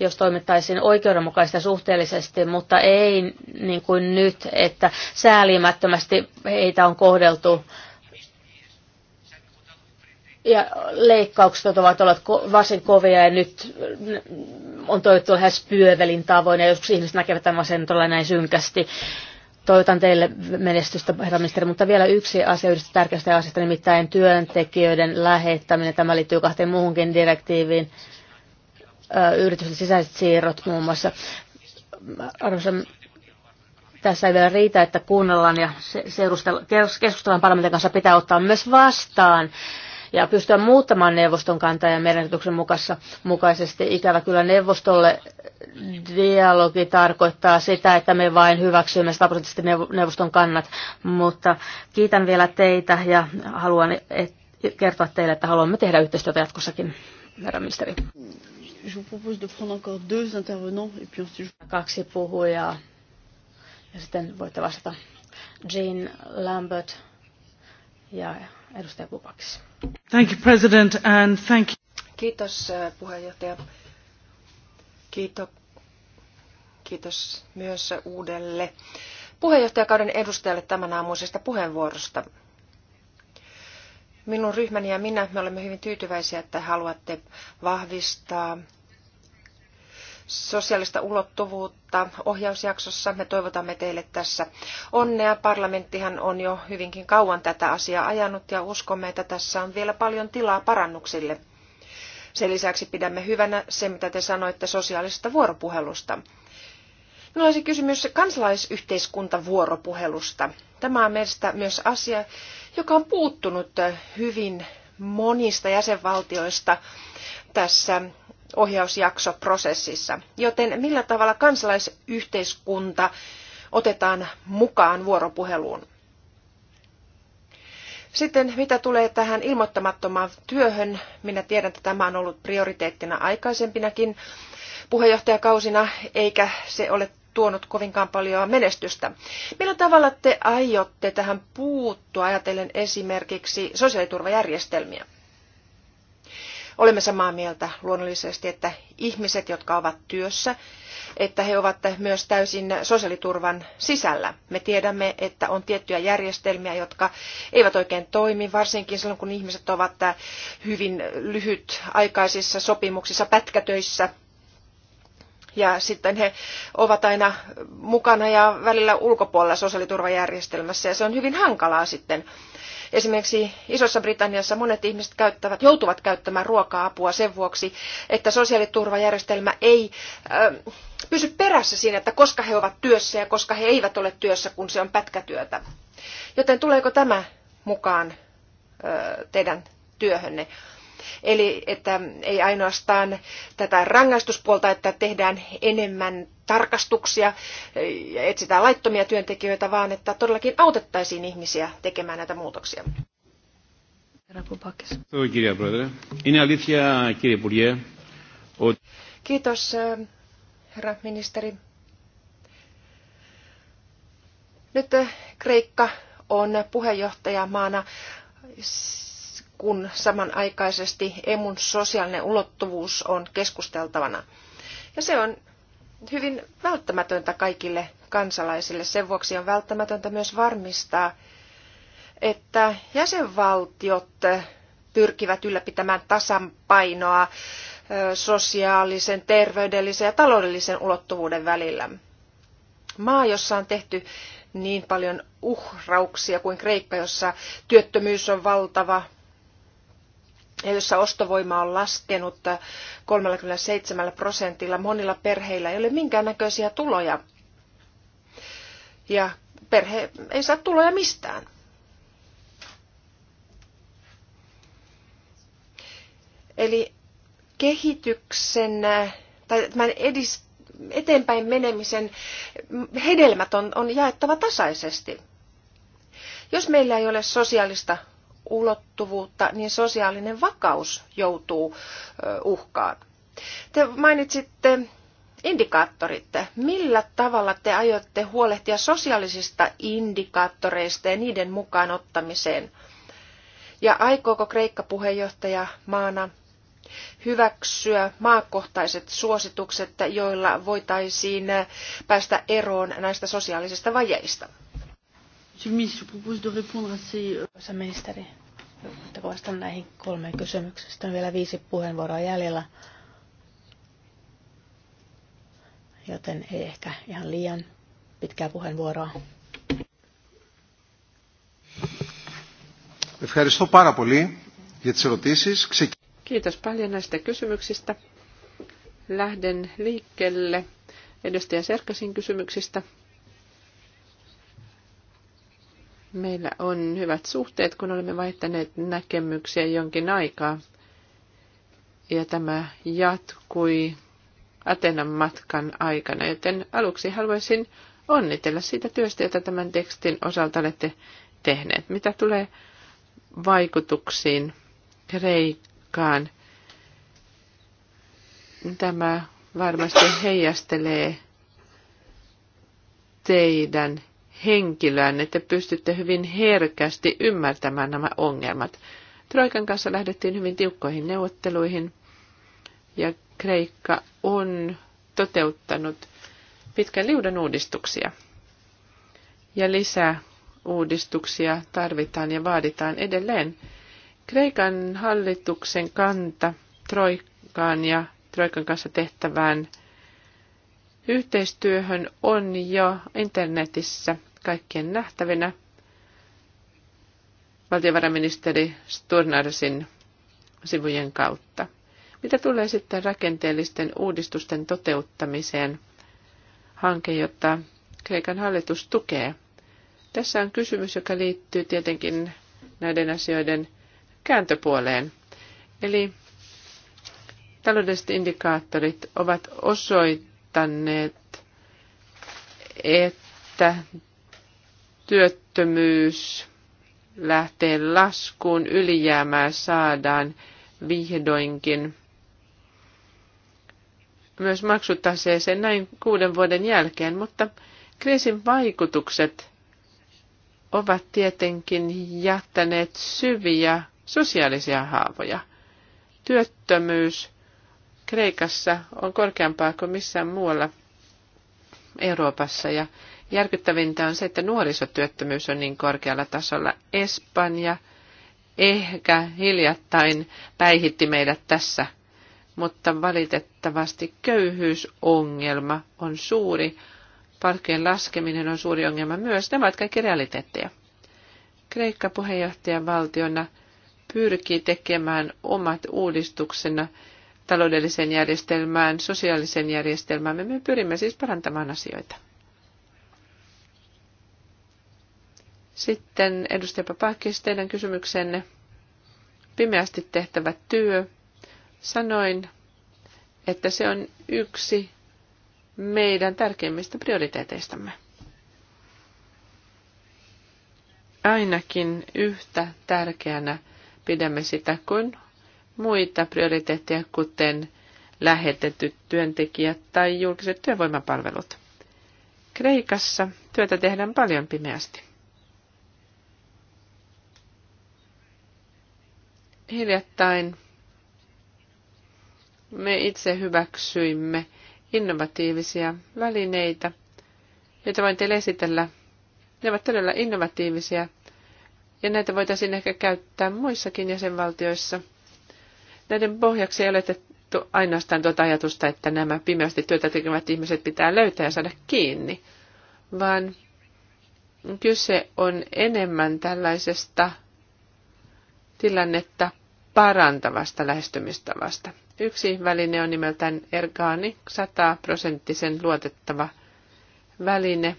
jos toimittaisiin oikeudenmukaisesti ja suhteellisesti, mutta ei niin kuin nyt, että säälimättömästi heitä on kohdeltu ja leikkaukset ovat olleet varsin kovia ja nyt on toivottu lähes pyövelin tavoin ja joskus ihmiset näkevät tämän asian näin synkästi. Toivotan teille menestystä, herra ministeri, mutta vielä yksi asia yhdestä tärkeästä asiasta, nimittäin työntekijöiden lähettäminen. Tämä liittyy kahteen muuhunkin direktiiviin, yritysten sisäiset siirrot muun muassa. Arvoisa tässä ei vielä riitä, että kuunnellaan ja keskustellaan parlamentin kanssa, pitää ottaa myös vastaan ja pystyä muuttamaan neuvoston kantaa ja meidän mukassa, mukaisesti. Ikävä kyllä neuvostolle dialogi tarkoittaa sitä, että me vain hyväksymme sataprosenttisesti neuvoston kannat, mutta kiitän vielä teitä ja haluan kertoa teille, että haluamme tehdä yhteistyötä jatkossakin, herra ministeri. Kaksi puhujaa ja sitten voitte vastata. Jean Lambert ja Edustaja Thank you, President, and thank you. Kiitos äh, puheenjohtaja. Kiitos, kiitos myös uudelle puheenjohtajakauden edustajalle tämän aamuisesta puheenvuorosta. Minun ryhmäni ja minä me olemme hyvin tyytyväisiä, että haluatte vahvistaa sosiaalista ulottuvuutta ohjausjaksossa. Me toivotamme teille tässä onnea. Parlamenttihan on jo hyvinkin kauan tätä asiaa ajanut ja uskomme, että tässä on vielä paljon tilaa parannuksille. Sen lisäksi pidämme hyvänä se, mitä te sanoitte sosiaalisesta vuoropuhelusta. Minulla olisi kysymys kansalaisyhteiskuntavuoropuhelusta. Tämä on meistä myös asia, joka on puuttunut hyvin monista jäsenvaltioista tässä ohjausjaksoprosessissa. Joten millä tavalla kansalaisyhteiskunta otetaan mukaan vuoropuheluun? Sitten mitä tulee tähän ilmoittamattomaan työhön, minä tiedän, että tämä on ollut prioriteettina aikaisempinakin puheenjohtajakausina, eikä se ole tuonut kovinkaan paljon menestystä. Millä tavalla te aiotte tähän puuttua, ajatellen esimerkiksi sosiaaliturvajärjestelmiä? Olemme samaa mieltä luonnollisesti, että ihmiset, jotka ovat työssä, että he ovat myös täysin sosiaaliturvan sisällä. Me tiedämme, että on tiettyjä järjestelmiä, jotka eivät oikein toimi, varsinkin silloin kun ihmiset ovat hyvin lyhytaikaisissa sopimuksissa, pätkätöissä – ja sitten he ovat aina mukana ja välillä ulkopuolella sosiaaliturvajärjestelmässä ja se on hyvin hankalaa sitten. Esimerkiksi Isossa Britanniassa monet ihmiset käyttävät, joutuvat käyttämään ruoka-apua sen vuoksi, että sosiaaliturvajärjestelmä ei äh, pysy perässä siinä, että koska he ovat työssä ja koska he eivät ole työssä, kun se on pätkätyötä. Joten tuleeko tämä mukaan äh, teidän työhönne? Eli että ei ainoastaan tätä rangaistuspuolta, että tehdään enemmän tarkastuksia ja etsitään laittomia työntekijöitä, vaan että todellakin autettaisiin ihmisiä tekemään näitä muutoksia. Kiitos, herra ministeri. Nyt eh, Kreikka on puheenjohtajamaana kun samanaikaisesti emun sosiaalinen ulottuvuus on keskusteltavana. Ja se on hyvin välttämätöntä kaikille kansalaisille. Sen vuoksi on välttämätöntä myös varmistaa, että jäsenvaltiot pyrkivät ylläpitämään tasapainoa sosiaalisen, terveydellisen ja taloudellisen ulottuvuuden välillä. Maa, jossa on tehty niin paljon uhrauksia kuin Kreikka, jossa työttömyys on valtava, ja jossa ostovoima on laskenut 37 prosentilla. Monilla perheillä ei ole minkäännäköisiä tuloja. Ja perhe ei saa tuloja mistään. Eli kehityksen tai tämän edist, eteenpäin menemisen hedelmät on, on jaettava tasaisesti. Jos meillä ei ole sosiaalista ulottuvuutta, niin sosiaalinen vakaus joutuu uhkaan. Te mainitsitte indikaattorit. Millä tavalla te aiotte huolehtia sosiaalisista indikaattoreista ja niiden mukaan ottamiseen? Ja aikooko Kreikka puheenjohtaja maana hyväksyä maakohtaiset suositukset, joilla voitaisiin päästä eroon näistä sosiaalisista vajeista? Euh, Arvoisa ministeri, vastaan näihin kolmeen kysymykseen. Sitten on vielä viisi puheenvuoroa jäljellä, joten ei ehkä ihan liian pitkää puheenvuoroa. Ευχαριστώ πάρα πολύ για τις ερωτήσεις. Kiitos paljon näistä kysymyksistä. Lähden liikkeelle edustaja Serkasin kysymyksistä. Meillä on hyvät suhteet, kun olemme vaihtaneet näkemyksiä jonkin aikaa. Ja tämä jatkui Atenan matkan aikana, joten aluksi haluaisin onnitella siitä työstä, jota tämän tekstin osalta olette tehneet. Mitä tulee vaikutuksiin Kreikkaan, tämä varmasti heijastelee teidän henkilöänne, niin te pystytte hyvin herkästi ymmärtämään nämä ongelmat. Troikan kanssa lähdettiin hyvin tiukkoihin neuvotteluihin ja Kreikka on toteuttanut pitkän liudan uudistuksia. Ja lisää uudistuksia tarvitaan ja vaaditaan edelleen. Kreikan hallituksen kanta Troikkaan ja Troikan kanssa tehtävään yhteistyöhön on jo internetissä kaikkien nähtävinä. Valtiovarainministeri Sturnarsin sivujen kautta. Mitä tulee sitten rakenteellisten uudistusten toteuttamiseen, hanke, jota Kreikan hallitus tukee. Tässä on kysymys, joka liittyy tietenkin näiden asioiden kääntöpuoleen. Eli taloudelliset indikaattorit ovat osoittaneet, että työttömyys lähtee laskuun, ylijäämää saadaan vihdoinkin myös maksutaseeseen näin kuuden vuoden jälkeen, mutta kriisin vaikutukset ovat tietenkin jättäneet syviä sosiaalisia haavoja. Työttömyys Kreikassa on korkeampaa kuin missään muualla Euroopassa ja Järkyttävintä on se, että nuorisotyöttömyys on niin korkealla tasolla. Espanja ehkä hiljattain päihitti meidät tässä, mutta valitettavasti köyhyysongelma on suuri. Palkkien laskeminen on suuri ongelma myös. Nämä ovat kaikki realiteetteja. Kreikka puheenjohtajan valtiona pyrkii tekemään omat uudistuksena taloudelliseen järjestelmään, sosiaaliseen järjestelmään. Me pyrimme siis parantamaan asioita. Sitten edustaja Papakis, teidän kysymyksenne. Pimeästi tehtävä työ. Sanoin, että se on yksi meidän tärkeimmistä prioriteeteistamme. Ainakin yhtä tärkeänä pidämme sitä kuin muita prioriteetteja, kuten lähetetyt työntekijät tai julkiset työvoimapalvelut. Kreikassa työtä tehdään paljon pimeästi. Hiljattain me itse hyväksyimme innovatiivisia välineitä, joita voin teille esitellä. Ne ovat todella innovatiivisia ja näitä voitaisiin ehkä käyttää muissakin jäsenvaltioissa. Näiden pohjaksi ei ole otettu ainoastaan tuota ajatusta, että nämä pimeästi työtä tekevät ihmiset pitää löytää ja saada kiinni, vaan kyse on enemmän tällaisesta tilannetta parantavasta lähestymistavasta. Yksi väline on nimeltään Ergaani, 100 prosenttisen luotettava väline,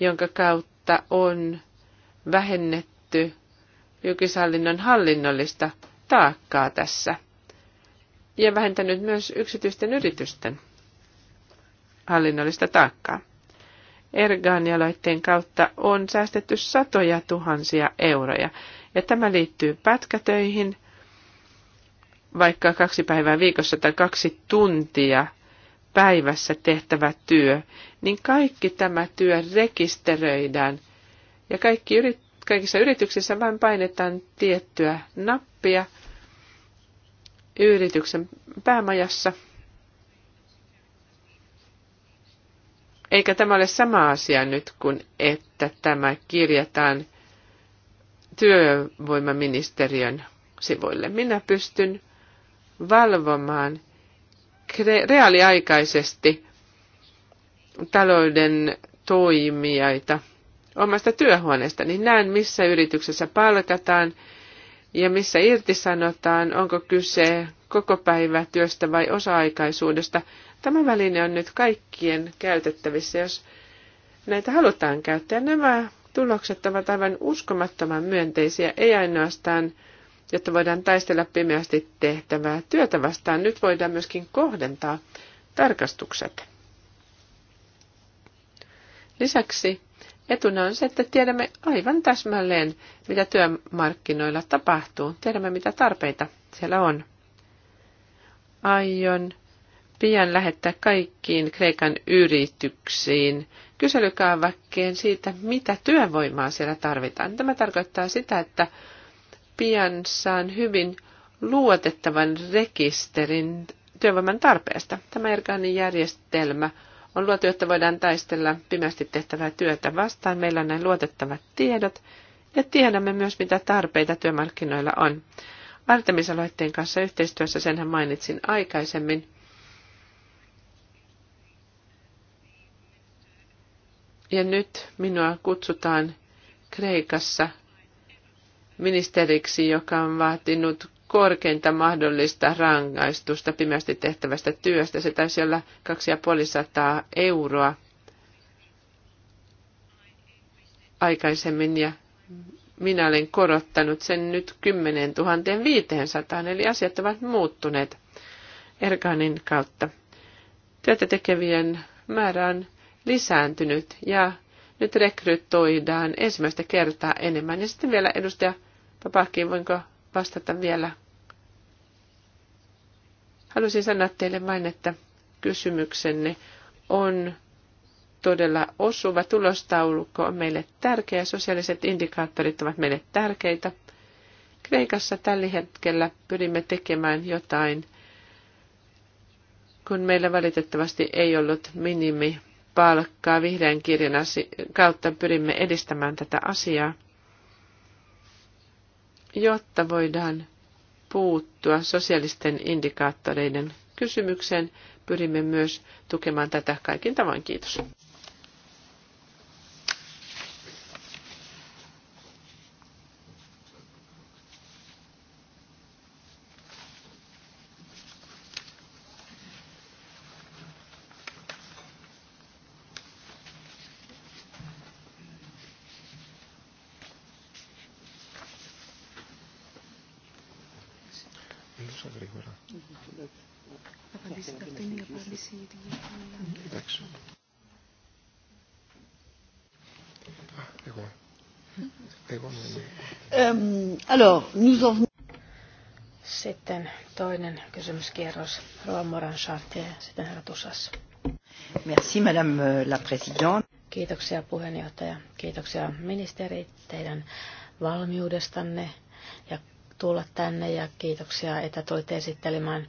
jonka kautta on vähennetty julkishallinnon hallinnollista taakkaa tässä ja vähentänyt myös yksityisten yritysten hallinnollista taakkaa ergaanialoitteen kautta on säästetty satoja tuhansia euroja. Ja tämä liittyy pätkätöihin, vaikka kaksi päivää viikossa tai kaksi tuntia päivässä tehtävä työ, niin kaikki tämä työ rekisteröidään ja kaikki yrit, kaikissa yrityksissä vain painetaan tiettyä nappia yrityksen päämajassa – Eikä tämä ole sama asia nyt kuin, että tämä kirjataan työvoimaministeriön sivuille. Minä pystyn valvomaan reaaliaikaisesti talouden toimijaita omasta työhuoneesta, niin näen, missä yrityksessä palkataan ja missä irtisanotaan, onko kyse kokopäivätyöstä vai osa-aikaisuudesta – Tämä väline on nyt kaikkien käytettävissä, jos näitä halutaan käyttää. Nämä tulokset ovat aivan uskomattoman myönteisiä, ei ainoastaan, jotta voidaan taistella pimeästi tehtävää työtä vastaan. Nyt voidaan myöskin kohdentaa tarkastukset. Lisäksi etuna on se, että tiedämme aivan täsmälleen, mitä työmarkkinoilla tapahtuu. Tiedämme, mitä tarpeita siellä on. Aion pian lähettää kaikkiin Kreikan yrityksiin kyselykaavakkeen siitä, mitä työvoimaa siellä tarvitaan. Tämä tarkoittaa sitä, että pian saan hyvin luotettavan rekisterin työvoiman tarpeesta. Tämä erkainen järjestelmä on luotu, jotta voidaan taistella pimeästi tehtävää työtä vastaan. Meillä on näin luotettavat tiedot ja tiedämme myös, mitä tarpeita työmarkkinoilla on. Artemis-aloitteen kanssa yhteistyössä, senhän mainitsin aikaisemmin, Ja nyt minua kutsutaan Kreikassa ministeriksi, joka on vaatinut korkeinta mahdollista rangaistusta pimeästi tehtävästä työstä. Se taisi olla 2500 euroa aikaisemmin ja minä olen korottanut sen nyt 10 500, eli asiat ovat muuttuneet Erkanin kautta. Työtä tekevien määrä on lisääntynyt ja nyt rekrytoidaan ensimmäistä kertaa enemmän. Ja sitten vielä edustaja Papakki, voinko vastata vielä? Haluaisin sanoa teille vain, että kysymyksenne on todella osuva. Tulostaulukko on meille tärkeä, sosiaaliset indikaattorit ovat meille tärkeitä. Kreikassa tällä hetkellä pyrimme tekemään jotain, kun meillä valitettavasti ei ollut minimi palkkaa. Vihreän kirjan kautta pyrimme edistämään tätä asiaa, jotta voidaan puuttua sosiaalisten indikaattoreiden kysymykseen. Pyrimme myös tukemaan tätä kaikin tavoin. Kiitos. Ehm, sitten toinen kysymyskierros. Roa Moran Chartier, sitten herra Tussas. Merci, madame euh, la présidente. Kiitoksia puheenjohtaja. Kiitoksia ministeri teidän valmiudestanne ja tulla tänne ja kiitoksia, että tulitte esittelemään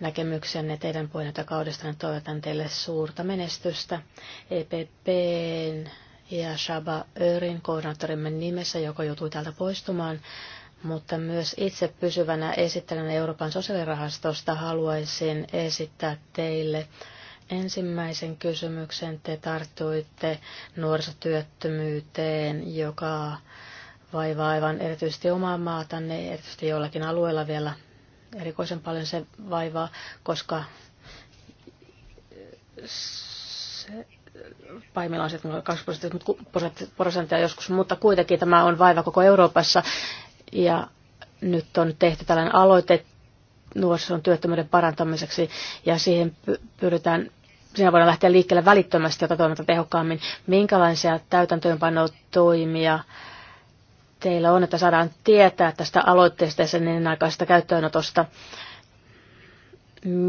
näkemyksenne teidän puheenjohtajakaudestanne. Toivotan teille suurta menestystä EPPn ja Shaba Örin koordinaattorimme nimessä, joka joutui täältä poistumaan, mutta myös itse pysyvänä esittelijänä Euroopan sosiaalirahastosta haluaisin esittää teille ensimmäisen kysymyksen. Te tarttuitte nuorisotyöttömyyteen, joka vaivaa aivan erityisesti omaa maatanne, erityisesti jollakin alueella vielä erikoisen paljon se vaivaa, koska se, paimilla on 2 prosenttia joskus, mutta kuitenkin tämä on vaiva koko Euroopassa. Ja nyt on tehty tällainen aloite nuorison työttömyyden parantamiseksi ja siihen pyritään siinä voidaan lähteä liikkeelle välittömästi, jota toiminta tehokkaammin. Minkälaisia täytäntöönpanotoimia toimia teillä on, että saadaan tietää tästä aloitteesta ja sen ennenaikaisesta käyttöönotosta.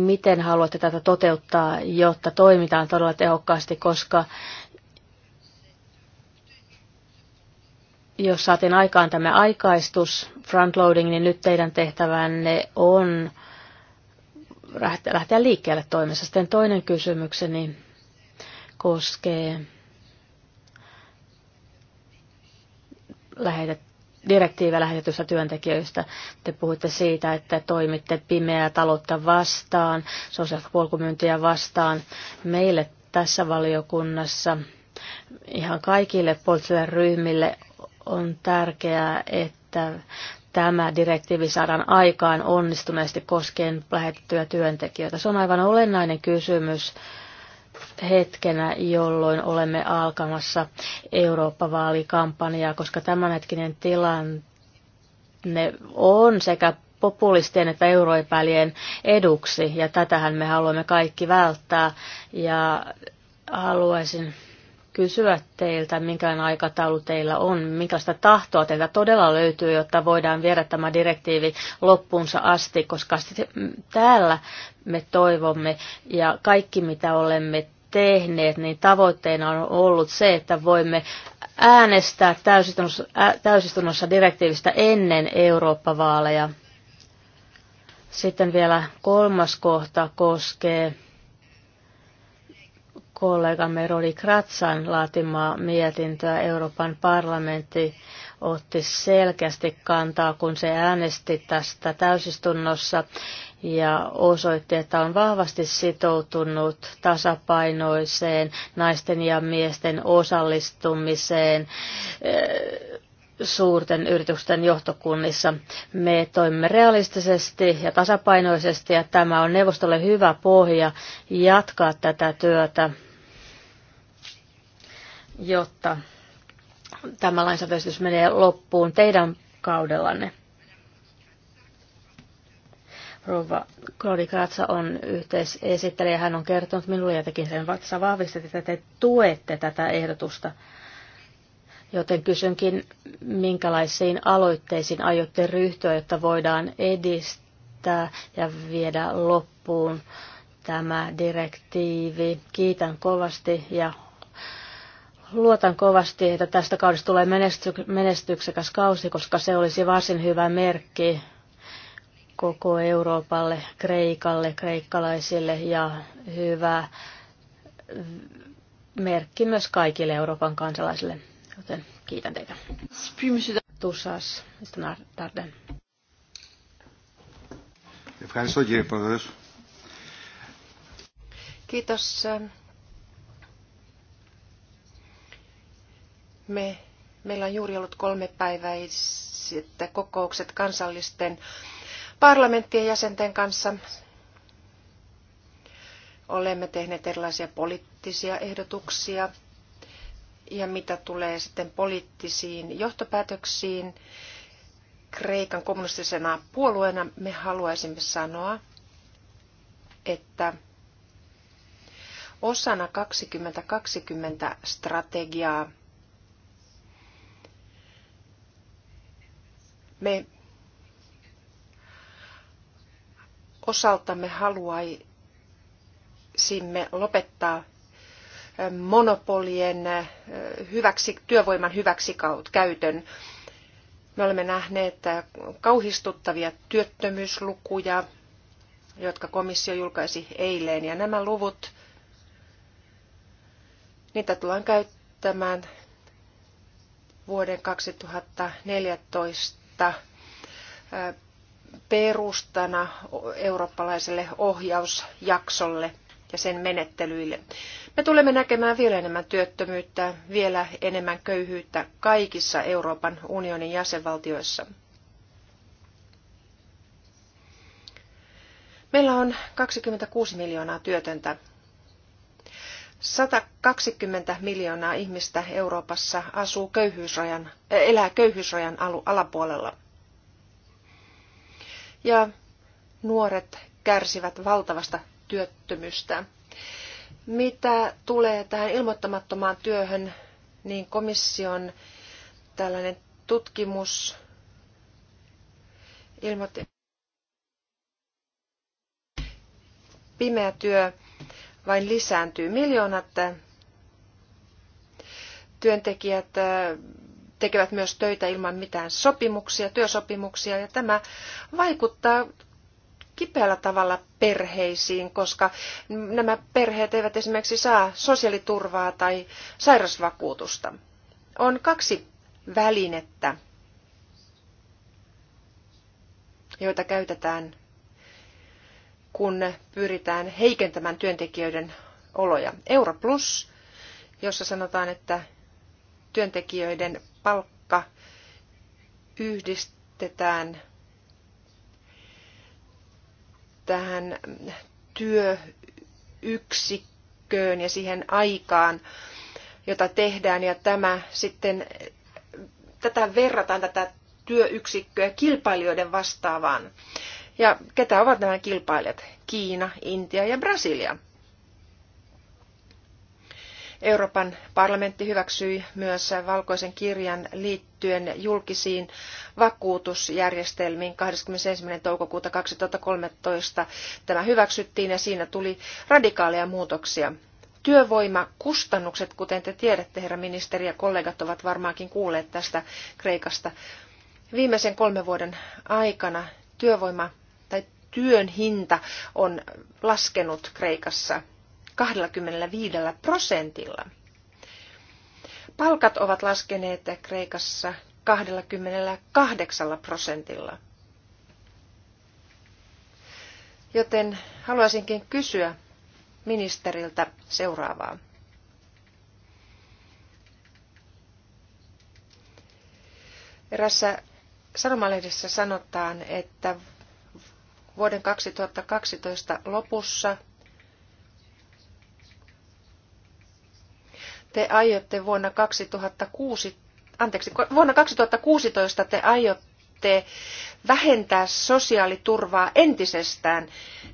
Miten haluatte tätä toteuttaa, jotta toimitaan todella tehokkaasti, koska jos saatiin aikaan tämä aikaistus, frontloading, niin nyt teidän tehtävänne on lähteä liikkeelle toimessa. Sitten toinen kysymykseni koskee lähetet, direktiivä lähetetystä työntekijöistä. Te puhuitte siitä, että toimitte pimeää taloutta vastaan, sosiaalista polkumyyntiä vastaan. Meille tässä valiokunnassa ihan kaikille poliittisille ryhmille on tärkeää, että tämä direktiivi saadaan aikaan onnistuneesti koskien lähetettyjä työntekijöitä. Se on aivan olennainen kysymys hetkenä, jolloin olemme alkamassa Eurooppa-vaalikampanjaa, koska tämänhetkinen tilanne on sekä populistien että euroepäilien eduksi, ja tätähän me haluamme kaikki välttää, ja haluaisin kysyä teiltä, minkälainen aikataulu teillä on, minkälaista tahtoa teiltä todella löytyy, jotta voidaan viedä tämä direktiivi loppuunsa asti, koska täällä me toivomme ja kaikki mitä olemme tehneet, niin tavoitteena on ollut se, että voimme äänestää täysistunnossa, täysistunnossa direktiivistä ennen Eurooppa-vaaleja. Sitten vielä kolmas kohta koskee kollegamme Rodi Kratsan laatimaa mietintöä Euroopan parlamentti otti selkeästi kantaa, kun se äänesti tästä täysistunnossa ja osoitti, että on vahvasti sitoutunut tasapainoiseen naisten ja miesten osallistumiseen eh, suurten yritysten johtokunnissa. Me toimimme realistisesti ja tasapainoisesti ja tämä on neuvostolle hyvä pohja jatkaa tätä työtä jotta tämä lainsäädäntöesitys menee loppuun teidän kaudellanne. Rova Claudi Kratsa on yhteisesittelijä. Hän on kertonut minulle jotenkin sen, vaikka vahvistit, että te tuette tätä ehdotusta. Joten kysynkin, minkälaisiin aloitteisiin aiotte ryhtyä, jotta voidaan edistää ja viedä loppuun tämä direktiivi. Kiitän kovasti ja Luotan kovasti, että tästä kaudesta tulee menestyksekäs kausi, koska se olisi varsin hyvä merkki koko Euroopalle, Kreikalle, kreikkalaisille ja hyvä merkki myös kaikille Euroopan kansalaisille. Joten kiitän teitä. Tussas, Mr. Darden. Kiitos Me, meillä on juuri ollut kolmepäiväiset kokoukset kansallisten parlamenttien jäsenten kanssa. Olemme tehneet erilaisia poliittisia ehdotuksia ja mitä tulee sitten poliittisiin johtopäätöksiin, Kreikan kommunistisena puolueena me haluaisimme sanoa, että osana 2020 strategiaa Me osaltamme haluaisimme lopettaa monopolien hyväksi, työvoiman hyväksikäytön. Me olemme nähneet kauhistuttavia työttömyyslukuja, jotka komissio julkaisi eilen. Ja nämä luvut, niitä tullaan käyttämään vuoden 2014 kautta perustana eurooppalaiselle ohjausjaksolle ja sen menettelyille. Me tulemme näkemään vielä enemmän työttömyyttä, vielä enemmän köyhyyttä kaikissa Euroopan unionin jäsenvaltioissa. Meillä on 26 miljoonaa työtöntä 120 miljoonaa ihmistä Euroopassa asuu köyhyysrajan, äh, elää köyhyysrajan alapuolella. Ja nuoret kärsivät valtavasta työttömyystä. Mitä tulee tähän ilmoittamattomaan työhön, niin komission tällainen tutkimus ilmoitti pimeä työ vain lisääntyy. Miljoonat äh, työntekijät äh, tekevät myös töitä ilman mitään sopimuksia, työsopimuksia, ja tämä vaikuttaa kipeällä tavalla perheisiin, koska nämä perheet eivät esimerkiksi saa sosiaaliturvaa tai sairausvakuutusta. On kaksi välinettä, joita käytetään kun pyritään heikentämään työntekijöiden oloja. Europlus, jossa sanotaan, että työntekijöiden palkka yhdistetään tähän työyksikköön ja siihen aikaan, jota tehdään, ja tämä sitten, tätä verrataan tätä työyksikköä kilpailijoiden vastaavaan. Ja ketä ovat nämä kilpailijat? Kiina, Intia ja Brasilia. Euroopan parlamentti hyväksyi myös valkoisen kirjan liittyen julkisiin vakuutusjärjestelmiin 21. toukokuuta 2013. Tämä hyväksyttiin ja siinä tuli radikaaleja muutoksia. Työvoimakustannukset, kuten te tiedätte, herra ministeri ja kollegat ovat varmaankin kuulleet tästä Kreikasta. Viimeisen kolmen vuoden aikana työvoimakustannukset työn hinta on laskenut Kreikassa 25 prosentilla. Palkat ovat laskeneet Kreikassa 28 prosentilla. Joten haluaisinkin kysyä ministeriltä seuraavaa. Erässä sanomalehdessä sanotaan, että vuoden 2012 lopussa te aiotte vuonna 2006, anteeksi, vuonna 2016 te aiotte vähentää sosiaaliturvaa entisestään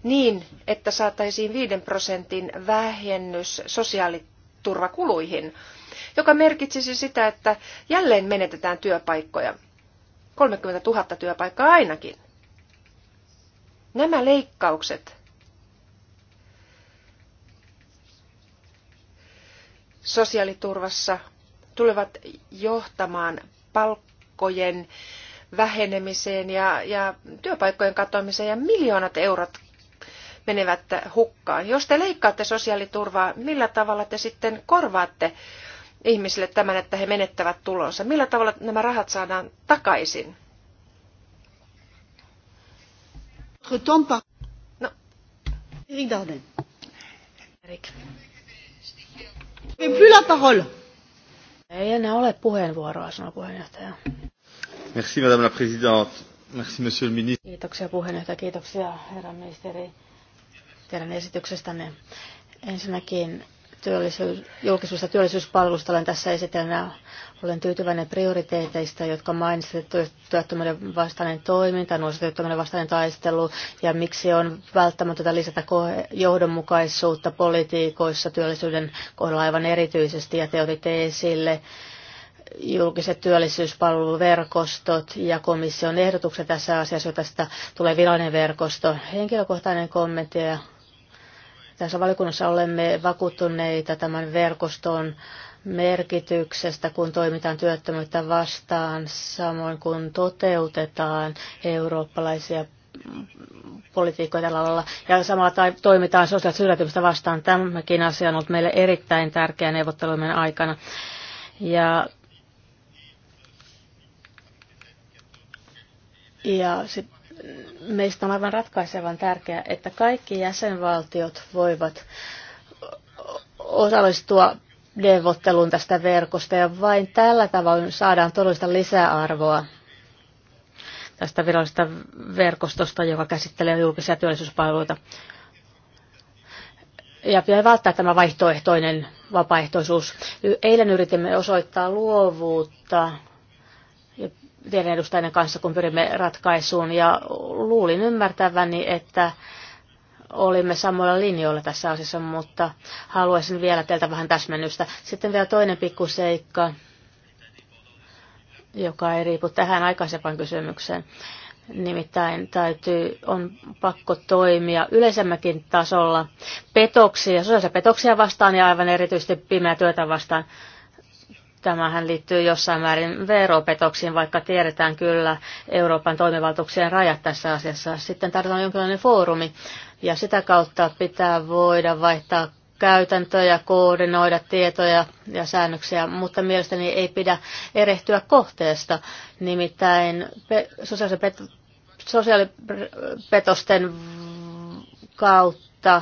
niin, että saataisiin 5 prosentin vähennys sosiaaliturvakuluihin, joka merkitsisi sitä, että jälleen menetetään työpaikkoja. 30 000 työpaikkaa ainakin. Nämä leikkaukset sosiaaliturvassa tulevat johtamaan palkkojen vähenemiseen ja, ja työpaikkojen katoamiseen ja miljoonat eurot menevät hukkaan. Jos te leikkaatte sosiaaliturvaa, millä tavalla te sitten korvaatte ihmisille tämän, että he menettävät tulonsa? Millä tavalla nämä rahat saadaan takaisin? Non. No. Eric Darden. Eric. Plus la parole. Ei enää ole puheenvuoroa, sanoi puheenjohtaja. Merci, madame la présidente. Merci, monsieur le ministre. Kiitoksia puheenjohtaja, kiitoksia herra ministeri teidän esityksestänne. Ensinnäkin työllisyys, julkisuus- ja työllisyyspalvelusta olen tässä esitellään. Olen tyytyväinen prioriteeteista, jotka mainitsit, työttömyyden vastainen toiminta, nuorisotyöttömyyden vastainen taistelu ja miksi on välttämätöntä lisätä johdonmukaisuutta politiikoissa työllisyyden kohdalla aivan erityisesti ja te otitte esille julkiset työllisyyspalveluverkostot ja komission ehdotukset tässä asiassa, josta tulee virallinen verkosto. Henkilökohtainen kommentti ja tässä valiokunnassa olemme vakuuttuneita tämän verkoston merkityksestä, kun toimitaan työttömyyttä vastaan, samoin kun toteutetaan eurooppalaisia politiikkoja tällä alalla. Ja samalla toimitaan sosiaalista syrjäytymistä vastaan. Tämäkin asia on ollut meille erittäin tärkeä neuvottelujen aikana. Ja, ja sit, meistä on aivan ratkaisevan tärkeää, että kaikki jäsenvaltiot voivat osallistua neuvotteluun tästä verkosta ja vain tällä tavoin saadaan todellista lisäarvoa tästä virallisesta verkostosta, joka käsittelee julkisia työllisyyspalveluita. Ja pitää välttää tämä vaihtoehtoinen vapaaehtoisuus. Eilen yritimme osoittaa luovuutta teidän edustajien kanssa, kun pyrimme ratkaisuun. Ja luulin ymmärtäväni, että olimme samoilla linjoilla tässä asiassa, mutta haluaisin vielä teiltä vähän täsmennystä. Sitten vielä toinen pikkuseikka, joka ei riipu tähän aikaisempaan kysymykseen. Nimittäin täytyy, on pakko toimia yleisemmäkin tasolla petoksia, sosiaalisia petoksia vastaan ja aivan erityisesti pimeää työtä vastaan. Tämähän liittyy jossain määrin veropetoksiin, vaikka tiedetään kyllä Euroopan toimivaltuuksien rajat tässä asiassa. Sitten tarvitaan jonkinlainen foorumi ja sitä kautta pitää voida vaihtaa käytäntöjä, koordinoida tietoja ja säännöksiä, mutta mielestäni ei pidä erehtyä kohteesta. Nimittäin sosiaalipetosten kautta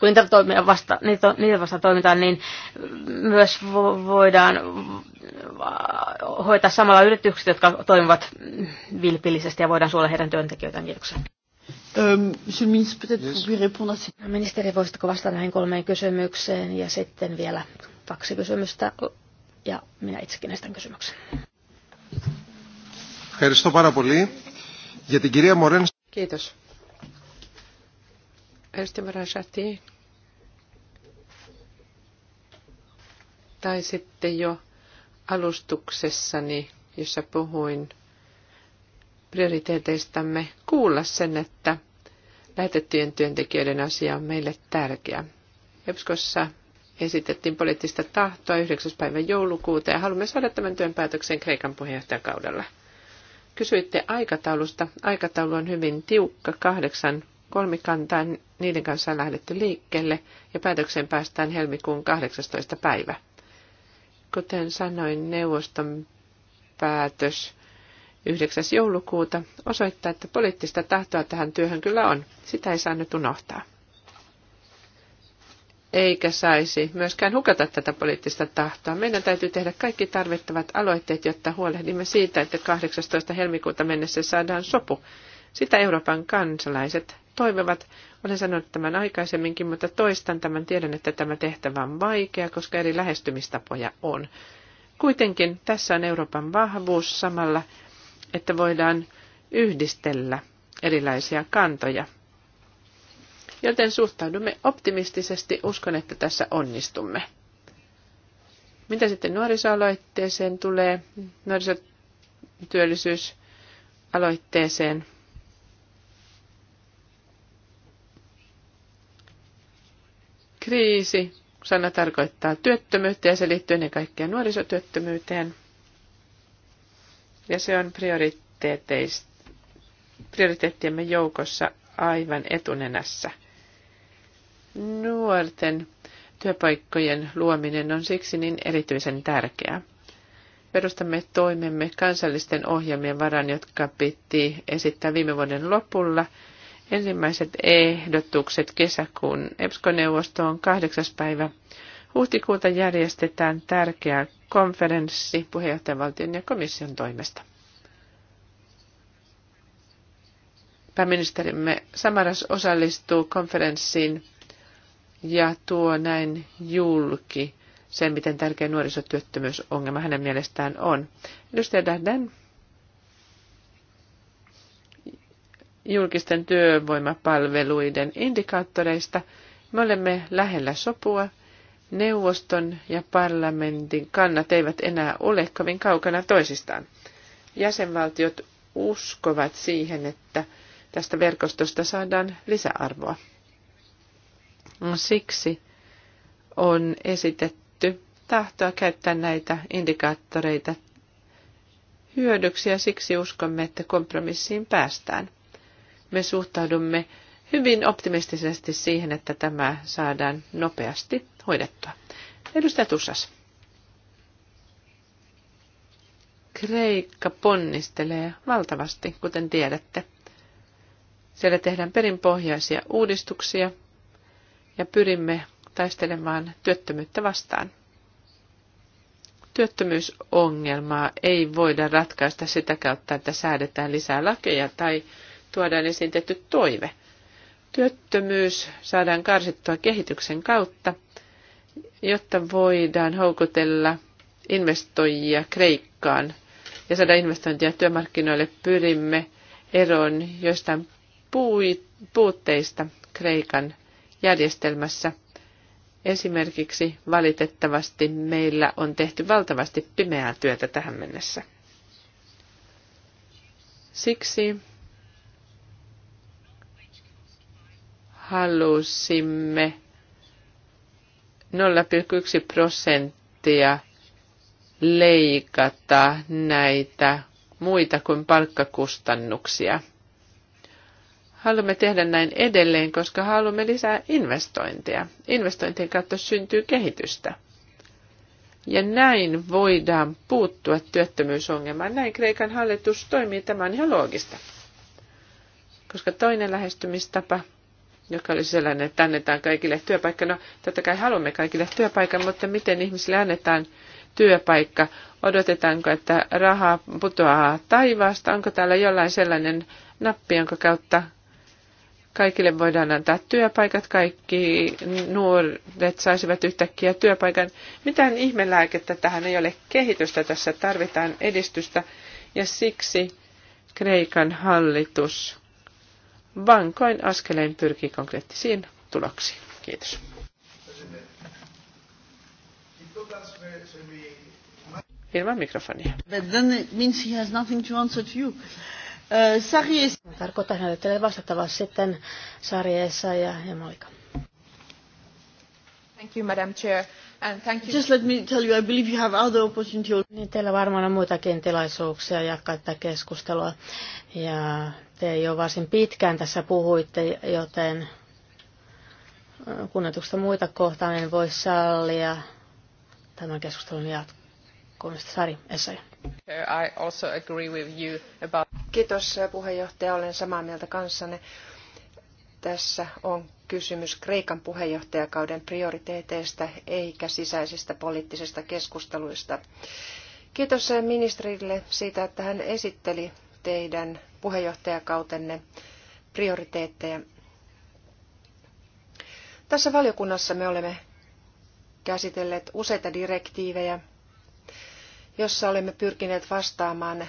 kun niitä, toimia vasta, niitä, niitä vasta toimitaan, niin myös voidaan äh, hoitaa samalla yritykset, jotka toimivat vilpillisesti ja voidaan suojella heidän työntekijöitään. Kiitoksia. Ähm, no, ministeri, voisitko vastata näihin kolmeen kysymykseen ja sitten vielä kaksi kysymystä ja minä itsekin näistä kysymyksen. Kiitos. Edustaja Marajati. Tai sitten jo alustuksessani, jossa puhuin prioriteeteistamme, kuulla sen, että lähetettyjen työntekijöiden asia on meille tärkeä. EPSKossa esitettiin poliittista tahtoa 9. päivän joulukuuta ja haluamme saada tämän työn päätöksen Kreikan puheenjohtajakaudella. Kysyitte aikataulusta. Aikataulu on hyvin tiukka, kahdeksan Kolmikantaan niiden kanssa on lähdetty liikkeelle ja päätökseen päästään helmikuun 18. päivä. Kuten sanoin, neuvoston päätös 9. joulukuuta osoittaa, että poliittista tahtoa tähän työhön kyllä on. Sitä ei saa nyt unohtaa. Eikä saisi myöskään hukata tätä poliittista tahtoa. Meidän täytyy tehdä kaikki tarvittavat aloitteet, jotta huolehdimme siitä, että 18. helmikuuta mennessä saadaan sopu sitä Euroopan kansalaiset toivovat. Olen sanonut tämän aikaisemminkin, mutta toistan tämän. Tiedän, että tämä tehtävä on vaikea, koska eri lähestymistapoja on. Kuitenkin tässä on Euroopan vahvuus samalla, että voidaan yhdistellä erilaisia kantoja. Joten suhtaudumme optimistisesti, uskon, että tässä onnistumme. Mitä sitten nuorisoaloitteeseen tulee, nuorisotyöllisyysaloitteeseen? Kriisi sana tarkoittaa työttömyyttä ja se liittyy ennen kaikkea nuorisotyöttömyyteen. Ja se on prioriteettiemme joukossa aivan etunenässä. Nuorten työpaikkojen luominen on siksi niin erityisen tärkeää. Perustamme toimemme kansallisten ohjelmien varan, jotka piti esittää viime vuoden lopulla – Ensimmäiset ehdotukset kesäkuun epsco on 8. päivä huhtikuuta järjestetään tärkeä konferenssi puheenjohtajavaltion ja komission toimesta. Pääministerimme Samaras osallistuu konferenssiin ja tuo näin julki sen, miten tärkeä nuorisotyöttömyysongelma hänen mielestään on. Edustaja Dardenne. julkisten työvoimapalveluiden indikaattoreista. Me olemme lähellä sopua. Neuvoston ja parlamentin kannat eivät enää ole kovin kaukana toisistaan. Jäsenvaltiot uskovat siihen, että tästä verkostosta saadaan lisäarvoa. Siksi on esitetty tahtoa käyttää näitä indikaattoreita hyödyksi ja siksi uskomme, että kompromissiin päästään me suhtaudumme hyvin optimistisesti siihen, että tämä saadaan nopeasti hoidettua. Edustaja Tussas. Kreikka ponnistelee valtavasti, kuten tiedätte. Siellä tehdään perinpohjaisia uudistuksia ja pyrimme taistelemaan työttömyyttä vastaan. Työttömyysongelmaa ei voida ratkaista sitä kautta, että säädetään lisää lakeja tai tuodaan esitetty toive. Työttömyys saadaan karsittua kehityksen kautta, jotta voidaan houkutella investoijia Kreikkaan ja saada investointia työmarkkinoille. Pyrimme eroon joistain puutteista Kreikan järjestelmässä. Esimerkiksi valitettavasti meillä on tehty valtavasti pimeää työtä tähän mennessä. Siksi halusimme 0,1 prosenttia leikata näitä muita kuin palkkakustannuksia. Haluamme tehdä näin edelleen, koska haluamme lisää investointeja. Investointien kautta syntyy kehitystä. Ja näin voidaan puuttua työttömyysongelmaan. Näin Kreikan hallitus toimii. Tämä on ihan loogista. Koska toinen lähestymistapa – joka oli sellainen, että annetaan kaikille työpaikka. No, totta kai haluamme kaikille työpaikan, mutta miten ihmisille annetaan työpaikka? Odotetaanko, että rahaa putoaa taivaasta? Onko täällä jollain sellainen nappi, jonka kautta kaikille voidaan antaa työpaikat, kaikki nuoret saisivat yhtäkkiä työpaikan. Mitään ihmelääkettä tähän ei ole kehitystä, tässä tarvitaan edistystä ja siksi Kreikan hallitus vankoin askelein pyrkii konkreettisiin tuloksiin. Kiitos. Ilman mikrofonia. But then it means he has nothing to answer to you. Uh, hänelle teille vastattavaa sitten Sarjeessa ja, ja Malika. Thank you, Madam Chair. And thank you. Just let me tell you, I believe you have other opportunities. Niin teillä varmaan on muitakin tilaisuuksia jatkaa tätä keskustelua. Ja te jo varsin pitkään tässä puhuitte, joten kunnetusta muita kohtaan en voi sallia tämän keskustelun jatkumista. Sari Essay. I also agree with you about... Kiitos puheenjohtaja, olen samaa mieltä kanssanne. Tässä on kysymys Kreikan puheenjohtajakauden prioriteeteista eikä sisäisistä poliittisista keskusteluista. Kiitos ministerille siitä, että hän esitteli teidän puheenjohtajakautenne prioriteetteja. Tässä valiokunnassa me olemme käsitelleet useita direktiivejä, jossa olemme pyrkineet vastaamaan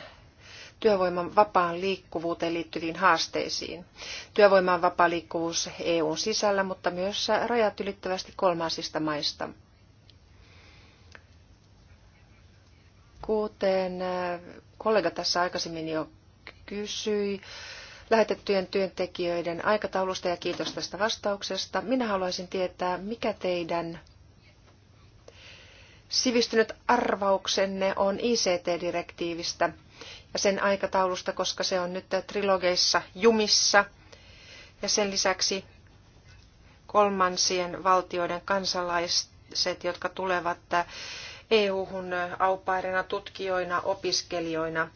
työvoiman vapaan liikkuvuuteen liittyviin haasteisiin. Työvoiman vapaa liikkuvuus EUn sisällä, mutta myös rajat ylittävästi kolmansista maista. Kuten kollega tässä aikaisemmin jo kysyi lähetettyjen työntekijöiden aikataulusta ja kiitos tästä vastauksesta. Minä haluaisin tietää, mikä teidän sivistynyt arvauksenne on ICT-direktiivistä ja sen aikataulusta, koska se on nyt trilogeissa jumissa. Ja sen lisäksi kolmansien valtioiden kansalaiset, jotka tulevat EU-hun aupairina, tutkijoina, opiskelijoina –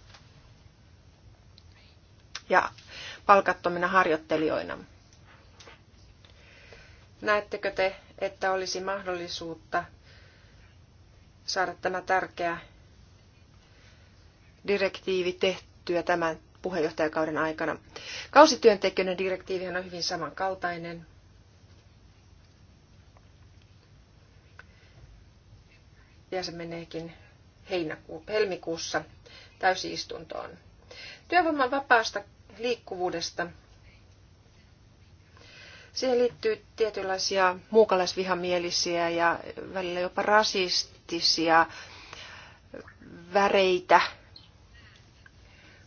ja palkattomina harjoittelijoina. Näettekö te, että olisi mahdollisuutta saada tämä tärkeä direktiivi tehtyä tämän puheenjohtajakauden aikana? Kausityöntekijöiden direktiivi on hyvin samankaltainen. Ja se meneekin heinäkuu, helmikuussa täysistuntoon. Työvoiman vapaasta liikkuvuudesta. Siihen liittyy tietynlaisia muukalaisvihamielisiä ja välillä jopa rasistisia väreitä.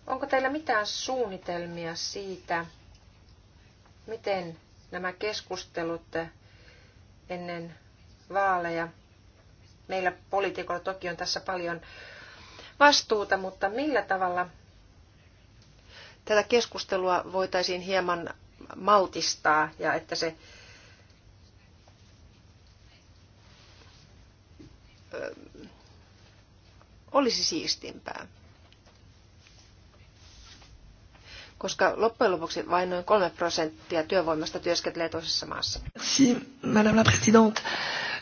Onko teillä mitään suunnitelmia siitä, miten nämä keskustelut ennen vaaleja, meillä poliitikolla toki on tässä paljon vastuuta, mutta millä tavalla tätä keskustelua voitaisiin hieman maltistaa ja että se olisi siistimpää. Koska loppujen lopuksi vain noin kolme prosenttia työvoimasta työskentelee toisessa maassa. Si, madame la présidente.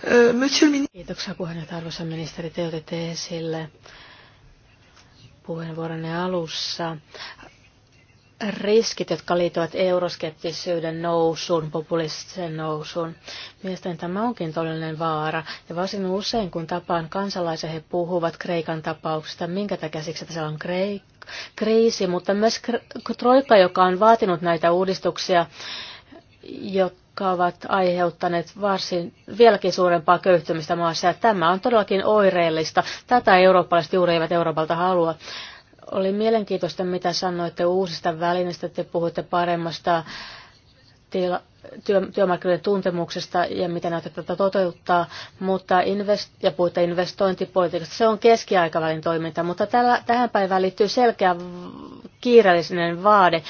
Euh, monsieur le Kiitoksia puheenjohtaja, arvoisa ministeri. Te otette esille puheenvuoronne alussa riskit, jotka liittyvät euroskeptisyyden nousuun, populistisen nousuun. Mielestäni tämä onkin todellinen vaara. Ja varsin usein, kun tapaan kansalaisia, he puhuvat Kreikan tapauksesta, minkä takia siksi, että siellä on Kreik- kriisi, mutta myös Troika, joka on vaatinut näitä uudistuksia, jotka ovat aiheuttaneet varsin vieläkin suurempaa köyhtymistä maassa. Ja tämä on todellakin oireellista. Tätä eurooppalaiset juuri eivät Euroopalta halua. Oli mielenkiintoista, mitä sanoitte uusista välineistä. Te puhuitte paremmasta tila- työ- työmarkkinoiden tuntemuksesta ja miten näitä tätä toteuttaa, mutta invest- ja puhutte investointipolitiikasta. Se on keskiaikavälin toiminta, mutta tällä, tähän päivään liittyy selkeä kiireellinen vaade.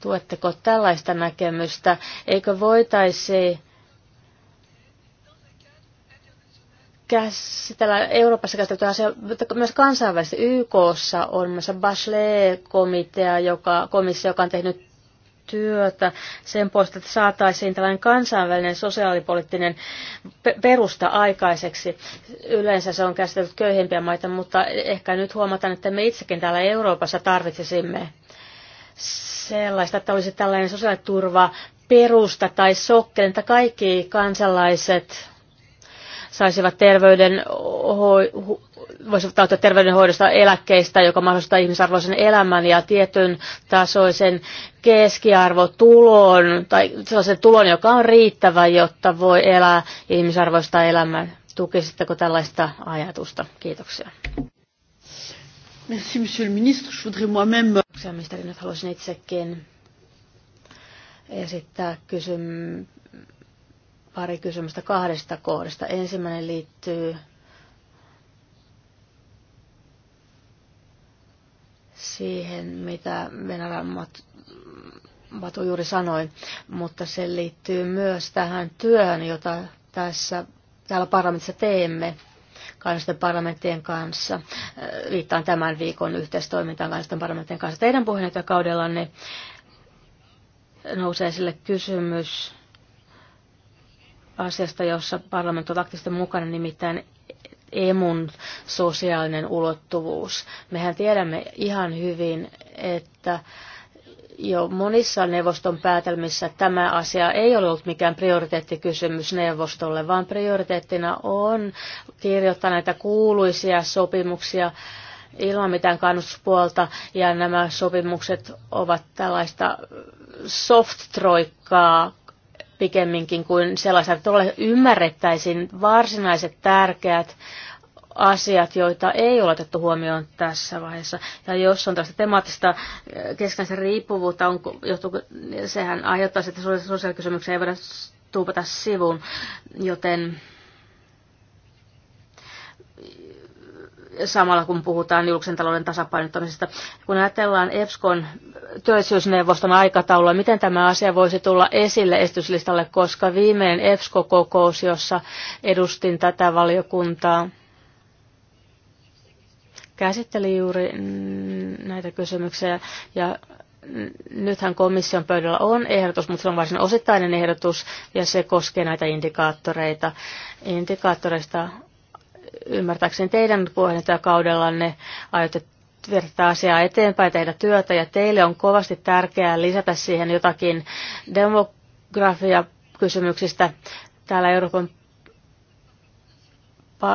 Tuetteko tällaista näkemystä? Eikö voitaisi käsitellä Euroopassa käsitellä asiaa, mutta myös kansainvälisesti. YKssa on myös Bachelet-komitea, joka, komissio, joka on tehnyt työtä sen puolesta, että saataisiin tällainen kansainvälinen sosiaalipoliittinen perusta aikaiseksi. Yleensä se on käsitelty köyhimpiä maita, mutta ehkä nyt huomataan, että me itsekin täällä Euroopassa tarvitsisimme sellaista, että olisi tällainen sosiaaliturva perusta tai sokkelen, että kaikki kansalaiset saisivat terveyden, voisivat auttaa terveydenhoidosta eläkkeistä, joka mahdollistaa ihmisarvoisen elämän ja tietyn tasoisen keskiarvotulon tai sellaisen tulon, joka on riittävä, jotta voi elää ihmisarvoista elämää. Tukisitteko tällaista ajatusta? Kiitoksia. Merci, monsieur le ministre. Je voudrais moi-même... Ministeri, nyt haluaisin itsekin esittää kysymyksiä pari kysymystä kahdesta kohdasta. Ensimmäinen liittyy siihen, mitä Venäjän Matu juuri sanoi, mutta se liittyy myös tähän työhön, jota tässä täällä parlamentissa teemme kansallisten parlamenttien kanssa. Viittaan tämän viikon yhteistoimintaan kansallisten parlamenttien kanssa. Teidän puheenjohtajakaudellanne nousee sille kysymys asiasta, jossa parlamentti on aktiivisesti mukana, nimittäin emun sosiaalinen ulottuvuus. Mehän tiedämme ihan hyvin, että jo monissa neuvoston päätelmissä tämä asia ei ole ollut mikään prioriteettikysymys neuvostolle, vaan prioriteettina on kirjoittaa näitä kuuluisia sopimuksia ilman mitään kannustuspuolta, ja nämä sopimukset ovat tällaista soft-troikkaa pikemminkin kuin sellaiset, että ymmärrettäisiin varsinaiset tärkeät asiat, joita ei ole otettu huomioon tässä vaiheessa. Ja jos on tällaista temaattista eh, keskensä riippuvuutta, on, johtuuko, sehän aiheuttaa, että sosiaalikysymyksiä ei voida tuupata sivuun, joten samalla kun puhutaan julkisen talouden tasapainottamisesta. Kun ajatellaan EPSKon työllisyysneuvoston aikataulua, miten tämä asia voisi tulla esille esityslistalle, koska viimeinen EPSKO-kokous, jossa edustin tätä valiokuntaa, käsitteli juuri näitä kysymyksiä ja nythän komission pöydällä on ehdotus, mutta se on varsin osittainen ehdotus ja se koskee näitä indikaattoreita. Indikaattoreista ymmärtääkseni teidän puheenjohtajakaudellanne aiotte viedä tätä asiaa eteenpäin, tehdä työtä ja teille on kovasti tärkeää lisätä siihen jotakin demografia kysymyksistä. Täällä Euroopan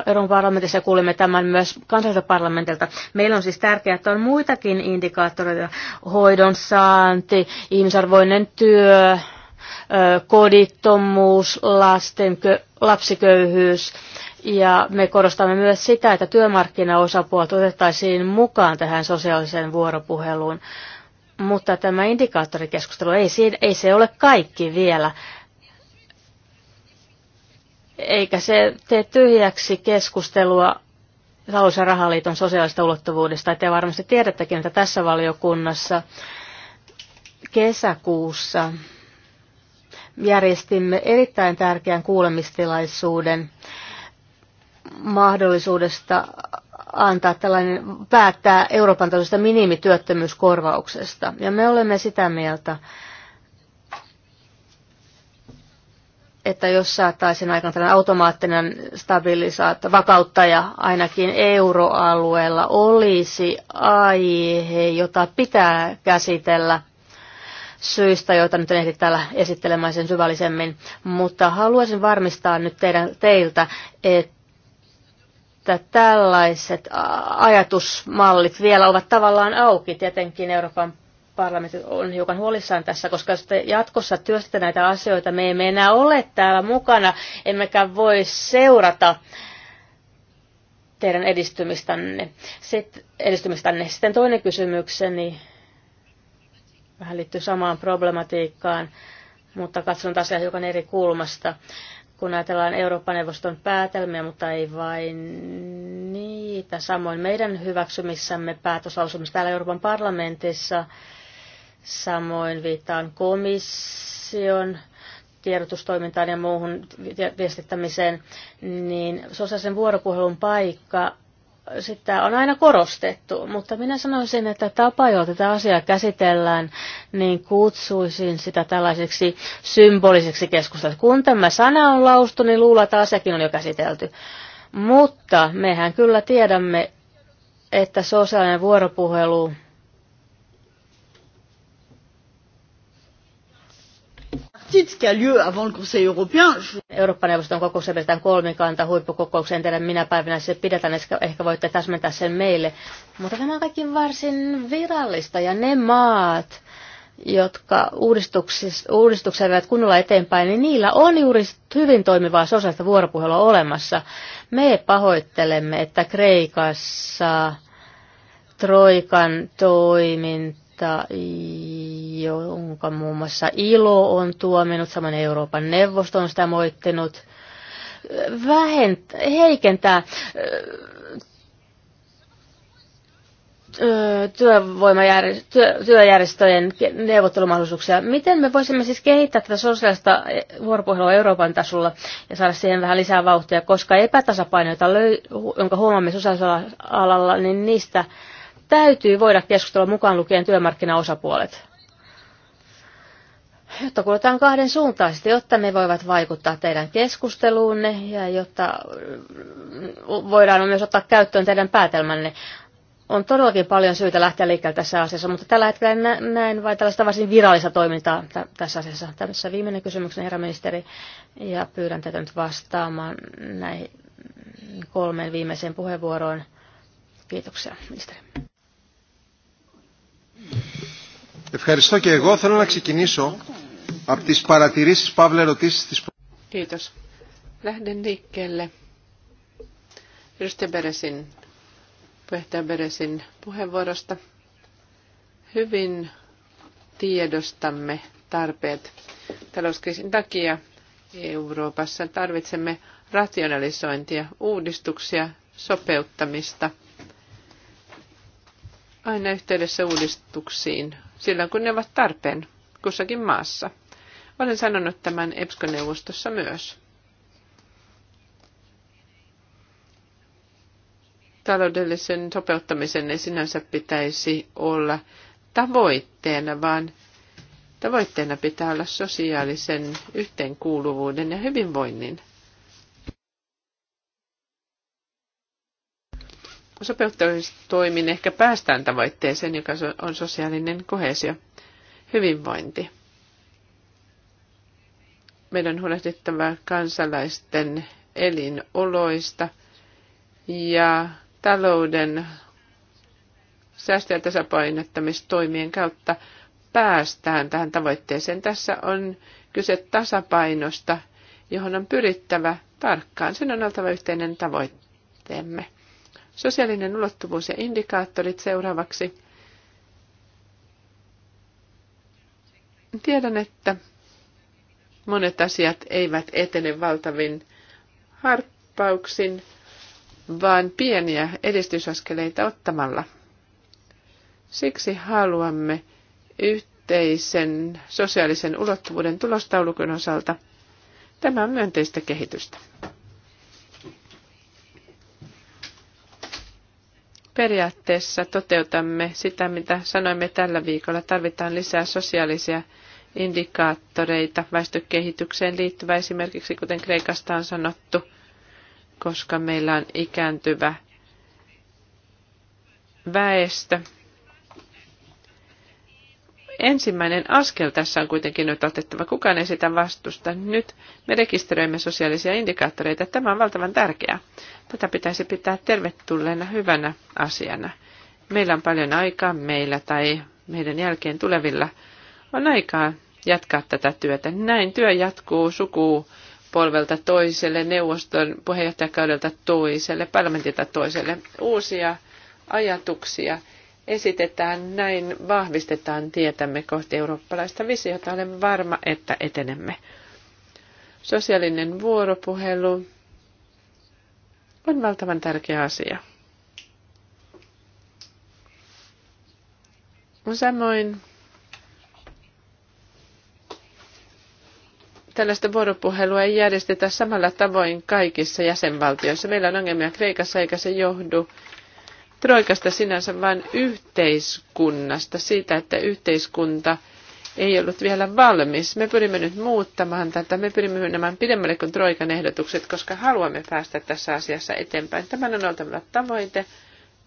Euroopan parlamentissa kuulimme tämän myös kansalliselta parlamentilta. Meillä on siis tärkeää, että on muitakin indikaattoreita, hoidon saanti, ihmisarvoinen työ, kodittomuus, lasten, lapsiköyhyys ja me korostamme myös sitä, että työmarkkinaosapuolet otettaisiin mukaan tähän sosiaaliseen vuoropuheluun. Mutta tämä indikaattorikeskustelu, ei, siinä, ei se ole kaikki vielä. Eikä se tee tyhjäksi keskustelua talous- ja rahaliiton sosiaalista ulottuvuudesta. Ja te varmasti tiedättekin, että tässä valiokunnassa kesäkuussa järjestimme erittäin tärkeän kuulemistilaisuuden mahdollisuudesta antaa tällainen, päättää Euroopan tasoista minimityöttömyyskorvauksesta. Ja me olemme sitä mieltä, että jos saataisiin aikaan tällainen automaattinen stabilisaatio, vakauttaja ainakin euroalueella olisi aihe, jota pitää käsitellä syistä, joita nyt en ehdi täällä esittelemään sen syvällisemmin, mutta haluaisin varmistaa nyt teidän, teiltä, että että tällaiset ajatusmallit vielä ovat tavallaan auki. Tietenkin Euroopan parlamentti on hiukan huolissaan tässä, koska jatkossa työstä näitä asioita me emme enää ole täällä mukana, emmekä voi seurata teidän edistymistänne. Sitten, edistymistänne. Sitten toinen kysymykseni vähän liittyy samaan problematiikkaan, mutta katson taas hiukan eri kulmasta kun ajatellaan Euroopan neuvoston päätelmiä, mutta ei vain niitä. Samoin meidän hyväksymissämme päätöslausumissa täällä Euroopan parlamentissa, samoin viittaan komission tiedotustoimintaan ja muuhun viestittämiseen, niin sosiaalisen vuoropuhelun paikka sitä on aina korostettu, mutta minä sanoisin, että tapa, jolla tätä asiaa käsitellään, niin kutsuisin sitä tällaiseksi symboliseksi keskusteluksi. Kun tämä sana on laustu, niin luulen, että asiakin on jo käsitelty. Mutta mehän kyllä tiedämme, että sosiaalinen vuoropuhelu tripartite qui a lieu avant le Conseil européen. Euroopan neuvoston kokous pidetään kolmikanta huippukokoukseen. En tiedä minä päivänä se pidetään, ehkä voitte täsmentää sen meille. Mutta tämä on kaikki varsin virallista ja ne maat, jotka uudistuksia vievät kunnolla eteenpäin, niin niillä on juuri hyvin toimivaa sosiaalista vuoropuhelua olemassa. Me pahoittelemme, että Kreikassa Troikan toiminta jonka muun muassa ILO on tuominut, samoin Euroopan neuvosto on sitä moittinut, vähentää, heikentää työvoimajär, työ, työjärjestöjen neuvottelumahdollisuuksia. Miten me voisimme siis kehittää tätä sosiaalista vuoropuhelua Euroopan tasolla ja saada siihen vähän lisää vauhtia, koska epätasapainoita, jonka huomaamme sosiaalisella alalla, niin niistä täytyy voida keskustella mukaan lukien työmarkkinaosapuolet jotta kuljetaan kahden suuntaisesti, jotta me voivat vaikuttaa teidän keskusteluunne ja jotta mm, voidaan myös ottaa käyttöön teidän päätelmänne. On todellakin paljon syytä lähteä liikkeelle tässä asiassa, mutta tällä hetkellä näen vain tällaista varsin virallista toimintaa tässä asiassa. Tässä viimeinen kysymys, herra ministeri, ja pyydän teitä nyt vastaamaan näihin kolmeen viimeiseen puheenvuoroon. Kiitoksia, ministeri. Ευχαριστώ και εγώ. Θέλω να ξεκινήσω Lähden liikkeelle Yrste Beresin, puheenjohtaja Beresin puheenvuorosta. Hyvin tiedostamme tarpeet talouskriisin takia Euroopassa. Tarvitsemme rationalisointia, uudistuksia, sopeuttamista – aina yhteydessä uudistuksiin, silloin kun ne ovat tarpeen kussakin maassa. Olen sanonut tämän EPSCO-neuvostossa myös. Taloudellisen sopeuttamisen ei sinänsä pitäisi olla tavoitteena, vaan tavoitteena pitää olla sosiaalisen yhteenkuuluvuuden ja hyvinvoinnin sopeuttamistoimin ehkä päästään tavoitteeseen, joka on sosiaalinen kohesio, hyvinvointi. Meidän on huolehdittava kansalaisten elinoloista ja talouden säästö- ja tasapainottamistoimien kautta päästään tähän tavoitteeseen. Tässä on kyse tasapainosta, johon on pyrittävä tarkkaan. Sen on oltava yhteinen tavoitteemme. Sosiaalinen ulottuvuus ja indikaattorit seuraavaksi. Tiedän, että monet asiat eivät etene valtavin harppauksin, vaan pieniä edistysaskeleita ottamalla. Siksi haluamme yhteisen sosiaalisen ulottuvuuden tulostaulukon osalta. Tämä on myönteistä kehitystä. Periaatteessa toteutamme sitä, mitä sanoimme tällä viikolla. Tarvitaan lisää sosiaalisia indikaattoreita väestökehitykseen liittyvä esimerkiksi, kuten Kreikasta on sanottu, koska meillä on ikääntyvä väestö. Ensimmäinen askel tässä on kuitenkin nyt otettava. Kukaan ei sitä vastusta. Nyt me rekisteröimme sosiaalisia indikaattoreita. Tämä on valtavan tärkeää. Tätä pitäisi pitää tervetulleena hyvänä asiana. Meillä on paljon aikaa meillä tai meidän jälkeen tulevilla on aikaa jatkaa tätä työtä. Näin työ jatkuu sukupolvelta toiselle, neuvoston puheenjohtajakaudelta toiselle, parlamentilta toiselle. Uusia ajatuksia esitetään, näin vahvistetaan tietämme kohti eurooppalaista visiota. Olen varma, että etenemme. Sosiaalinen vuoropuhelu on valtavan tärkeä asia. Samoin tällaista vuoropuhelua ei järjestetä samalla tavoin kaikissa jäsenvaltioissa. Meillä on ongelmia Kreikassa eikä se johdu troikasta sinänsä, vaan yhteiskunnasta, siitä, että yhteiskunta ei ollut vielä valmis. Me pyrimme nyt muuttamaan tätä, me pyrimme menemään pidemmälle kuin troikan ehdotukset, koska haluamme päästä tässä asiassa eteenpäin. Tämän on oltava tavoite.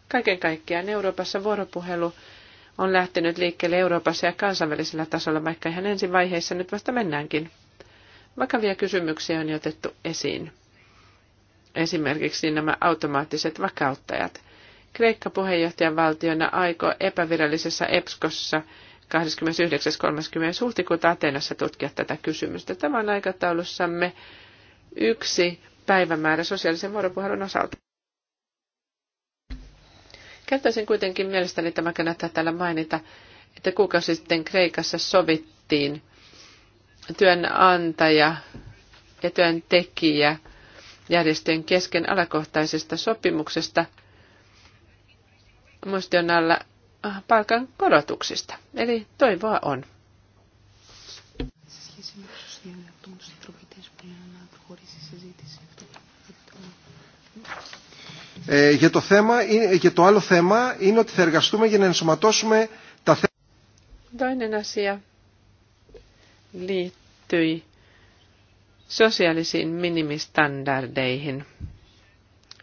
Kaiken kaikkiaan Euroopassa vuoropuhelu on lähtenyt liikkeelle Euroopassa ja kansainvälisellä tasolla, vaikka ihan ensi vaiheessa nyt vasta mennäänkin. Vakavia kysymyksiä on otettu esiin. Esimerkiksi nämä automaattiset vakauttajat. Kreikka puheenjohtajan valtiona aikoo epävirallisessa EPSKossa 29.30. huhtikuuta Atenassa tutkia tätä kysymystä. Tämä on aikataulussamme yksi päivämäärä sosiaalisen vuoropuhelun osalta. Käyttäisin kuitenkin mielestäni tämä kannattaa täällä mainita, että kuukausi sitten Kreikassa sovittiin – työnantaja ja työntekijä järjestöjen kesken alakohtaisesta sopimuksesta muistion alla palkan korotuksista. Eli toivoa on. για, το θέμα, για το άλλο θέμα είναι ότι θα εργαστούμε για να ενσωματώσουμε τα θέματα. Toinen asia liittyi sosiaalisiin minimistandardeihin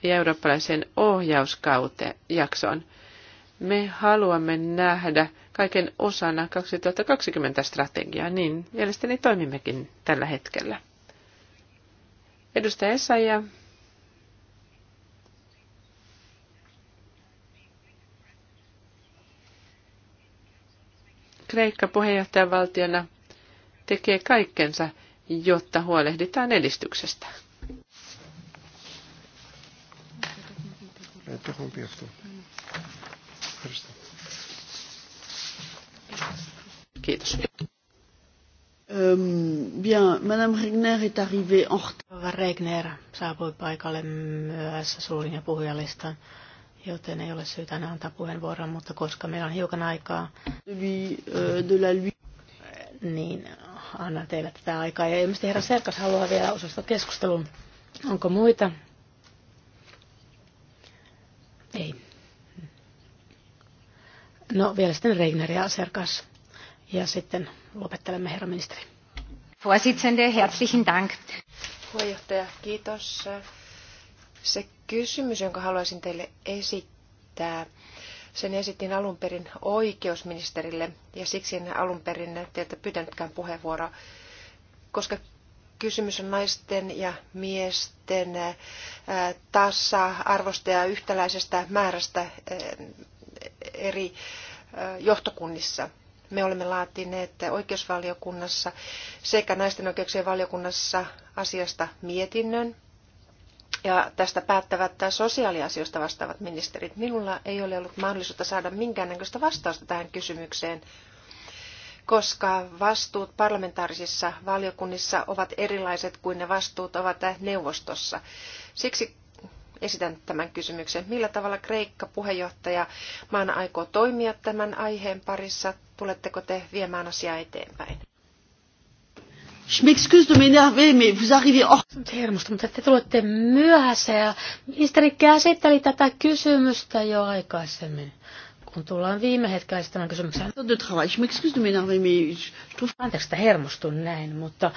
ja eurooppalaiseen ohjauskautejaksoon. Me haluamme nähdä kaiken osana 2020-strategiaa, niin mielestäni toimimmekin tällä hetkellä. Edustaja Essaija. Kreikka puheenjohtajavaltiona tekee kaikkensa, jotta huolehditaan edistyksestä. Kiitos. Bien, Madame Regner est arrivée en retard. Regner saapui paikalle myöhässä suurin ja puhujalistan, joten ei ole syytä enää antaa puheenvuoroa, mutta koska meillä on hiukan aikaa, euh, de la lui. niin annan teille tätä aikaa. Ja ilmeisesti herra Serkas haluaa vielä osastua keskusteluun. Onko muita? Ei. No vielä sitten Regner ja Serkas. Ja sitten lopettelemme herra ministeri. Vorsitzende, herzlichen Dank. Puheenjohtaja, kiitos. Se kysymys, jonka haluaisin teille esittää, sen esitin alun perin oikeusministerille ja siksi en alun perin teiltä pyytänytkään puheenvuoroa, koska kysymys on naisten ja miesten tasa-arvosta ja yhtäläisestä määrästä eri johtokunnissa. Me olemme laatineet oikeusvaliokunnassa sekä naisten oikeuksien valiokunnassa asiasta mietinnön ja tästä päättävät sosiaaliasioista vastaavat ministerit. Minulla ei ole ollut mahdollisuutta saada minkäännäköistä vastausta tähän kysymykseen, koska vastuut parlamentaarisissa valiokunnissa ovat erilaiset kuin ne vastuut ovat neuvostossa. Siksi esitän tämän kysymyksen. Millä tavalla Kreikka puheenjohtaja maan aikoo toimia tämän aiheen parissa? Tuletteko te viemään asiaa eteenpäin? Je m'excuse de m'énerver, mais vous arrivez hors... Hermosta, mutta te tulette myöhässä ja ministeri käsitteli tätä kysymystä jo aikaisemmin kun tullaan viime hetkellä tämän kysymyksen. Anteeksi, että hermostun näin, mutta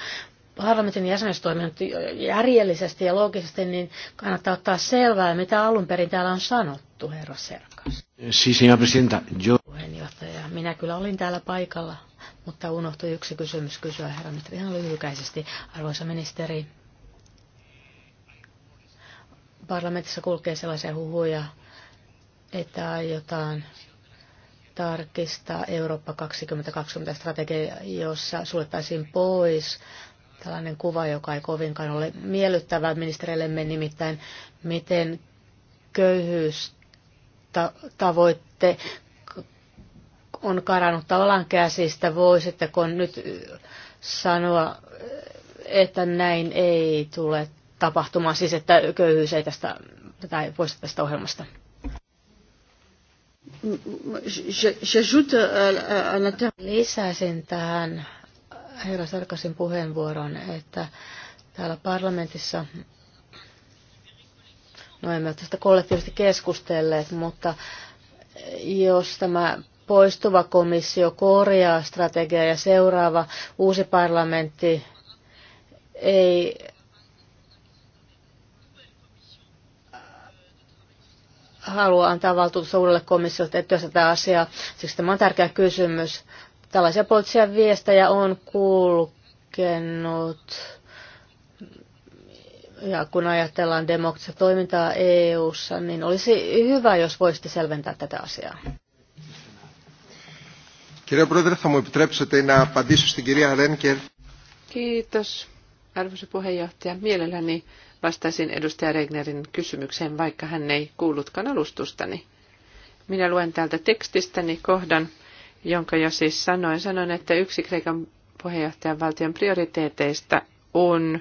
parlamentin jäsenyys toiminut järjellisesti ja loogisesti, niin kannattaa ottaa selvää, mitä alun perin täällä on sanottu, herra Serkas. Sí, señora presidenta. Yo puheenjohtaja. Minä kyllä olin täällä paikalla, mutta unohtui yksi kysymys kysyä herra nyt ihan lyhykäisesti. Arvoisa ministeri, parlamentissa kulkee sellaisia huhuja, että aiotaan tarkistaa Eurooppa 2020 strategia, jossa suljettaisiin pois tällainen kuva, joka ei kovinkaan ole miellyttävä ministerillemme, nimittäin miten köyhyys tavoitte on karannut tavallaan käsistä. Voisitteko nyt sanoa, että näin ei tule tapahtumaan, siis että köyhyys ei tästä, tai pois tästä ohjelmasta? Lisäisin tähän herra Sarkasin puheenvuoron, että täällä parlamentissa, no emme ole tästä kollektiivisesti keskustelleet, mutta jos tämä poistuva komissio korjaa strategiaa ja seuraava uusi parlamentti ei halua antaa valtuutusta uudelle komissiolle tehtyä tätä asiaa. Siksi tämä on tärkeä kysymys. Tällaisia poliittisia viestejä on kulkenut. Ja kun ajatellaan demokraattista toimintaa EU-ssa, niin olisi hyvä, jos voisitte selventää tätä asiaa. Κύριε Πρόεδρε, θα μου επιτρέψετε να απαντήσω στην κυρία Ρένκερ. Kiitos, arvoisa puheenjohtaja. Mielelläni vastasin edustaja Regnerin kysymykseen, vaikka hän ei kuullutkaan alustustani. Minä luen täältä tekstistäni kohdan, jonka jo siis sanoin. Sanoin, että yksi Kreikan puheenjohtajan valtion prioriteeteista on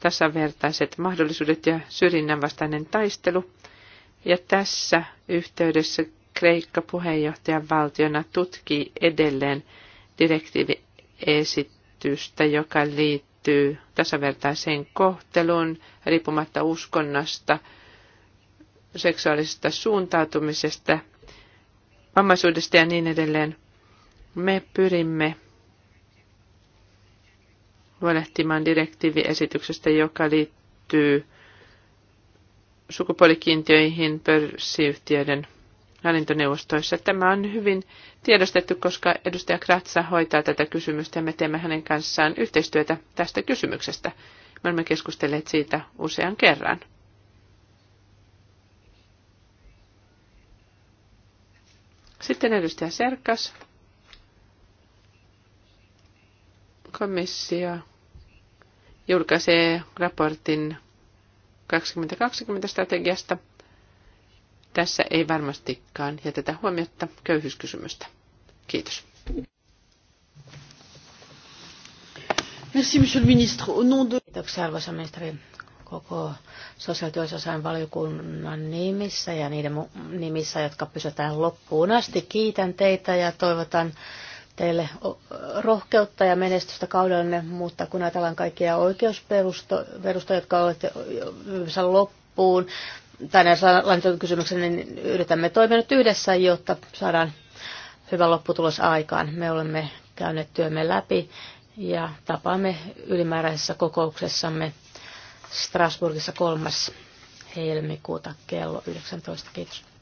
tasavertaiset mahdollisuudet ja syrjinnän vastainen taistelu. Ja tässä yhteydessä Kreikka puheenjohtajan valtiona tutkii edelleen direktiiviesitystä, joka liittyy tasavertaiseen kohteluun riippumatta uskonnosta, seksuaalisesta suuntautumisesta, vammaisuudesta ja niin edelleen. Me pyrimme huolehtimaan direktiiviesityksestä, joka liittyy sukupuolikiintiöihin pörssiyhtiöiden hallintoneuvostoissa. Tämä on hyvin tiedostettu, koska edustaja Kratsa hoitaa tätä kysymystä ja me teemme hänen kanssaan yhteistyötä tästä kysymyksestä. Me olemme keskustelleet siitä usean kerran. Sitten edustaja Serkas. Komissio julkaisee raportin 2020 strategiasta – tässä ei varmastikaan jätetä huomiota köyhyyskysymystä. Kiitos. Merci, monsieur le ministre. Au nom de... Kiitoksia, arvoisa ministeri koko sosiaalityösosain valiokunnan nimissä ja niiden nimissä, jotka pysytään loppuun asti. Kiitän teitä ja toivotan teille rohkeutta ja menestystä kaudellenne, mutta kun ajatellaan kaikkia oikeusperustoja, jotka olette loppuun, tai jos kysymyksen, niin yritämme toimia nyt yhdessä, jotta saadaan hyvä lopputulos aikaan. Me olemme käyneet työmme läpi ja tapaamme ylimääräisessä kokouksessamme Strasbourgissa 3. helmikuuta kello 19. Kiitos.